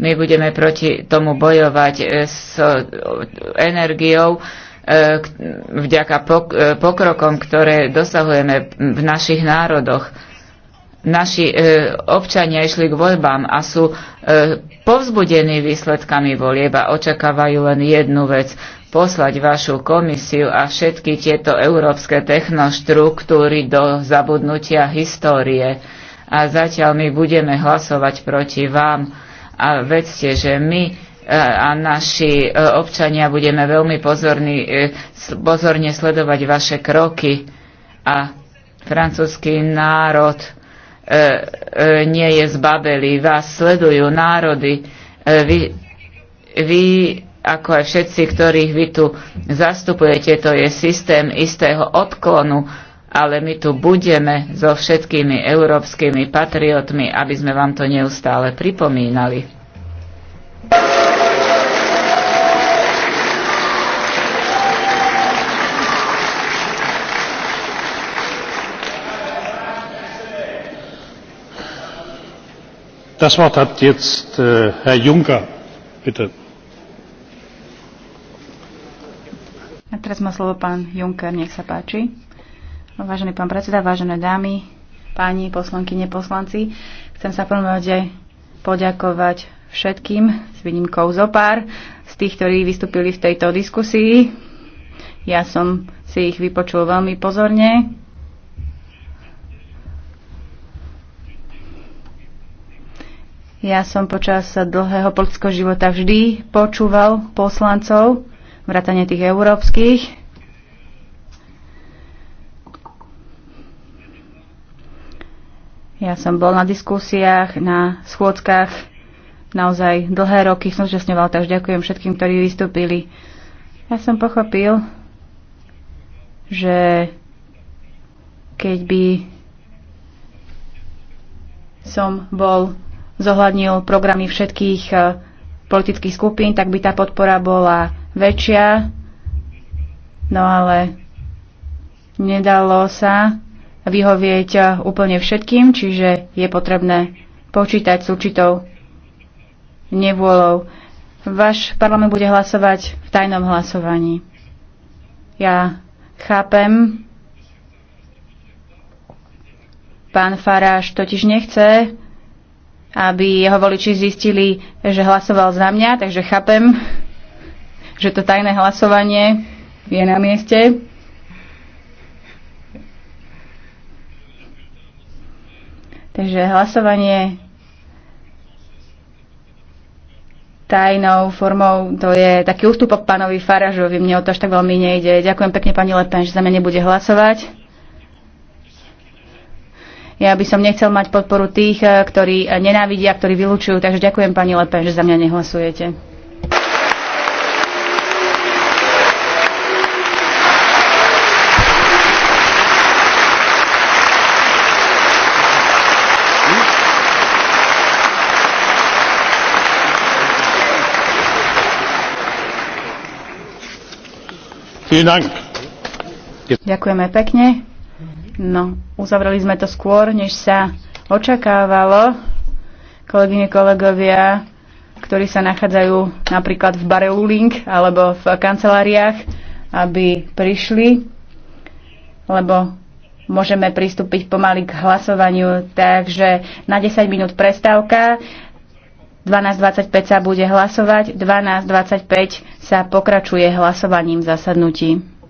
My budeme proti tomu bojovať e, s energiou, vďaka pokrokom, ktoré dosahujeme v našich národoch. Naši občania išli k voľbám a sú povzbudení výsledkami volieb a očakávajú len jednu vec poslať vašu komisiu a všetky tieto európske technoštruktúry do zabudnutia histórie. A zatiaľ my budeme hlasovať proti vám. A vedzte, že my e, a naši e, občania budeme veľmi pozorní, e, pozorne sledovať vaše kroky a francúzsky národ nie je zbabelý. Vás sledujú národy. Vy, vy ako aj všetci, ktorých vy tu zastupujete, to je systém istého odklonu, ale my tu budeme so všetkými európskymi patriotmi, aby sme vám to neustále pripomínali. Das Wort hat jetzt äh, Herr Juncker, bitte. Teraz má slovo pán Juncker, nech sa páči. Vážený pán predseda, vážené dámy, páni, poslanky, neposlanci, chcem sa prvom rade poďakovať všetkým, s výnimkou zopár, z tých, ktorí vystúpili v tejto diskusii. Ja som si ich vypočul veľmi pozorne. Ja som počas dlhého politického života vždy počúval poslancov vrátane tých európskych. Ja som bol na diskusiách, na schôdzkach naozaj dlhé roky som zúčastňoval, takže ďakujem všetkým, ktorí vystúpili. Ja som pochopil, že keď by som bol zohľadnil programy všetkých eh, politických skupín, tak by tá podpora bola väčšia, no ale nedalo sa vyhovieť úplne všetkým, čiže je potrebné počítať s určitou nevôľou. Váš parlament bude hlasovať v tajnom hlasovaní. Ja chápem, pán Faráš totiž nechce, aby jeho voliči zistili, že hlasoval za mňa, takže chápem, že to tajné hlasovanie je na mieste. Takže hlasovanie tajnou formou, to je taký ústupok pánovi Faražovi, mne o to až tak veľmi nejde. Ďakujem pekne pani Lepen, že za mňa nebude hlasovať. Ja by som nechcel mať podporu tých, ktorí nenávidia, ktorí vylúčujú, takže ďakujem pani Lepen, že za mňa nehlasujete. Ďakujeme pekne. No, uzavreli sme to skôr, než sa očakávalo. Kolegyne, kolegovia, ktorí sa nachádzajú napríklad v bare Uling alebo v kanceláriách, aby prišli, lebo môžeme pristúpiť pomaly k hlasovaniu. Takže na 10 minút prestávka. 12.25 sa bude hlasovať, 12.25 sa pokračuje hlasovaním zasadnutí.